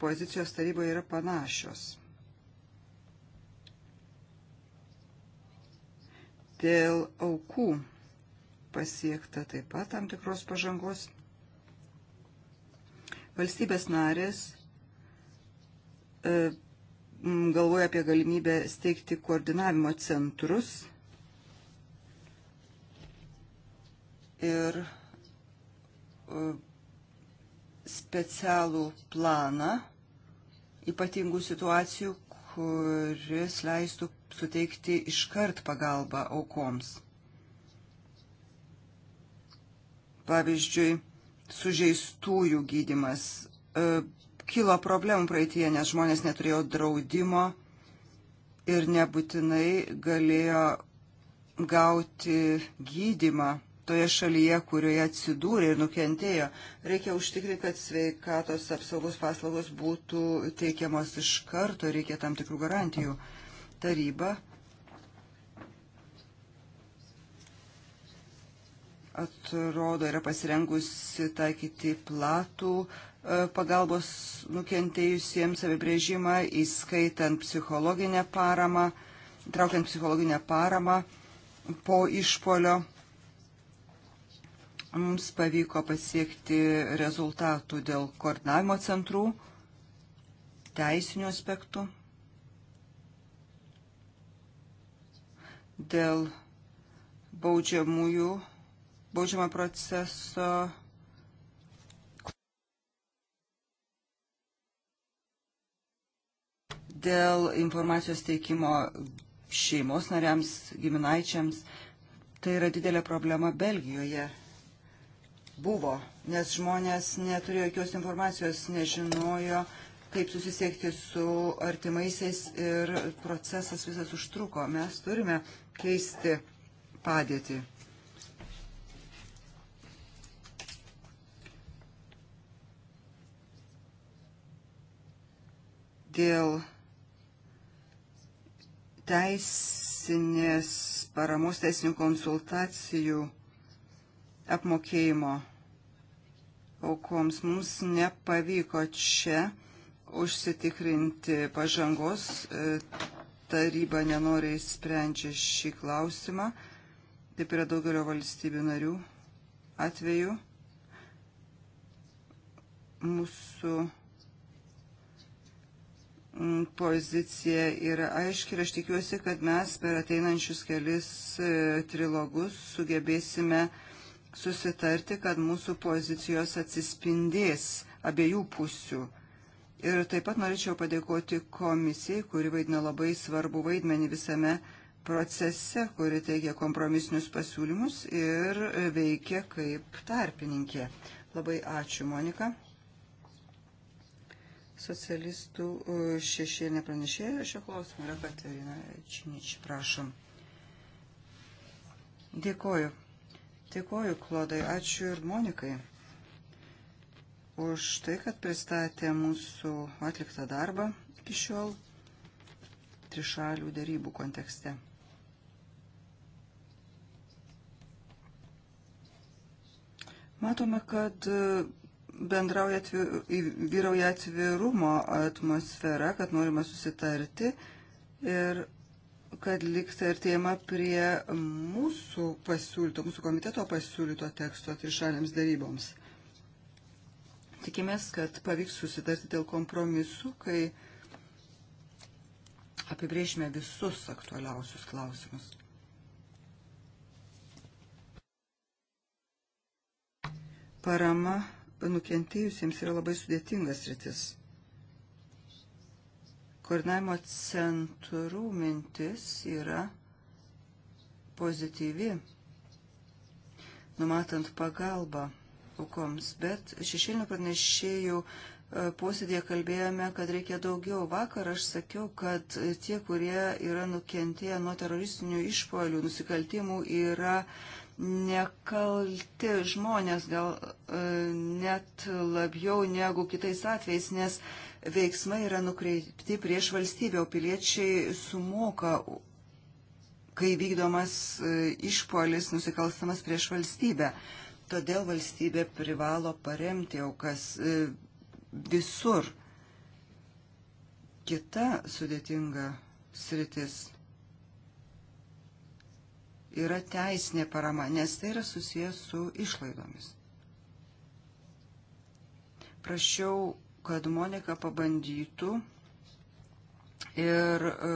Pozicijos taryboje yra panašios. Dėl aukų pasiekta taip pat tam tikros pažangos. Valstybės narės e, galvoja apie galimybę steigti koordinavimo centrus ir e, specialų planą ypatingų situacijų kuris leistų suteikti iškart pagalbą aukoms. Pavyzdžiui, sužeistųjų gydimas. E, kilo problemų praeitie, nes žmonės neturėjo draudimo ir nebūtinai galėjo gauti gydimą toje šalyje, kurioje atsidūrė ir nukentėjo. Reikia užtikrinti, kad sveikatos apsaugos paslaugos būtų teikiamos iš karto, reikia tam tikrų garantijų. Taryba atrodo yra pasirengusi taikyti platų e, pagalbos nukentėjusiems apibrėžimą, įskaitant psichologinę paramą, traukiant psichologinę paramą po išpolio Mums pavyko pasiekti rezultatų dėl koordinavimo centrų, teisinių aspektų, dėl baudžiamųjų, baudžiamo proceso dėl informacijos teikimo šeimos nariams, giminaičiams. Tai yra didelė problema Belgijoje buvo, nes žmonės neturėjo jokios informacijos, nežinojo, kaip susisiekti su artimaisiais ir procesas visas užtruko. Mes turime keisti padėtį. Dėl teisinės paramos, teisinių konsultacijų apmokėjimo aukoms. Mums nepavyko čia užsitikrinti pažangos, e, taryba nenoriai sprendžia šį klausimą, taip yra daugelio valstybių narių atveju. Mūsų mm, pozicija yra aiški ir aš tikiuosi, kad mes per ateinančius kelis e, trilogus sugebėsime uh, susitarti, kad mūsų pozicijos atsispindės abiejų pusių. Ir taip pat norėčiau padėkoti komisijai, kuri vaidina labai svarbu vaidmenį visame procese, kuri teigia kompromisinius pasiūlymus ir veikia kaip tarpininkė. Labai ačiū, Monika. Socialistų e, šešėlinė pranešėja šio klausimo yra Katerina Činič. Prašom. Dėkoju. Dėkoju, Klodai, ačiū ir Monikai už tai, kad pristatė mūsų atliktą darbą iki šiol trišalių darybų kontekste. Matome, kad bendrauja atvir, vyrauja atvirumo atmosfera, kad norima susitarti ir kad liktai artėjama prie mūsų pasiūlyto, mūsų komiteto pasiūlyto teksto trišalėms daryboms. Tikimės, kad pavyks susitarti dėl kompromisu, kai apibrėžime visus aktualiausius klausimus. Parama nukentėjusiems yra labai sudėtingas rytis. Koordinavimo centrų mintis yra pozityvi, numatant pagalbą aukoms, bet šešėlinių pranešėjų e, posėdėje kalbėjome, kad reikia daugiau. Vakar aš sakiau, kad tie, kurie yra nukentėję nuo teroristinių išpolių, nusikaltimų, yra nekalti žmonės gal e, net labiau negu kitais atvejais, nes veiksmai yra nukreipti prieš valstybę, o piliečiai sumoka, kai vykdomas e, išpolis nusikalstamas prieš valstybę. Todėl valstybė privalo paremti aukas e, visur. Kita sudėtinga sritis yra teisinė parama, nes tai yra susijęs su išlaidomis. Prašiau, kad Monika pabandytų ir e,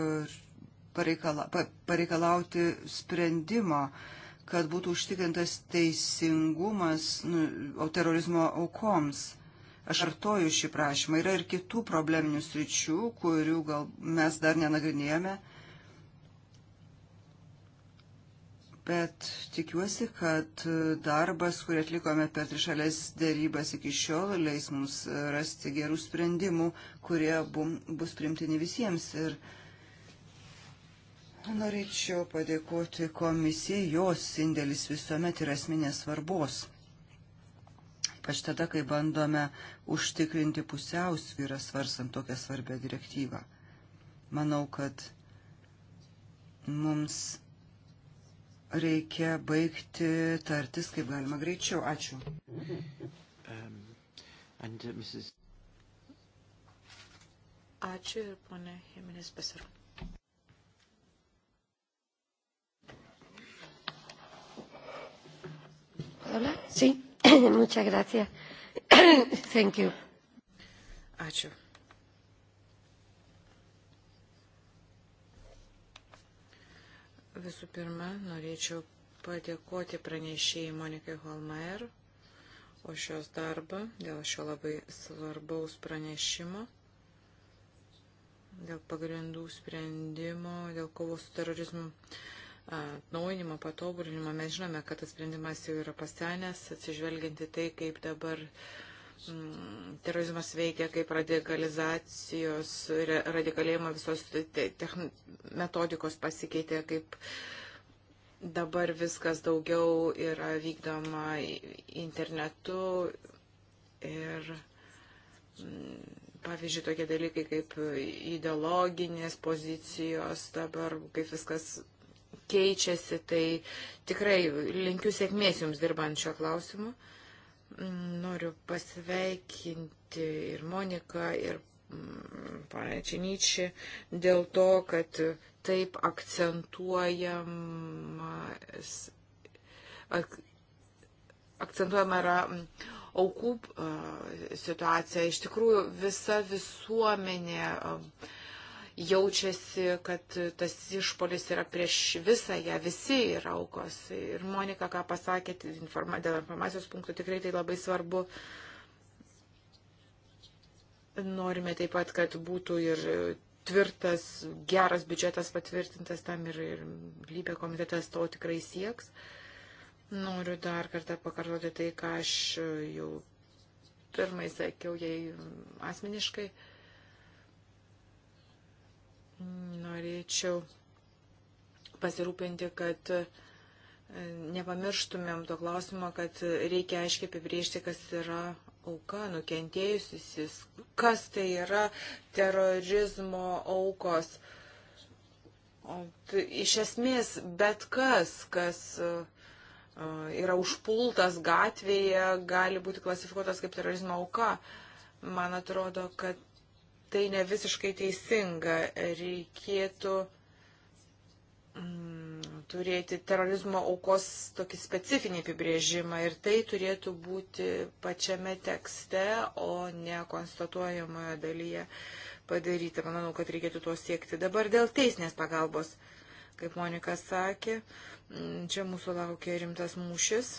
pareikala, pareikalauti sprendimo, kad būtų užtikrintas teisingumas nu, terorizmo aukoms. Aš artoju šį prašymą. Yra ir kitų probleminių sričių, kurių gal mes dar nenagrinėjame. Bet tikiuosi, kad darbas, kurį atlikome per trišalės dėrybas iki šiol, leis mums rasti gerų sprendimų, kurie bum, bus primtini visiems. Ir norėčiau padėkoti komisijai, jos indėlis visuomet yra asmenės svarbos. Ypač tada, kai bandome užtikrinti pusiausvyrą svarstant tokią svarbę direktyvą. Manau, kad mums reikia baigti tartis kaip galima greičiau. Ačiū. Um, and, uh, Mrs... Ačiū ir ponė Jimenez Besaro. Hola, sí, [clears throat] muchas gracias. [clears throat] Thank you. Ačiū. Visų pirma, norėčiau padėkoti pranešėjai Monikai Holmeier už jos darbą dėl šio labai svarbaus pranešimo, dėl pagrindų sprendimo, dėl kovos su terorizmu atnaujinimo, patobulinimo. Mes žinome, kad tas sprendimas jau yra pasenęs, atsižvelginti tai, kaip dabar uh, Mm, terorizmas veikia kaip radikalizacijos, radikalėjimo visos metodikos pasikeitė, kaip dabar viskas daugiau yra vykdoma internetu ir mm, pavyzdžiui, tokie dalykai kaip ideologinės pozicijos dabar, kaip viskas keičiasi, tai tikrai linkiu sėkmės jums dirbant šio klausimu. Noriu pasveikinti ir Moniką, ir mm, pana Činyčią dėl to, kad taip akcentuojamas, ak, akcentuojama yra mm, aukų situacija. Iš tikrųjų, visa visuomenė. A, jaučiasi, kad tas išpolis yra prieš visą ją, visi yra aukos. Ir Monika, ką pasakėte tai informa dėl informacijos punktų, tikrai tai labai svarbu. Norime taip pat, kad būtų ir tvirtas, geras biudžetas patvirtintas tam ir, ir lybė komitetas to tikrai sieks. Noriu dar kartą pakartoti tai, ką aš jau pirmai sakiau jai asmeniškai. Uh, norėčiau pasirūpinti, kad e, nepamirštumėm to klausimo, kad reikia aiškiai apibriežti, kas yra auka, nukentėjusis, kas tai yra terorizmo aukos. O, tai, iš esmės, bet kas, kas e, e, yra užpultas gatvėje, gali būti klasifikuotas kaip terorizmo auka. Man atrodo, kad tai ne visiškai teisinga. Reikėtų mm, turėti terorizmo aukos tokį specifinį apibrėžimą ir tai turėtų būti pačiame tekste, o ne konstatuojamoje dalyje padaryta. Manau, kad reikėtų to siekti. Dabar dėl teisinės pagalbos, kaip Monika sakė, mm, čia mūsų laukia rimtas mūšis.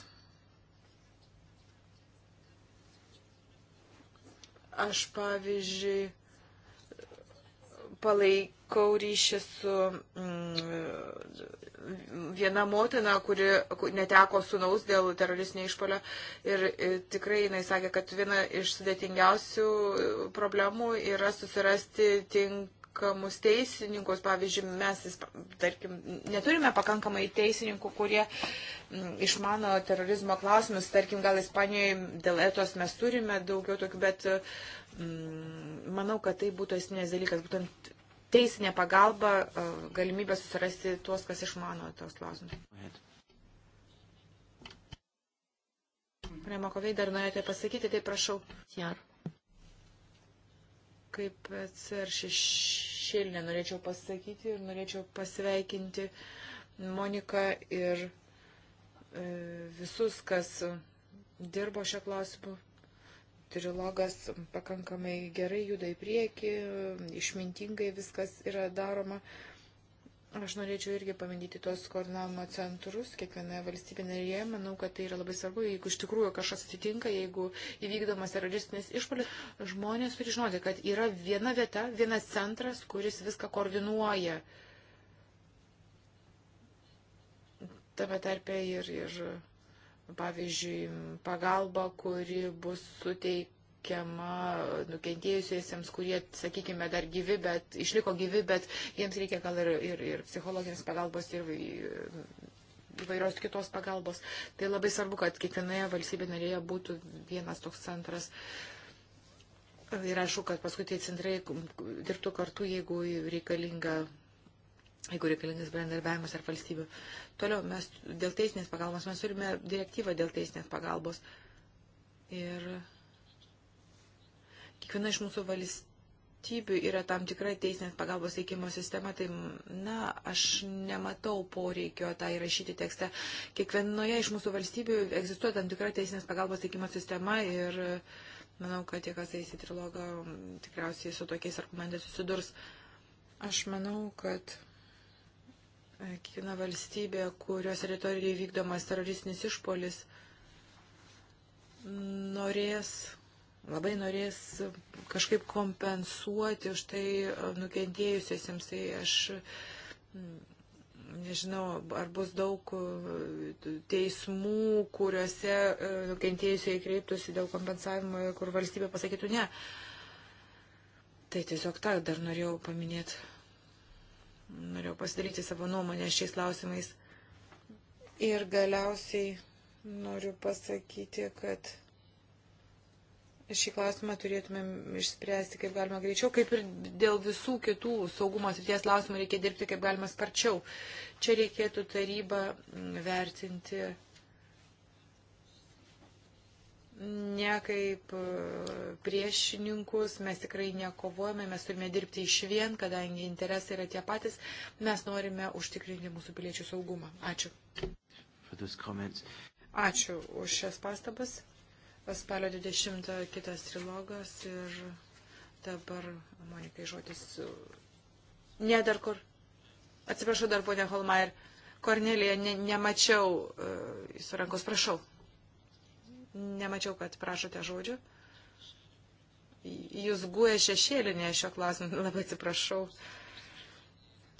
Aš pavyzdžiui, palaikau ryšį su mm, viena motina, kuri neteko sunaus dėl teroristinio išpolio. Ir e, tikrai jinai sakė, kad viena iš sudėtingiausių e, problemų yra susirasti tinkamus teisininkus. Pavyzdžiui, mes, tarkim, neturime pakankamai teisininkų, kurie mm, išmano terorizmo klausimus. Tarkim, gal Ispanijoje dėl etos mes turime daugiau tokių, bet mm, manau, kad tai būtų esminės dalykas, būtent teisinė pagalba, e, galimybė susirasti tuos, kas išmano tos klausimus. Pane Makovei, dar norėjote pasakyti, tai prašau. Jar. Kaip atsir šešėlinė norėčiau pasakyti ir norėčiau pasveikinti Moniką ir e, visus, kas dirbo šio klausimu trilogas pakankamai gerai juda į priekį, išmintingai viskas yra daroma. Aš norėčiau irgi paminėti tuos koordinavimo centrus kiekvienoje valstybėje narėje. Manau, kad tai yra labai svarbu, jeigu iš tikrųjų kažkas atsitinka, jeigu įvykdomas teroristinis išpolis, žmonės turi žinoti, kad yra viena vieta, vienas centras, kuris viską koordinuoja. Tame tarpe ir, ir pavyzdžiui, pagalba, kuri bus suteikiama nukentėjusiesiems, kurie, sakykime, dar gyvi, bet išliko gyvi, bet jiems reikia gal ir, ir, ir psichologinės pagalbos, ir įvairios kitos pagalbos. Tai labai svarbu, kad kiekvienoje valstybė narėje būtų vienas toks centras. Ir aišku, kad paskui tie centrai dirbtų kartu, jeigu reikalinga jeigu reikalingas bendarbiavimas ar valstybių. Toliau mes dėl teisinės pagalbos, mes turime direktyvą dėl teisinės pagalbos. Ir kiekviena iš mūsų valstybių yra tam tikra teisinės pagalbos teikimo sistema, tai, na, aš nematau poreikio tą įrašyti tekste. Kiekvienoje iš mūsų valstybių egzistuoja tam tikra teisinės pagalbos teikimo sistema ir manau, kad tie, kas eis į trilogą, tikriausiai su tokiais argumentais susidurs. Aš manau, kad Kiekviena valstybė, kurios teritorijoje vykdomas teroristinis išpolis, norės, labai norės kažkaip kompensuoti už tai uh, nukentėjusiesiems. Tai aš mm, nežinau, ar bus daug uh, teismų, kuriuose uh, nukentėjusiai kreiptųsi dėl kompensavimo, kur valstybė pasakytų ne. Tai tiesiog tą dar norėjau paminėti norėjau pasidalyti savo nuomonę šiais klausimais. Ir galiausiai noriu pasakyti, kad šį klausimą turėtumėm išspręsti kaip galima greičiau, kaip ir dėl visų kitų saugumo srities klausimų reikia dirbti kaip galima sparčiau. Čia reikėtų tarybą vertinti ne kaip e, priešininkus, mes tikrai nekovojame, mes turime dirbti iš vien, kadangi interesai yra tie patys, mes norime užtikrinti mūsų piliečių saugumą. Ačiū. Ačiū už šias pastabas. Spalio 20 kitas trilogas ir dabar, Monikai, žodis. Ne, dar kur. Atsiprašau, dar ponia Holmaier. Kornelija, ne, nemačiau uh, jūsų rankos, prašau. Nemačiau, kad prašote žodžio. Jūs guoja šešėlinė šio klausimu, [laughs] labai atsiprašau.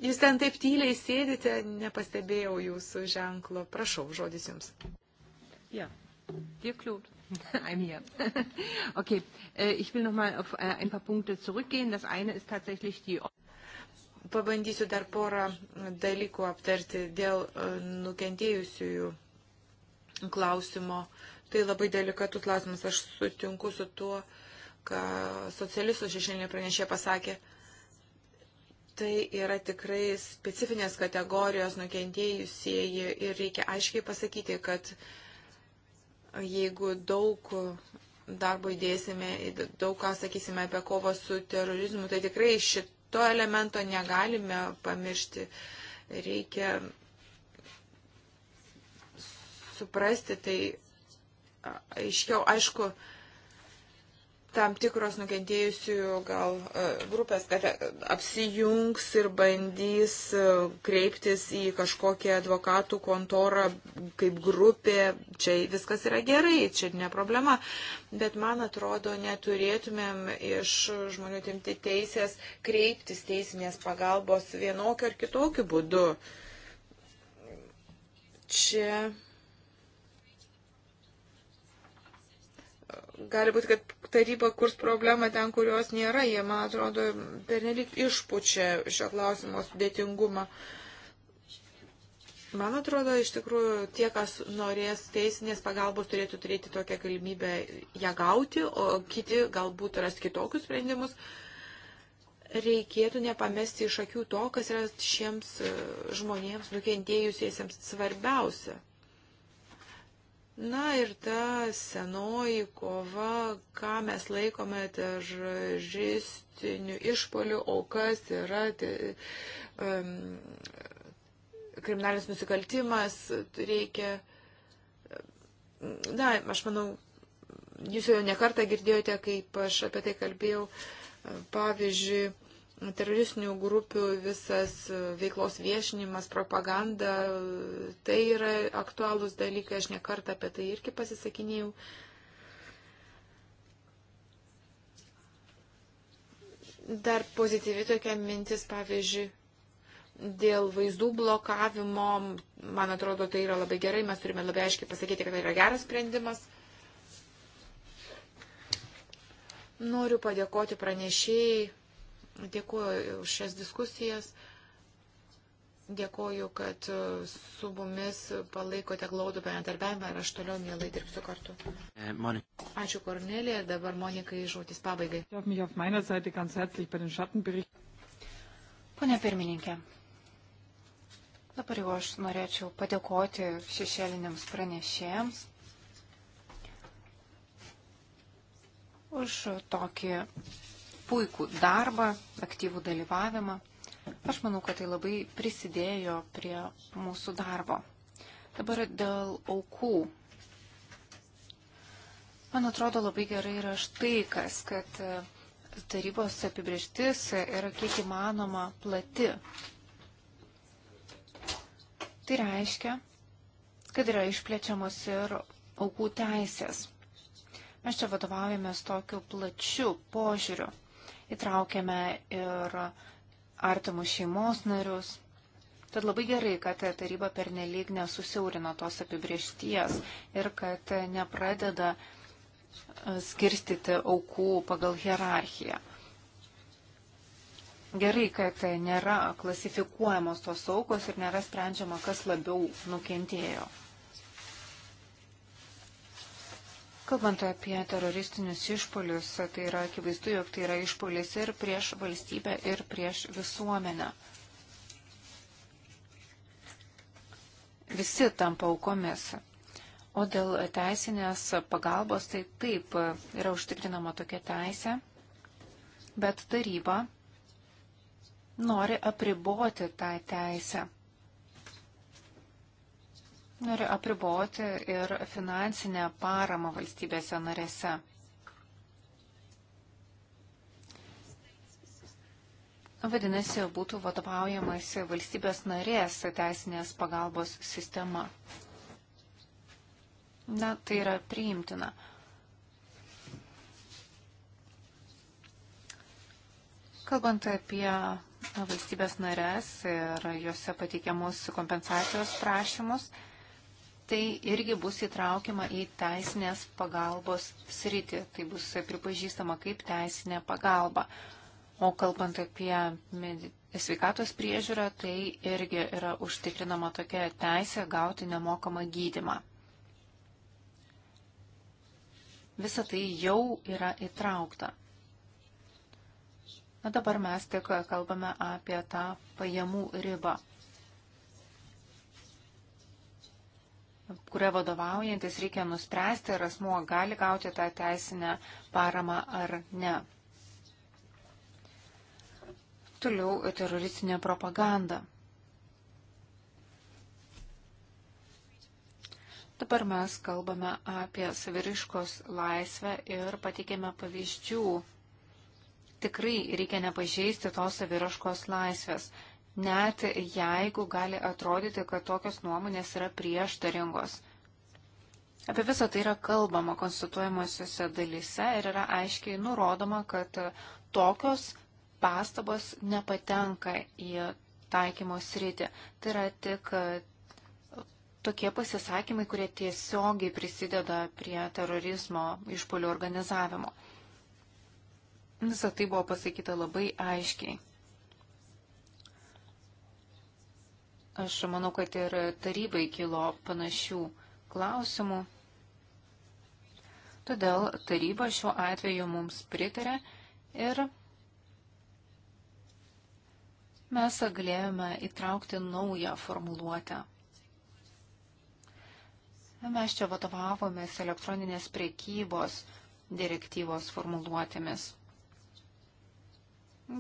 Jūs ten taip tyliai sėdite, nepastebėjau jūsų ženklo. Prašau, žodis jums. Ja, dir klūt. [laughs] I'm here. [laughs] okay, äh, ich will nochmal auf äh, ein paar Punkte zurückgehen. Das eine ist tatsächlich die. Pabandysiu dar porą dalykų aptarti dėl äh, nukentėjusiųjų klausimo Tai labai delikatus klausimas. Aš sutinku su tuo, ką socialistų šešėlinė pranešė pasakė. Tai yra tikrai specifinės kategorijos nukentėjusieji ir reikia aiškiai pasakyti, kad jeigu daug darbo įdėsime, daug ką sakysime apie kovą su terorizmu, tai tikrai šito elemento negalime pamiršti. Reikia suprasti tai aiškiau, aišku, tam tikros nukentėjusių gal e, grupės, kad e, apsijungs ir bandys e, kreiptis į kažkokią advokatų kontorą kaip grupė. Čia viskas yra gerai, čia ne problema. Bet man atrodo, neturėtumėm iš žmonių timti teisės kreiptis teisinės pagalbos vienokiu ar kitokiu būdu. Čia gali būti, kad taryba kurs problemą ten, kurios nėra. Jie, man atrodo, pernelik išpučia šio klausimo sudėtingumą. Man atrodo, iš tikrųjų, tie, kas norės teisinės pagalbos, turėtų turėti tokią galimybę ją gauti, o kiti galbūt ras kitokius sprendimus. Reikėtų nepamesti iš akių to, kas yra šiems žmonėms nukentėjusiesiems svarbiausia. Na ir ta senoji kova, ką mes laikome teržistiniu išpoliu, o kas yra te, um, kriminalinis nusikaltimas, reikia. Na, aš manau, jūs jau nekartą girdėjote, kaip aš apie tai kalbėjau. Pavyzdžiui, teroristinių grupių visas veiklos viešinimas, propaganda, tai yra aktualūs dalykai, aš nekartą apie tai irgi pasisakinėjau. Dar pozityvi tokia mintis, pavyzdžiui, dėl vaizdų blokavimo, man atrodo, tai yra labai gerai, mes turime labai aiškiai pasakyti, kad tai yra geras sprendimas. Noriu padėkoti pranešėjai Dėkuoju už šias diskusijas. Dėkuoju, kad e, su mumis palaikote glaudų bendarbiavimą ir aš toliau mielai dirbsiu kartu. Eh, Monika. Ačiū Kornelija ir dabar Monikai žodis pabaigai. Pone pirmininkė, dabar jau aš norėčiau padėkoti šešėliniams pranešėjams už tokį puikų darbą, aktyvų dalyvavimą. Aš manau, kad tai labai prisidėjo prie mūsų darbo. Dabar dėl aukų. Man atrodo labai gerai yra štai kas, kad e, tarybos apibrieštis yra kiek įmanoma plati. Tai reiškia, kad yra išplečiamos ir aukų teisės. Mes čia vadovaujamės tokiu plačiu požiūriu įtraukėme ir artimus šeimos narius. Tad labai gerai, kad taryba pernelyg nesusiaurino tos apibriešties ir kad nepradeda skirstyti aukų pagal hierarchiją. Gerai, kad nėra klasifikuojamos tos aukos ir nėra sprendžiama, kas labiau nukentėjo. Kalbant apie teroristinius išpolius, tai yra akivaizdu, jog tai yra išpolis ir prieš valstybę, ir prieš visuomenę. Visi tampa aukomis. O dėl teisinės pagalbos, tai taip yra užtikrinama tokia teisė, bet taryba nori apriboti tą teisę nori apriboti ir finansinę paramą valstybėse narėse. Vadinasi, būtų vadovaujamasi valstybės narės teisinės pagalbos sistema. Na, tai yra priimtina. Kalbant apie valstybės narės ir juose pateikiamus kompensacijos prašymus, tai irgi bus įtraukiama į teisinės pagalbos sritį. Tai bus pripažįstama kaip teisinė pagalba. O kalbant apie sveikatos priežiūrą, tai irgi yra užtikrinama tokia teisė gauti nemokamą gydimą. Visa tai jau yra įtraukta. Na dabar mes tik kalbame apie tą pajamų ribą. kuria vadovaujantis reikia nuspręsti, ar asmuo gali gauti tą teisinę paramą ar ne. Toliau teroristinė propaganda. Dabar mes kalbame apie saviriškos laisvę ir pateikėme pavyzdžių. Tikrai reikia nepažeisti tos saviraškos laisvės net jeigu gali atrodyti, kad tokios nuomonės yra prieštaringos. Apie visą tai yra kalbama konstatuojamosiuose dalyse ir yra aiškiai nurodoma, kad tokios pastabos nepatenka į taikymo sritį. Tai yra tik tokie pasisakymai, kurie tiesiogiai prisideda prie terorizmo išpolių organizavimo. Visą tai buvo pasakyta labai aiškiai. Aš manau, kad ir tarybai kilo panašių klausimų. Todėl taryba šiuo atveju mums pritarė ir mes galėjome įtraukti naują formuluotę. Mes čia vadovavomės elektroninės priekybos direktyvos formuluotėmis.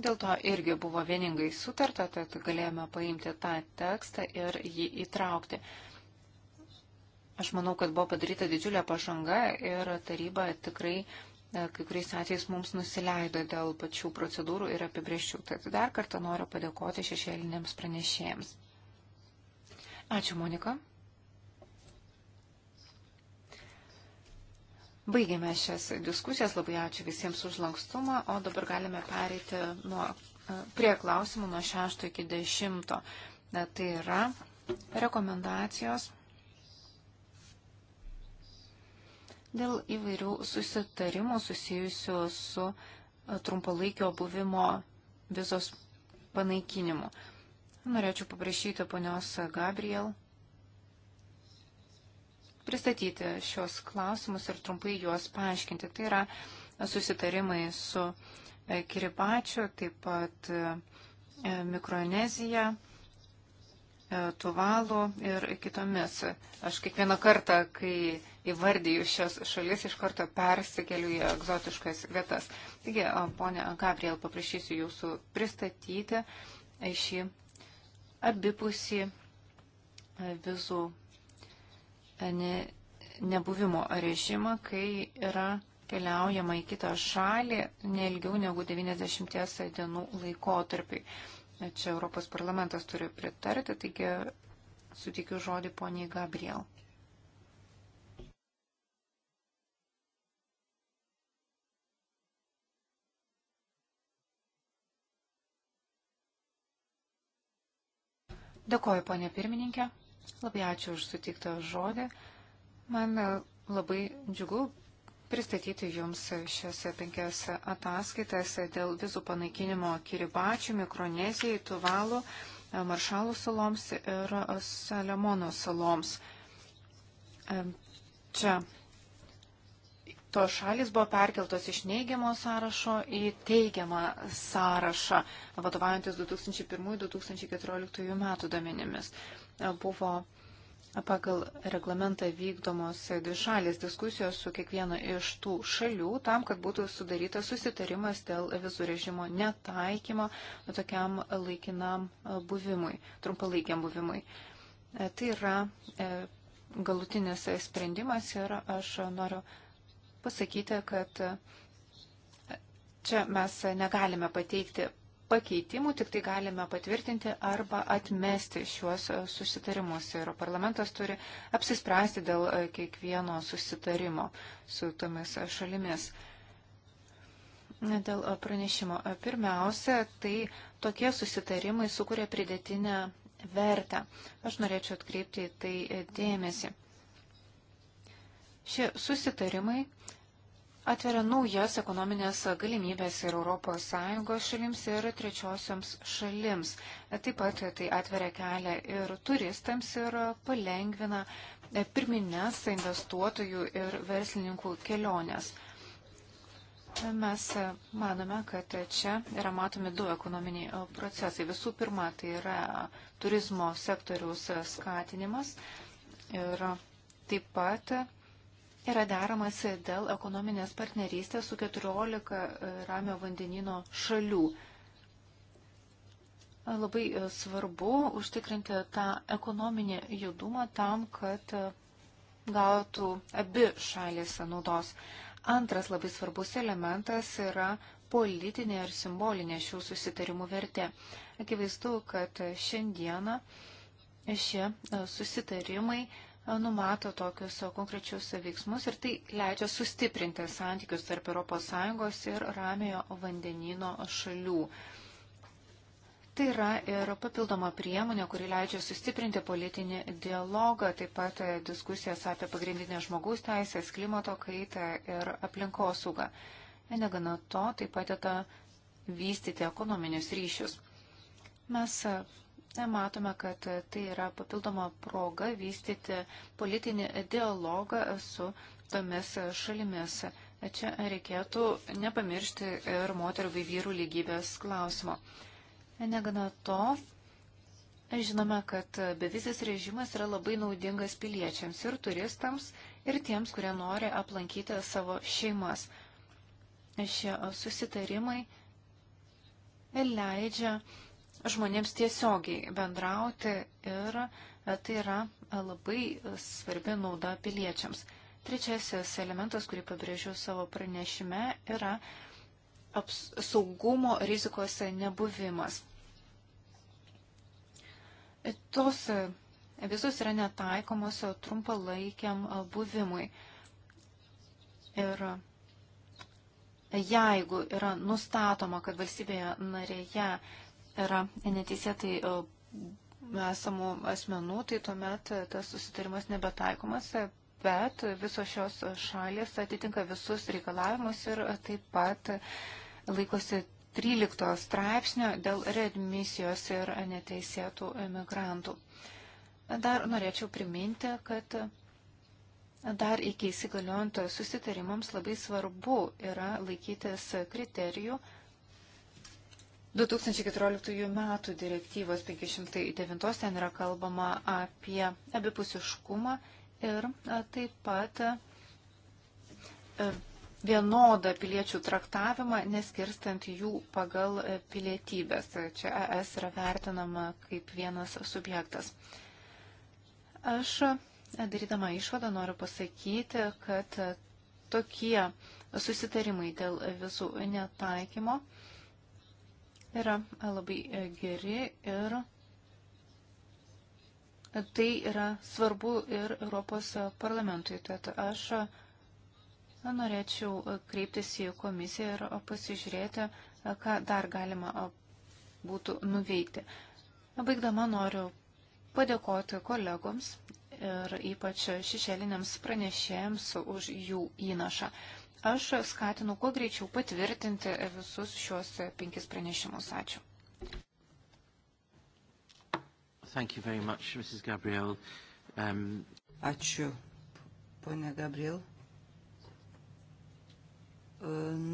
Dėl to irgi buvo vieningai sutarta, tad galėjome paimti tą tekstą ir jį įtraukti. Aš manau, kad buvo padaryta didžiulė pažanga ir taryba tikrai e, kai kuriais atvejais mums nusileido dėl pačių procedūrų ir apibrieščių. Tad dar kartą noriu padėkoti šešėlinėms pranešėjams. Ačiū, Monika. Baigėme šias diskusijas, labai ačiū visiems už lankstumą, o dabar galime pereiti nuo, e, prie klausimų nuo 6 iki 10. E, tai yra rekomendacijos dėl įvairių susitarimų susijusių su e, trumpalaikio buvimo vizos panaikinimu. Norėčiau paprašyti ponios Gabriel pristatyti šios klausimus ir trumpai juos paaiškinti. Tai yra susitarimai su e, Kiribačiu, taip pat e, Mikronezija, e, Tuvalu ir kitomis. Aš kiekvieną kartą, kai įvardyju šios šalis, iš karto persikeliu į egzotiškas vietas. Taigi, ponė Gabriel, paprašysiu jūsų pristatyti šį abipusį vizų E, ne, nebuvimo režimą, kai yra keliaujama į kitą šalį neilgiau negu 90 dienų laikotarpiai. E, čia Europos parlamentas turi pritarti, taigi sutikiu žodį poniai Gabriel. Dėkoju, ponė pirmininkė. Labai ačiū už sutiktą žodį. Man labai džiugu pristatyti Jums šias penkias ataskaitas dėl vizų panaikinimo Kiribačių, Mikronezijai, Tuvalų, Maršalų saloms ir Salemono saloms. Čia tos šalis buvo perkeltos iš neigiamo sąrašo į teigiamą sąrašą, vadovaujantis 2001-2014 metų domenimis buvo pagal reglamentą vykdomos dvišalės diskusijos su kiekviena iš tų šalių tam, kad būtų sudarytas susitarimas dėl vizų režimo netaikymo tokiam laikinam buvimui, trumpalaikiam buvimui. Tai yra e, galutinis sprendimas ir aš noriu pasakyti, kad čia mes negalime pateikti pakeitimų, tik tai galime patvirtinti arba atmesti šiuos e, susitarimus. Ir parlamentas turi apsispręsti dėl e, kiekvieno susitarimo su tomis e, šalimis. Dėl pranešimo. Pirmiausia, tai tokie susitarimai sukuria pridėtinę vertę. Aš norėčiau atkreipti į tai dėmesį. Šie susitarimai atveria naujas ekonominės galimybės ir ES šalims ir trečiosioms šalims. Taip pat tai atveria kelią ir turistams ir palengvina e, pirminės investuotojų ir verslininkų keliones. Mes manome, kad čia yra matomi du ekonominiai e, procesai. Visų pirma, tai yra turizmo sektoriaus skatinimas ir taip pat yra deramasi dėl ekonominės partnerystės su 14 e, ramio vandenino šalių. Labai e, svarbu užtikrinti tą ekonominį judumą tam, kad e, gautų abi šalis naudos. Antras labai svarbus elementas yra politinė ir simbolinė šių susitarimų vertė. Akivaizdu, kad šiandieną šie susitarimai numato tokius konkrečius veiksmus ir tai leidžia sustiprinti santykius tarp ES ir Ramiojo vandenino šalių. Tai yra ir papildoma priemonė, kuri leidžia sustiprinti politinį dialogą, taip pat e, diskusijas apie pagrindinę žmogaus teisės, klimato kaitą ir aplinkosaugą. E, negana to, taip pat yra e, vystyti ekonominius ryšius. Mes matome, kad tai yra papildoma proga vystyti politinį dialogą su tomis šalimis. Čia reikėtų nepamiršti ir moterų bei vyrų lygybės klausimo. Negana to, žinome, kad bevizis režimas yra labai naudingas piliečiams ir turistams, ir tiems, kurie nori aplankyti savo šeimas. Šie susitarimai leidžia žmonėms tiesiogiai bendrauti ir e, tai yra e, labai e, svarbi nauda piliečiams. Trečiasis elementas, kurį pabrėžiu savo pranešime, yra saugumo rizikos nebuvimas. Tos visos yra netaikomos trumpalaikiam buvimui. Ir jeigu yra nustatoma, kad valstybėje narėje yra neteisėtai e, esamų asmenų, tai tuomet e, tas susitarimas nebetaikomas, e, bet visos šios šalis atitinka visus reikalavimus ir taip pat laikosi 13 straipsnio dėl readmisijos ir neteisėtų emigrantų. Dar norėčiau priminti, kad dar iki įsigaliojant susitarimams labai svarbu yra laikytis kriterijų, 2014 m. direktyvos 509 ten yra kalbama apie abipusiškumą ir taip pat vienodą piliečių traktavimą, neskirstant jų pagal pilietybės. Čia ES yra vertinama kaip vienas subjektas. Aš darydama išvadą noriu pasakyti, kad tokie susitarimai dėl visų netaikymo yra labai e, geri ir tai yra svarbu ir Europos parlamentui. Tad aš e, norėčiau e, kreiptis į komisiją ir pasižiūrėti, ką dar galima būtų nuveikti. Baigdama noriu padėkoti kolegoms ir ypač šešėliniams pranešėjams už jų įnašą. Aš skatinu kuo greičiau patvirtinti visus šios penkis pranešimus. Ačiū. Much, um... Ačiū, ponė Gabriel. E,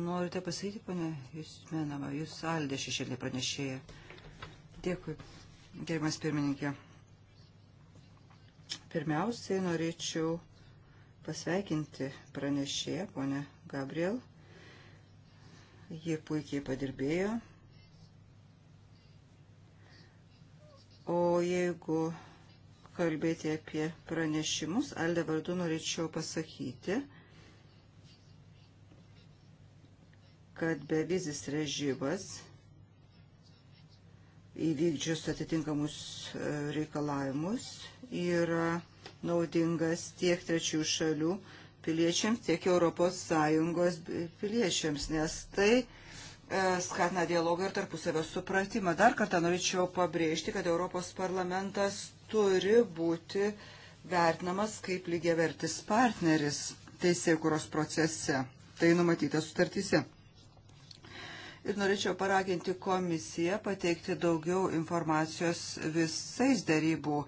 norite pasakyti, ponė, jūs menama, jūs Aldė šešėlė pranešėja. Dėkui, gerimas pirmininkė. Pirmiausiai norėčiau pasveikinti pranešėją, ponę Gabriel. Ji puikiai padirbėjo. O jeigu kalbėti apie pranešimus, Alde vardu norėčiau pasakyti, kad bevizis režimas įvykdžius atitinkamus e, reikalavimus yra naudingas tiek trečių šalių piliečiams, tiek ES piliečiams, nes tai e, skatina dialogą ir tarpusavio supratimą. Dar kartą norėčiau pabrėžti, kad Europos parlamentas turi būti vertinamas kaip lygiavertis partneris teisėkuros procese. Tai numatyta sutartyse. Ir norėčiau paraginti komisiją pateikti daugiau informacijos visais darybų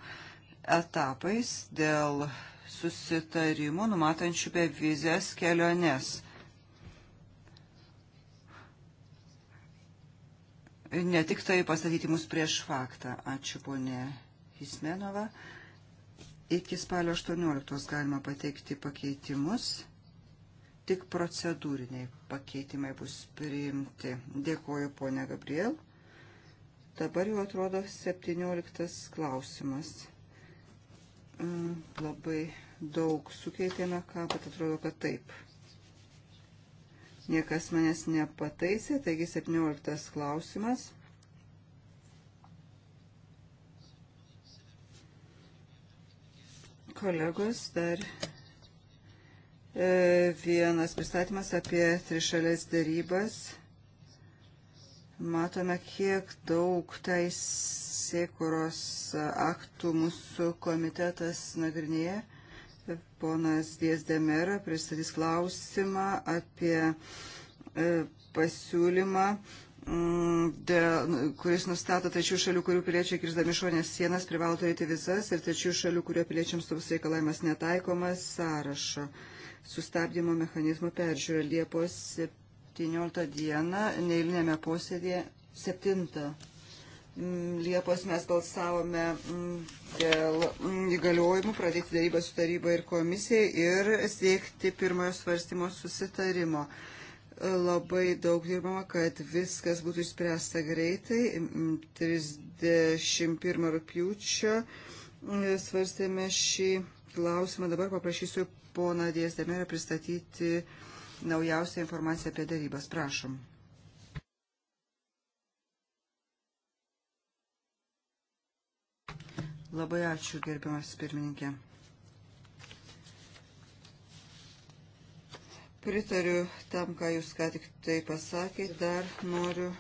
etapais dėl susitarimų numatančių bevizės keliones. Ne tik tai pastatyti mus prieš faktą. Ačiū, ponė Hismenova. Iki spalio 18 galima pateikti pakeitimus. Tik procedūriniai pakeitimai bus priimti. Dėkoju, ponė Gabriel. Dabar jau atrodo 17 klausimas. Mm, labai daug sukeitėme, ką, bet atrodo, kad taip. Niekas manęs nepataisė, taigi 17 klausimas. Kolegos, dar e, vienas pristatymas apie trišalės darybas Matome, kiek daug teisėkuros aktų mūsų komitetas nagrinėja. Ponas Diezdemera pristatys klausimą apie e, pasiūlymą, mm, dėl, kuris nustato trečių šalių, kurių piliečiai kirzdami šonės sienas privalo turėti vizas ir trečių šalių, kurio piliečiams toks reikalavimas netaikomas sąrašo sustabdymo mechanizmo peržiūra Liepos 17 dieną neįlinėme posėdėje 7. Mm, Liepos mes balsavome mm, dėl mm, įgaliojimų pradėti darybą su taryba ir komisija ir siekti pirmojo svarstymo susitarimo labai daug dirbama, kad viskas būtų išspręsta greitai. 31 rūpiučio svarstėme šį klausimą. Dabar paprašysiu poną Dėsdemerą pristatyti uh, naujausią informaciją apie darybas. Prašom. Labai ačiū, gerbiamas pirmininkė. Pritariu tam, ką jūs ką tik tai pasakėte, dar noriu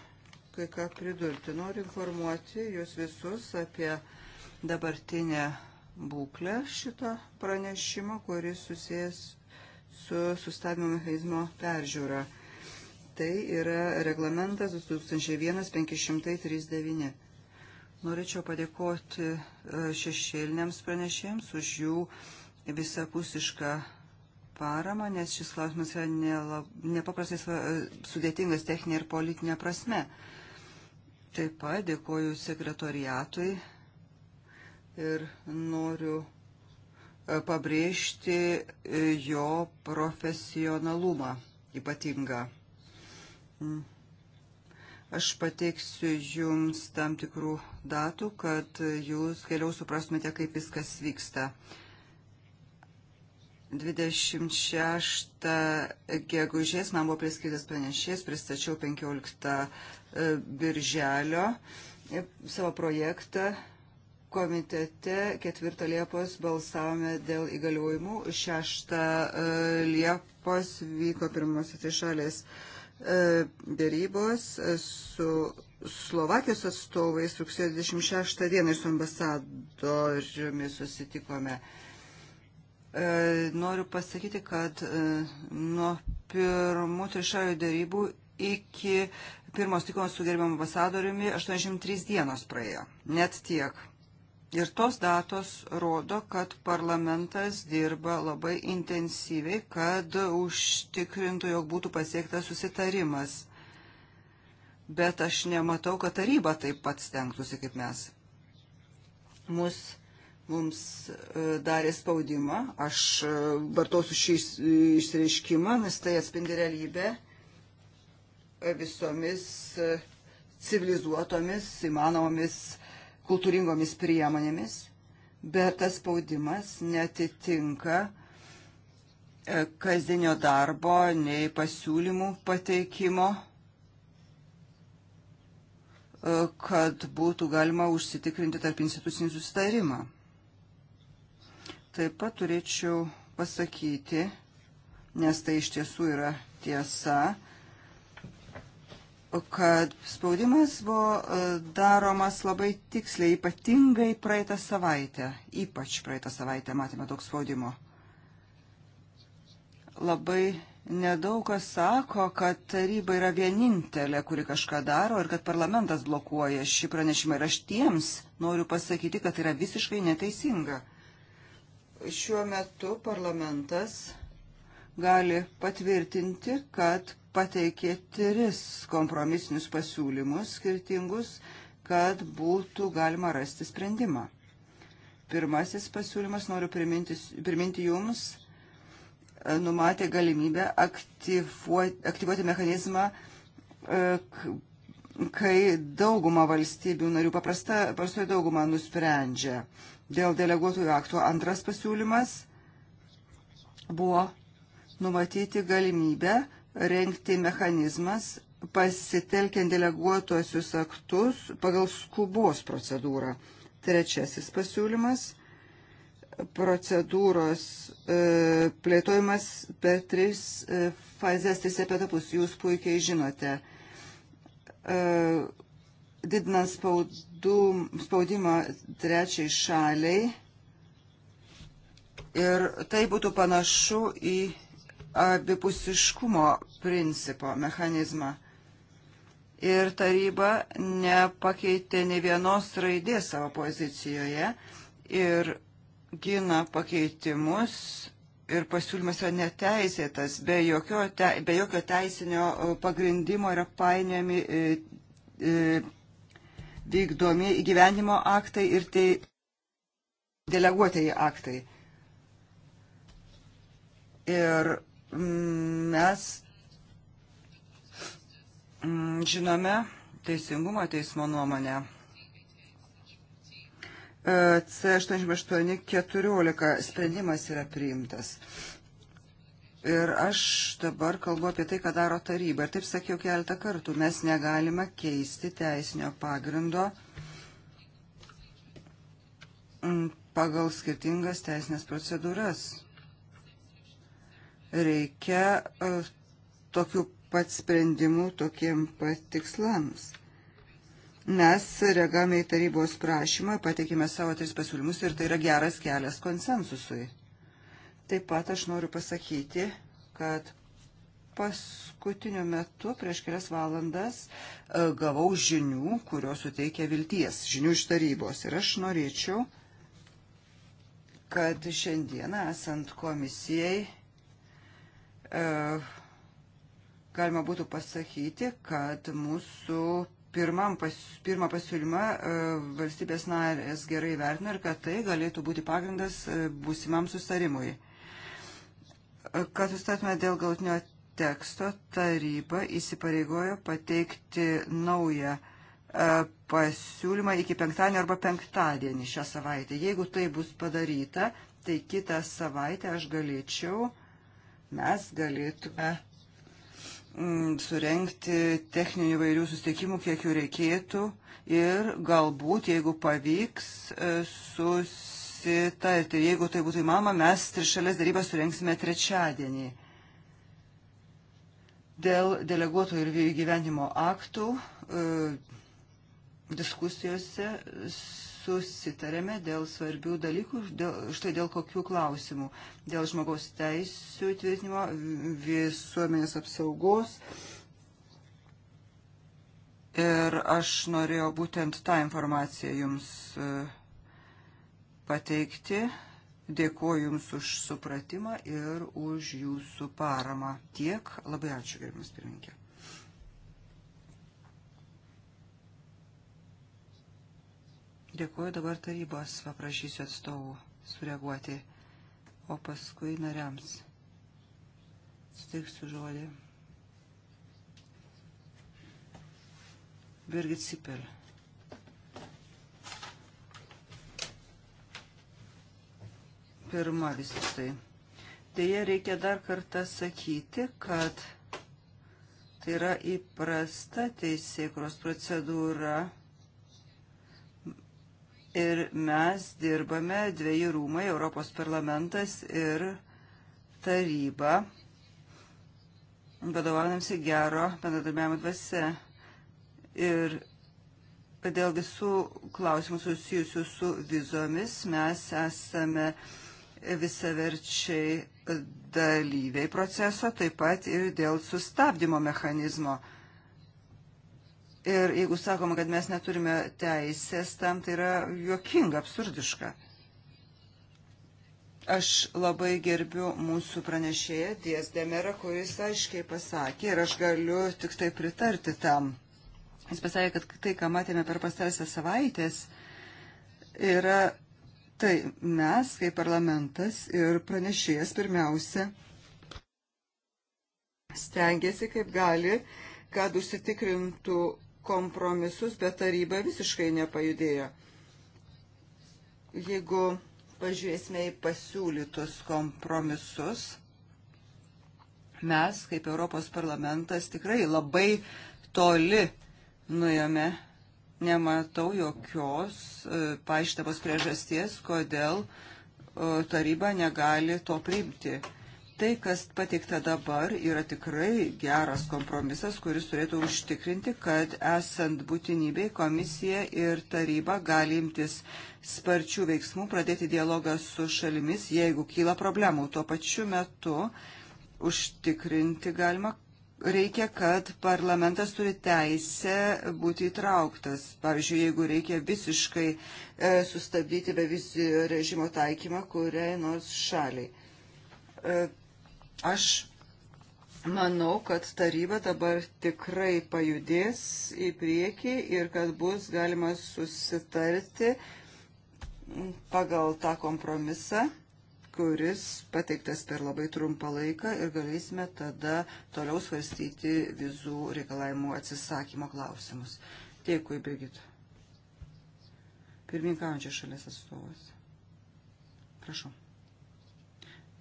kai ką pridurti. Noriu informuoti jūs visus apie dabartinę būklę šito pranešimo, kuris susijęs su sustabdymo mechanizmo peržiūra. Tai yra reglamentas 2001-539. Norėčiau padėkoti e, šešėliniams pranešėjams už jų visapusišką paramą, nes šis klausimas yra nelab, nepaprastai e, sudėtingas techninė ir politinė prasme. Taip pat dėkoju sekretoriatui ir noriu E, pabrėžti e, jo profesionalumą ypatingą. Mm. Aš pateiksiu jums tam tikrų datų, kad jūs geriau suprastumėte, kaip viskas vyksta. 26 gegužės man buvo priskirtas pranešės, pristačiau 15 e, birželio savo projektą komitete 4 Liepos balsavome dėl įgaliojimų, 6 e, Liepos vyko pirmosios trišalės e, dėrybos e, su Slovakijos atstovais rugsėjo 26 dieną ir su ambasadoriumi susitikome. Noriu pasakyti, kad nuo pirmų trišalių dėrybų iki pirmos tikos su gerbiamu ambasadoriumi 83 dienos praėjo. Net tiek. Ir tos datos rodo, kad parlamentas dirba labai intensyviai, kad užtikrintų, jog būtų pasiektas susitarimas. Bet aš nematau, kad taryba taip pat stengtųsi kaip mes. Mus, mums e, darė spaudimą, aš e, vartosiu šį išreiškimą, nes tai atspindi realybę visomis e, civilizuotomis įmanomomis kultūringomis priemonėmis, bet tas spaudimas netitinka e, kasdienio darbo, nei pasiūlymų pateikimo, e, kad būtų galima užsitikrinti tarp institucinį sustarimą. Taip pat turėčiau pasakyti, nes tai iš tiesų yra tiesa, kad spaudimas buvo e, daromas labai tiksliai, ypatingai praeitą savaitę, ypač praeitą savaitę matėme daug spaudimo. Labai nedaug kas sako, kad taryba yra vienintelė, kuri kažką daro ir kad parlamentas blokuoja šį pranešimą. Ir aš tiems noriu pasakyti, kad tai yra visiškai neteisinga. Šiuo metu parlamentas gali patvirtinti, kad pateikė tris kompromisinius pasiūlymus skirtingus, kad būtų galima rasti sprendimą. Pirmasis pasiūlymas, noriu priminti, priminti jums, e, numatė galimybę aktyvuoti, aktyvuoti mechanizmą, e, kai dauguma valstybių narių, paprasta, paprastoji dauguma nusprendžia dėl deleguotojų aktų. Antras pasiūlymas buvo numatyti galimybę renkti mechanizmas pasitelkiant deleguotuosius aktus pagal skubos procedūrą. Trečiasis pasiūlymas - procedūros e, plėtojimas per tris e, fazės, tris etapus. Jūs puikiai žinote. E, didinant spaudų, spaudimą trečiai šaliai. Ir tai būtų panašu į abipusiškumo principo mechanizmą. Ir taryba nepakeitė ne vienos raidės savo pozicijoje ir gina pakeitimus ir pasiūlymas yra neteisėtas, be jokio, te, be jokio teisinio pagrindimo yra painiami e, e, vykdomi įgyvendimo aktai ir tai deleguotieji aktai. Ir Mes mm, žinome teisingumo teismo nuomonę. E, C8814 sprendimas yra priimtas. Ir aš dabar kalbu apie tai, ką daro taryba. Ir taip sakiau keletą kartų, mes negalime keisti teisinio pagrindo mm, pagal skirtingas teisinės procedūras. Reikia e, tokių pat sprendimų tokiem pat tikslams. Mes reagame į tarybos prašymą, pateikime savo tris pasiūlymus ir tai yra geras kelias konsensusui. Taip pat aš noriu pasakyti, kad paskutiniu metu, prieš kelias valandas, e, gavau žinių, kurios suteikia vilties, žinių iš tarybos. Ir aš norėčiau, kad šiandieną esant komisijai E, galima būtų pasakyti, kad mūsų pirmam pas, pirmą pasiūlymą e, valstybės narės gerai vertina ir kad tai galėtų būti pagrindas e, būsimam sustarimui. Kad sustatome dėl galutinio teksto, taryba įsipareigojo pateikti naują pasiūlymą iki penktadienio arba penktadienį šią savaitę. Jeigu tai bus padaryta, tai kitą savaitę aš galėčiau uh, mes galėtume mm, surenkti techninių vairių susitikimų, kiek jų reikėtų ir galbūt, jeigu pavyks, e, susitarti. Jeigu tai būtų įmanoma, mes trišalės darybą surenksime trečiadienį. Dėl deleguotų ir gyvenimo aktų e, diskusijose susitarėme dėl svarbių dalykų, dėl, štai dėl kokių klausimų. Dėl žmogaus teisų įtvirtinimo, visuomenės apsaugos. Ir aš norėjau būtent tą informaciją jums e, pateikti. Dėkuoju Jums už supratimą ir už Jūsų paramą. Tiek. Labai ačiū, gerbimas pirmininkė. Dėkuoju dabar tarybos, paprašysiu atstovų sureaguoti, o paskui nariams. Suteiksiu žodį. Birgit Sipel. Pirma vis tik tai. Deja, reikia dar kartą sakyti, kad tai yra įprasta teisėkros procedūra Ir mes dirbame dviejų rūmai, Europos parlamentas ir taryba, vadovaujamasi gero bendradarbiavimo dvasia. Ir dėl visų klausimų susijusių su vizomis mes esame visaverčiai dalyviai proceso, taip pat ir dėl sustabdymo mechanizmo. Ir jeigu sakoma, kad mes neturime teisės, tam tai yra juokinga, absurdiška. Aš labai gerbiu mūsų pranešėją Dies Demera, kuris aiškiai pasakė ir aš galiu tik tai pritarti tam. Jis pasakė, kad tai, ką matėme per pastarąsias savaitės, yra tai mes, kaip parlamentas ir pranešėjas pirmiausia, stengiasi kaip gali, kad užsitikrintų kompromisus, bet taryba visiškai nepajudėjo. Jeigu pažiūrėsime į pasiūlytus kompromisus, mes, kaip Europos parlamentas, tikrai labai toli nuėjome. Nematau jokios e, paaištavos priežasties, kodėl e, taryba negali to priimti. Tai, kas pateikta dabar, yra tikrai geras kompromisas, kuris turėtų užtikrinti, kad esant būtinybei komisija ir taryba gali imtis sparčių veiksmų, pradėti dialogą su šalimis, jeigu kyla problemų. Tuo pačiu metu užtikrinti galima, reikia, kad parlamentas turi teisę būti įtrauktas. Pavyzdžiui, jeigu reikia visiškai e, sustabdyti bevizį režimo taikymą kuriai nors šaliai. E, Aš manau, kad taryba dabar tikrai pajudės į priekį ir kad bus galima susitarti pagal tą kompromisą kuris pateiktas per labai trumpą laiką ir galėsime tada toliau svarstyti vizų reikalavimų atsisakymo klausimus. Dėkui, Brigita. Pirmininkaujančia šalies atstovas. Prašau.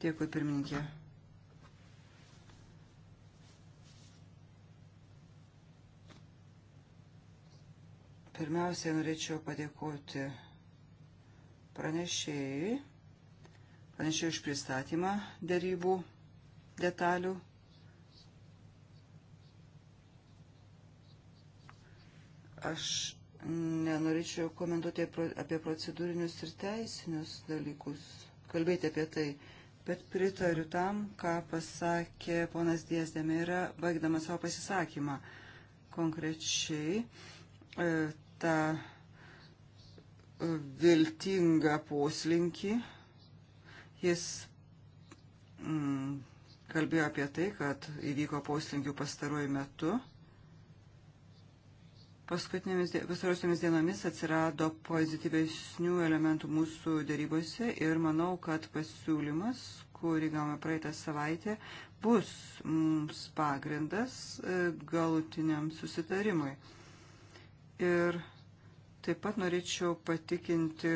Dėkui, pirmininkė. Pirmiausia, norėčiau padėkoti pranešėjai, pranešėjai už pristatymą darybų detalių. Aš nenorėčiau komentuoti apie procedūrinius ir teisinius dalykus, kalbėti apie tai, bet pritariu tam, ką pasakė ponas Diezdėmė, yra baigdamas savo pasisakymą konkrečiai. E, tą e, viltingą poslinkį. Jis mm, kalbėjo apie tai, kad įvyko poslinkių pastaruoju metu. Pastarosiomis dienomis atsirado pozityvesnių elementų mūsų dėrybose ir manau, kad pasiūlymas, kurį gavome praeitą savaitę, bus mums pagrindas e, galutiniam susitarimui. Ir taip pat norėčiau patikinti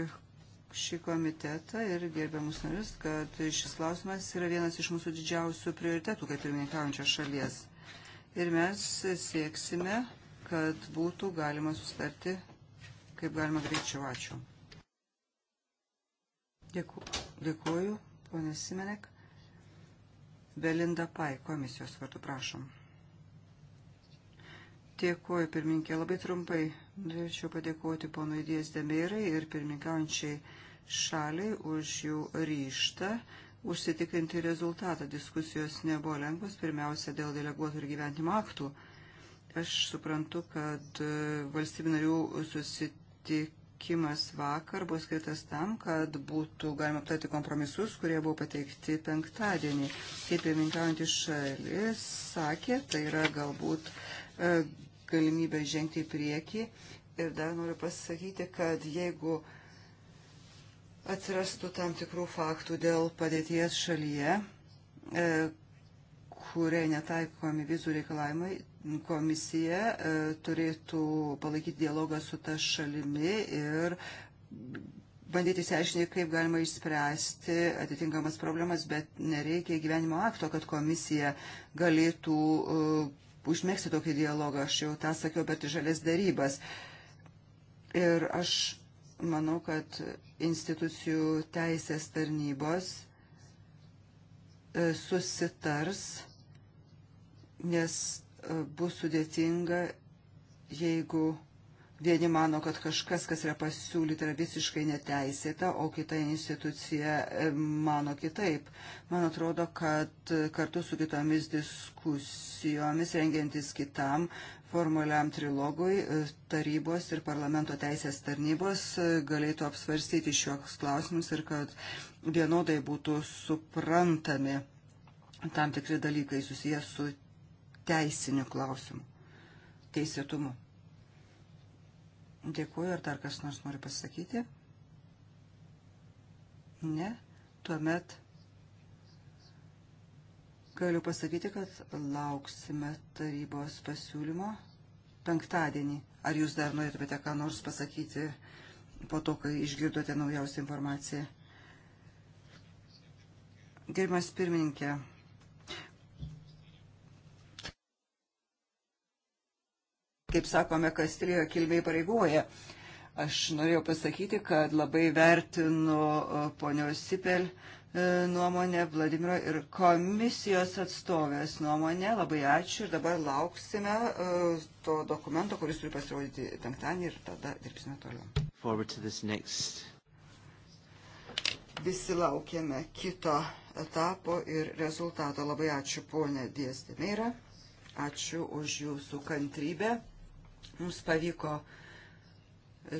šį komitetą ir gerbiamus narius, kad šis klausimas yra vienas iš mūsų didžiausių prioritetų, kaip pirmininkaujančios šalies. Ir mes sieksime, kad būtų galima sustarti kaip galima greičiau. Ačiū. Dėku, dėkuoju, ponė Simenek. Belinda Pai, komisijos vardu, prašom. Dėkuoju, pirminkė. Labai trumpai norėčiau padėkoti ponui Dies Demeirai ir pirmininkaujančiai šaliai už jų ryštą užsitikrinti rezultatą. Diskusijos nebuvo lengvos, pirmiausia, dėl deleguotų ir gyventimo aktų. Aš suprantu, kad e, valstybių narių susitikimas vakar buvo skirtas tam, kad būtų galima aptarti kompromisus, kurie buvo pateikti penktadienį. Kaip pirmininkaujantį šalis sakė, tai yra galbūt e, galimybę žengti į priekį. Ir dar noriu pasakyti, kad jeigu atsirastų tam tikrų faktų dėl padėties šalyje, e, kuriai netaikomi vizų reikalavimai, komisija e, turėtų palaikyti dialogą su ta šalimi ir bandyti įsiaiškinti, kaip galima išspręsti atitinkamas problemas, bet nereikia gyvenimo akto, kad komisija galėtų e, užmėgsti tokį dialogą, aš jau tą sakiau per žalės darybas. Ir aš manau, kad institucijų teisės tarnybos e, susitars, nes e, bus sudėtinga, jeigu Vieni mano, kad kažkas, kas yra pasiūlyta, yra visiškai neteisėta, o kita institucija e, mano kitaip. Man atrodo, kad kartu su kitomis diskusijomis, rengiantis kitam formuliam trilogui, e, tarybos ir parlamento teisės tarnybos e, galėtų apsvarstyti šios klausimus ir kad vienodai būtų suprantami tam tikri dalykai susijęs su teisiniu klausimu, teisėtumu. Dėkuoju, ar dar kas nors nori pasakyti? Ne? Tuomet galiu pasakyti, kad lauksime tarybos pasiūlymo penktadienį. Ar jūs dar norėtumėte ką nors pasakyti po to, kai išgirdote naujausią informaciją? Gerimas pirmininkė. kaip sakome, Kastilijo kilmė pareigoja. Aš norėjau pasakyti, kad labai vertinu e, ponios Sipel e, nuomonę Vladimiro ir komisijos atstovės nuomonę. Labai ačiū ir dabar lauksime e, to dokumento, kuris turi pasirodyti penktadienį ir tada dirbsime toliau. Visi laukiame kito etapo ir rezultato. Labai ačiū ponė Dėstėmeira. Ačiū už jūsų kantrybę. Mums pavyko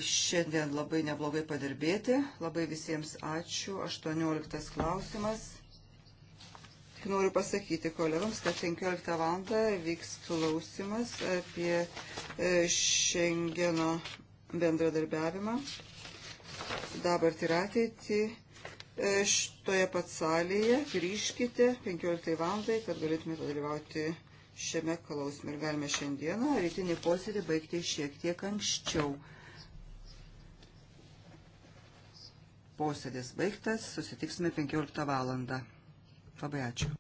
šiandien labai neblogai padirbėti. Labai visiems ačiū. 18 klausimas. Tik noriu pasakyti kolegams, kad 15 val. vyks klausimas apie e, Šengeno bendradarbiavimą. Dabar ir tai ateitį. E, šitoje pat salėje grįžkite 15 val. kad galėtumėte dalyvauti šiame klausime ir galime šiandieną rytinį posėdį baigti šiek tiek anksčiau. Posėdis baigtas, susitiksime 15 valandą. Labai ačiū.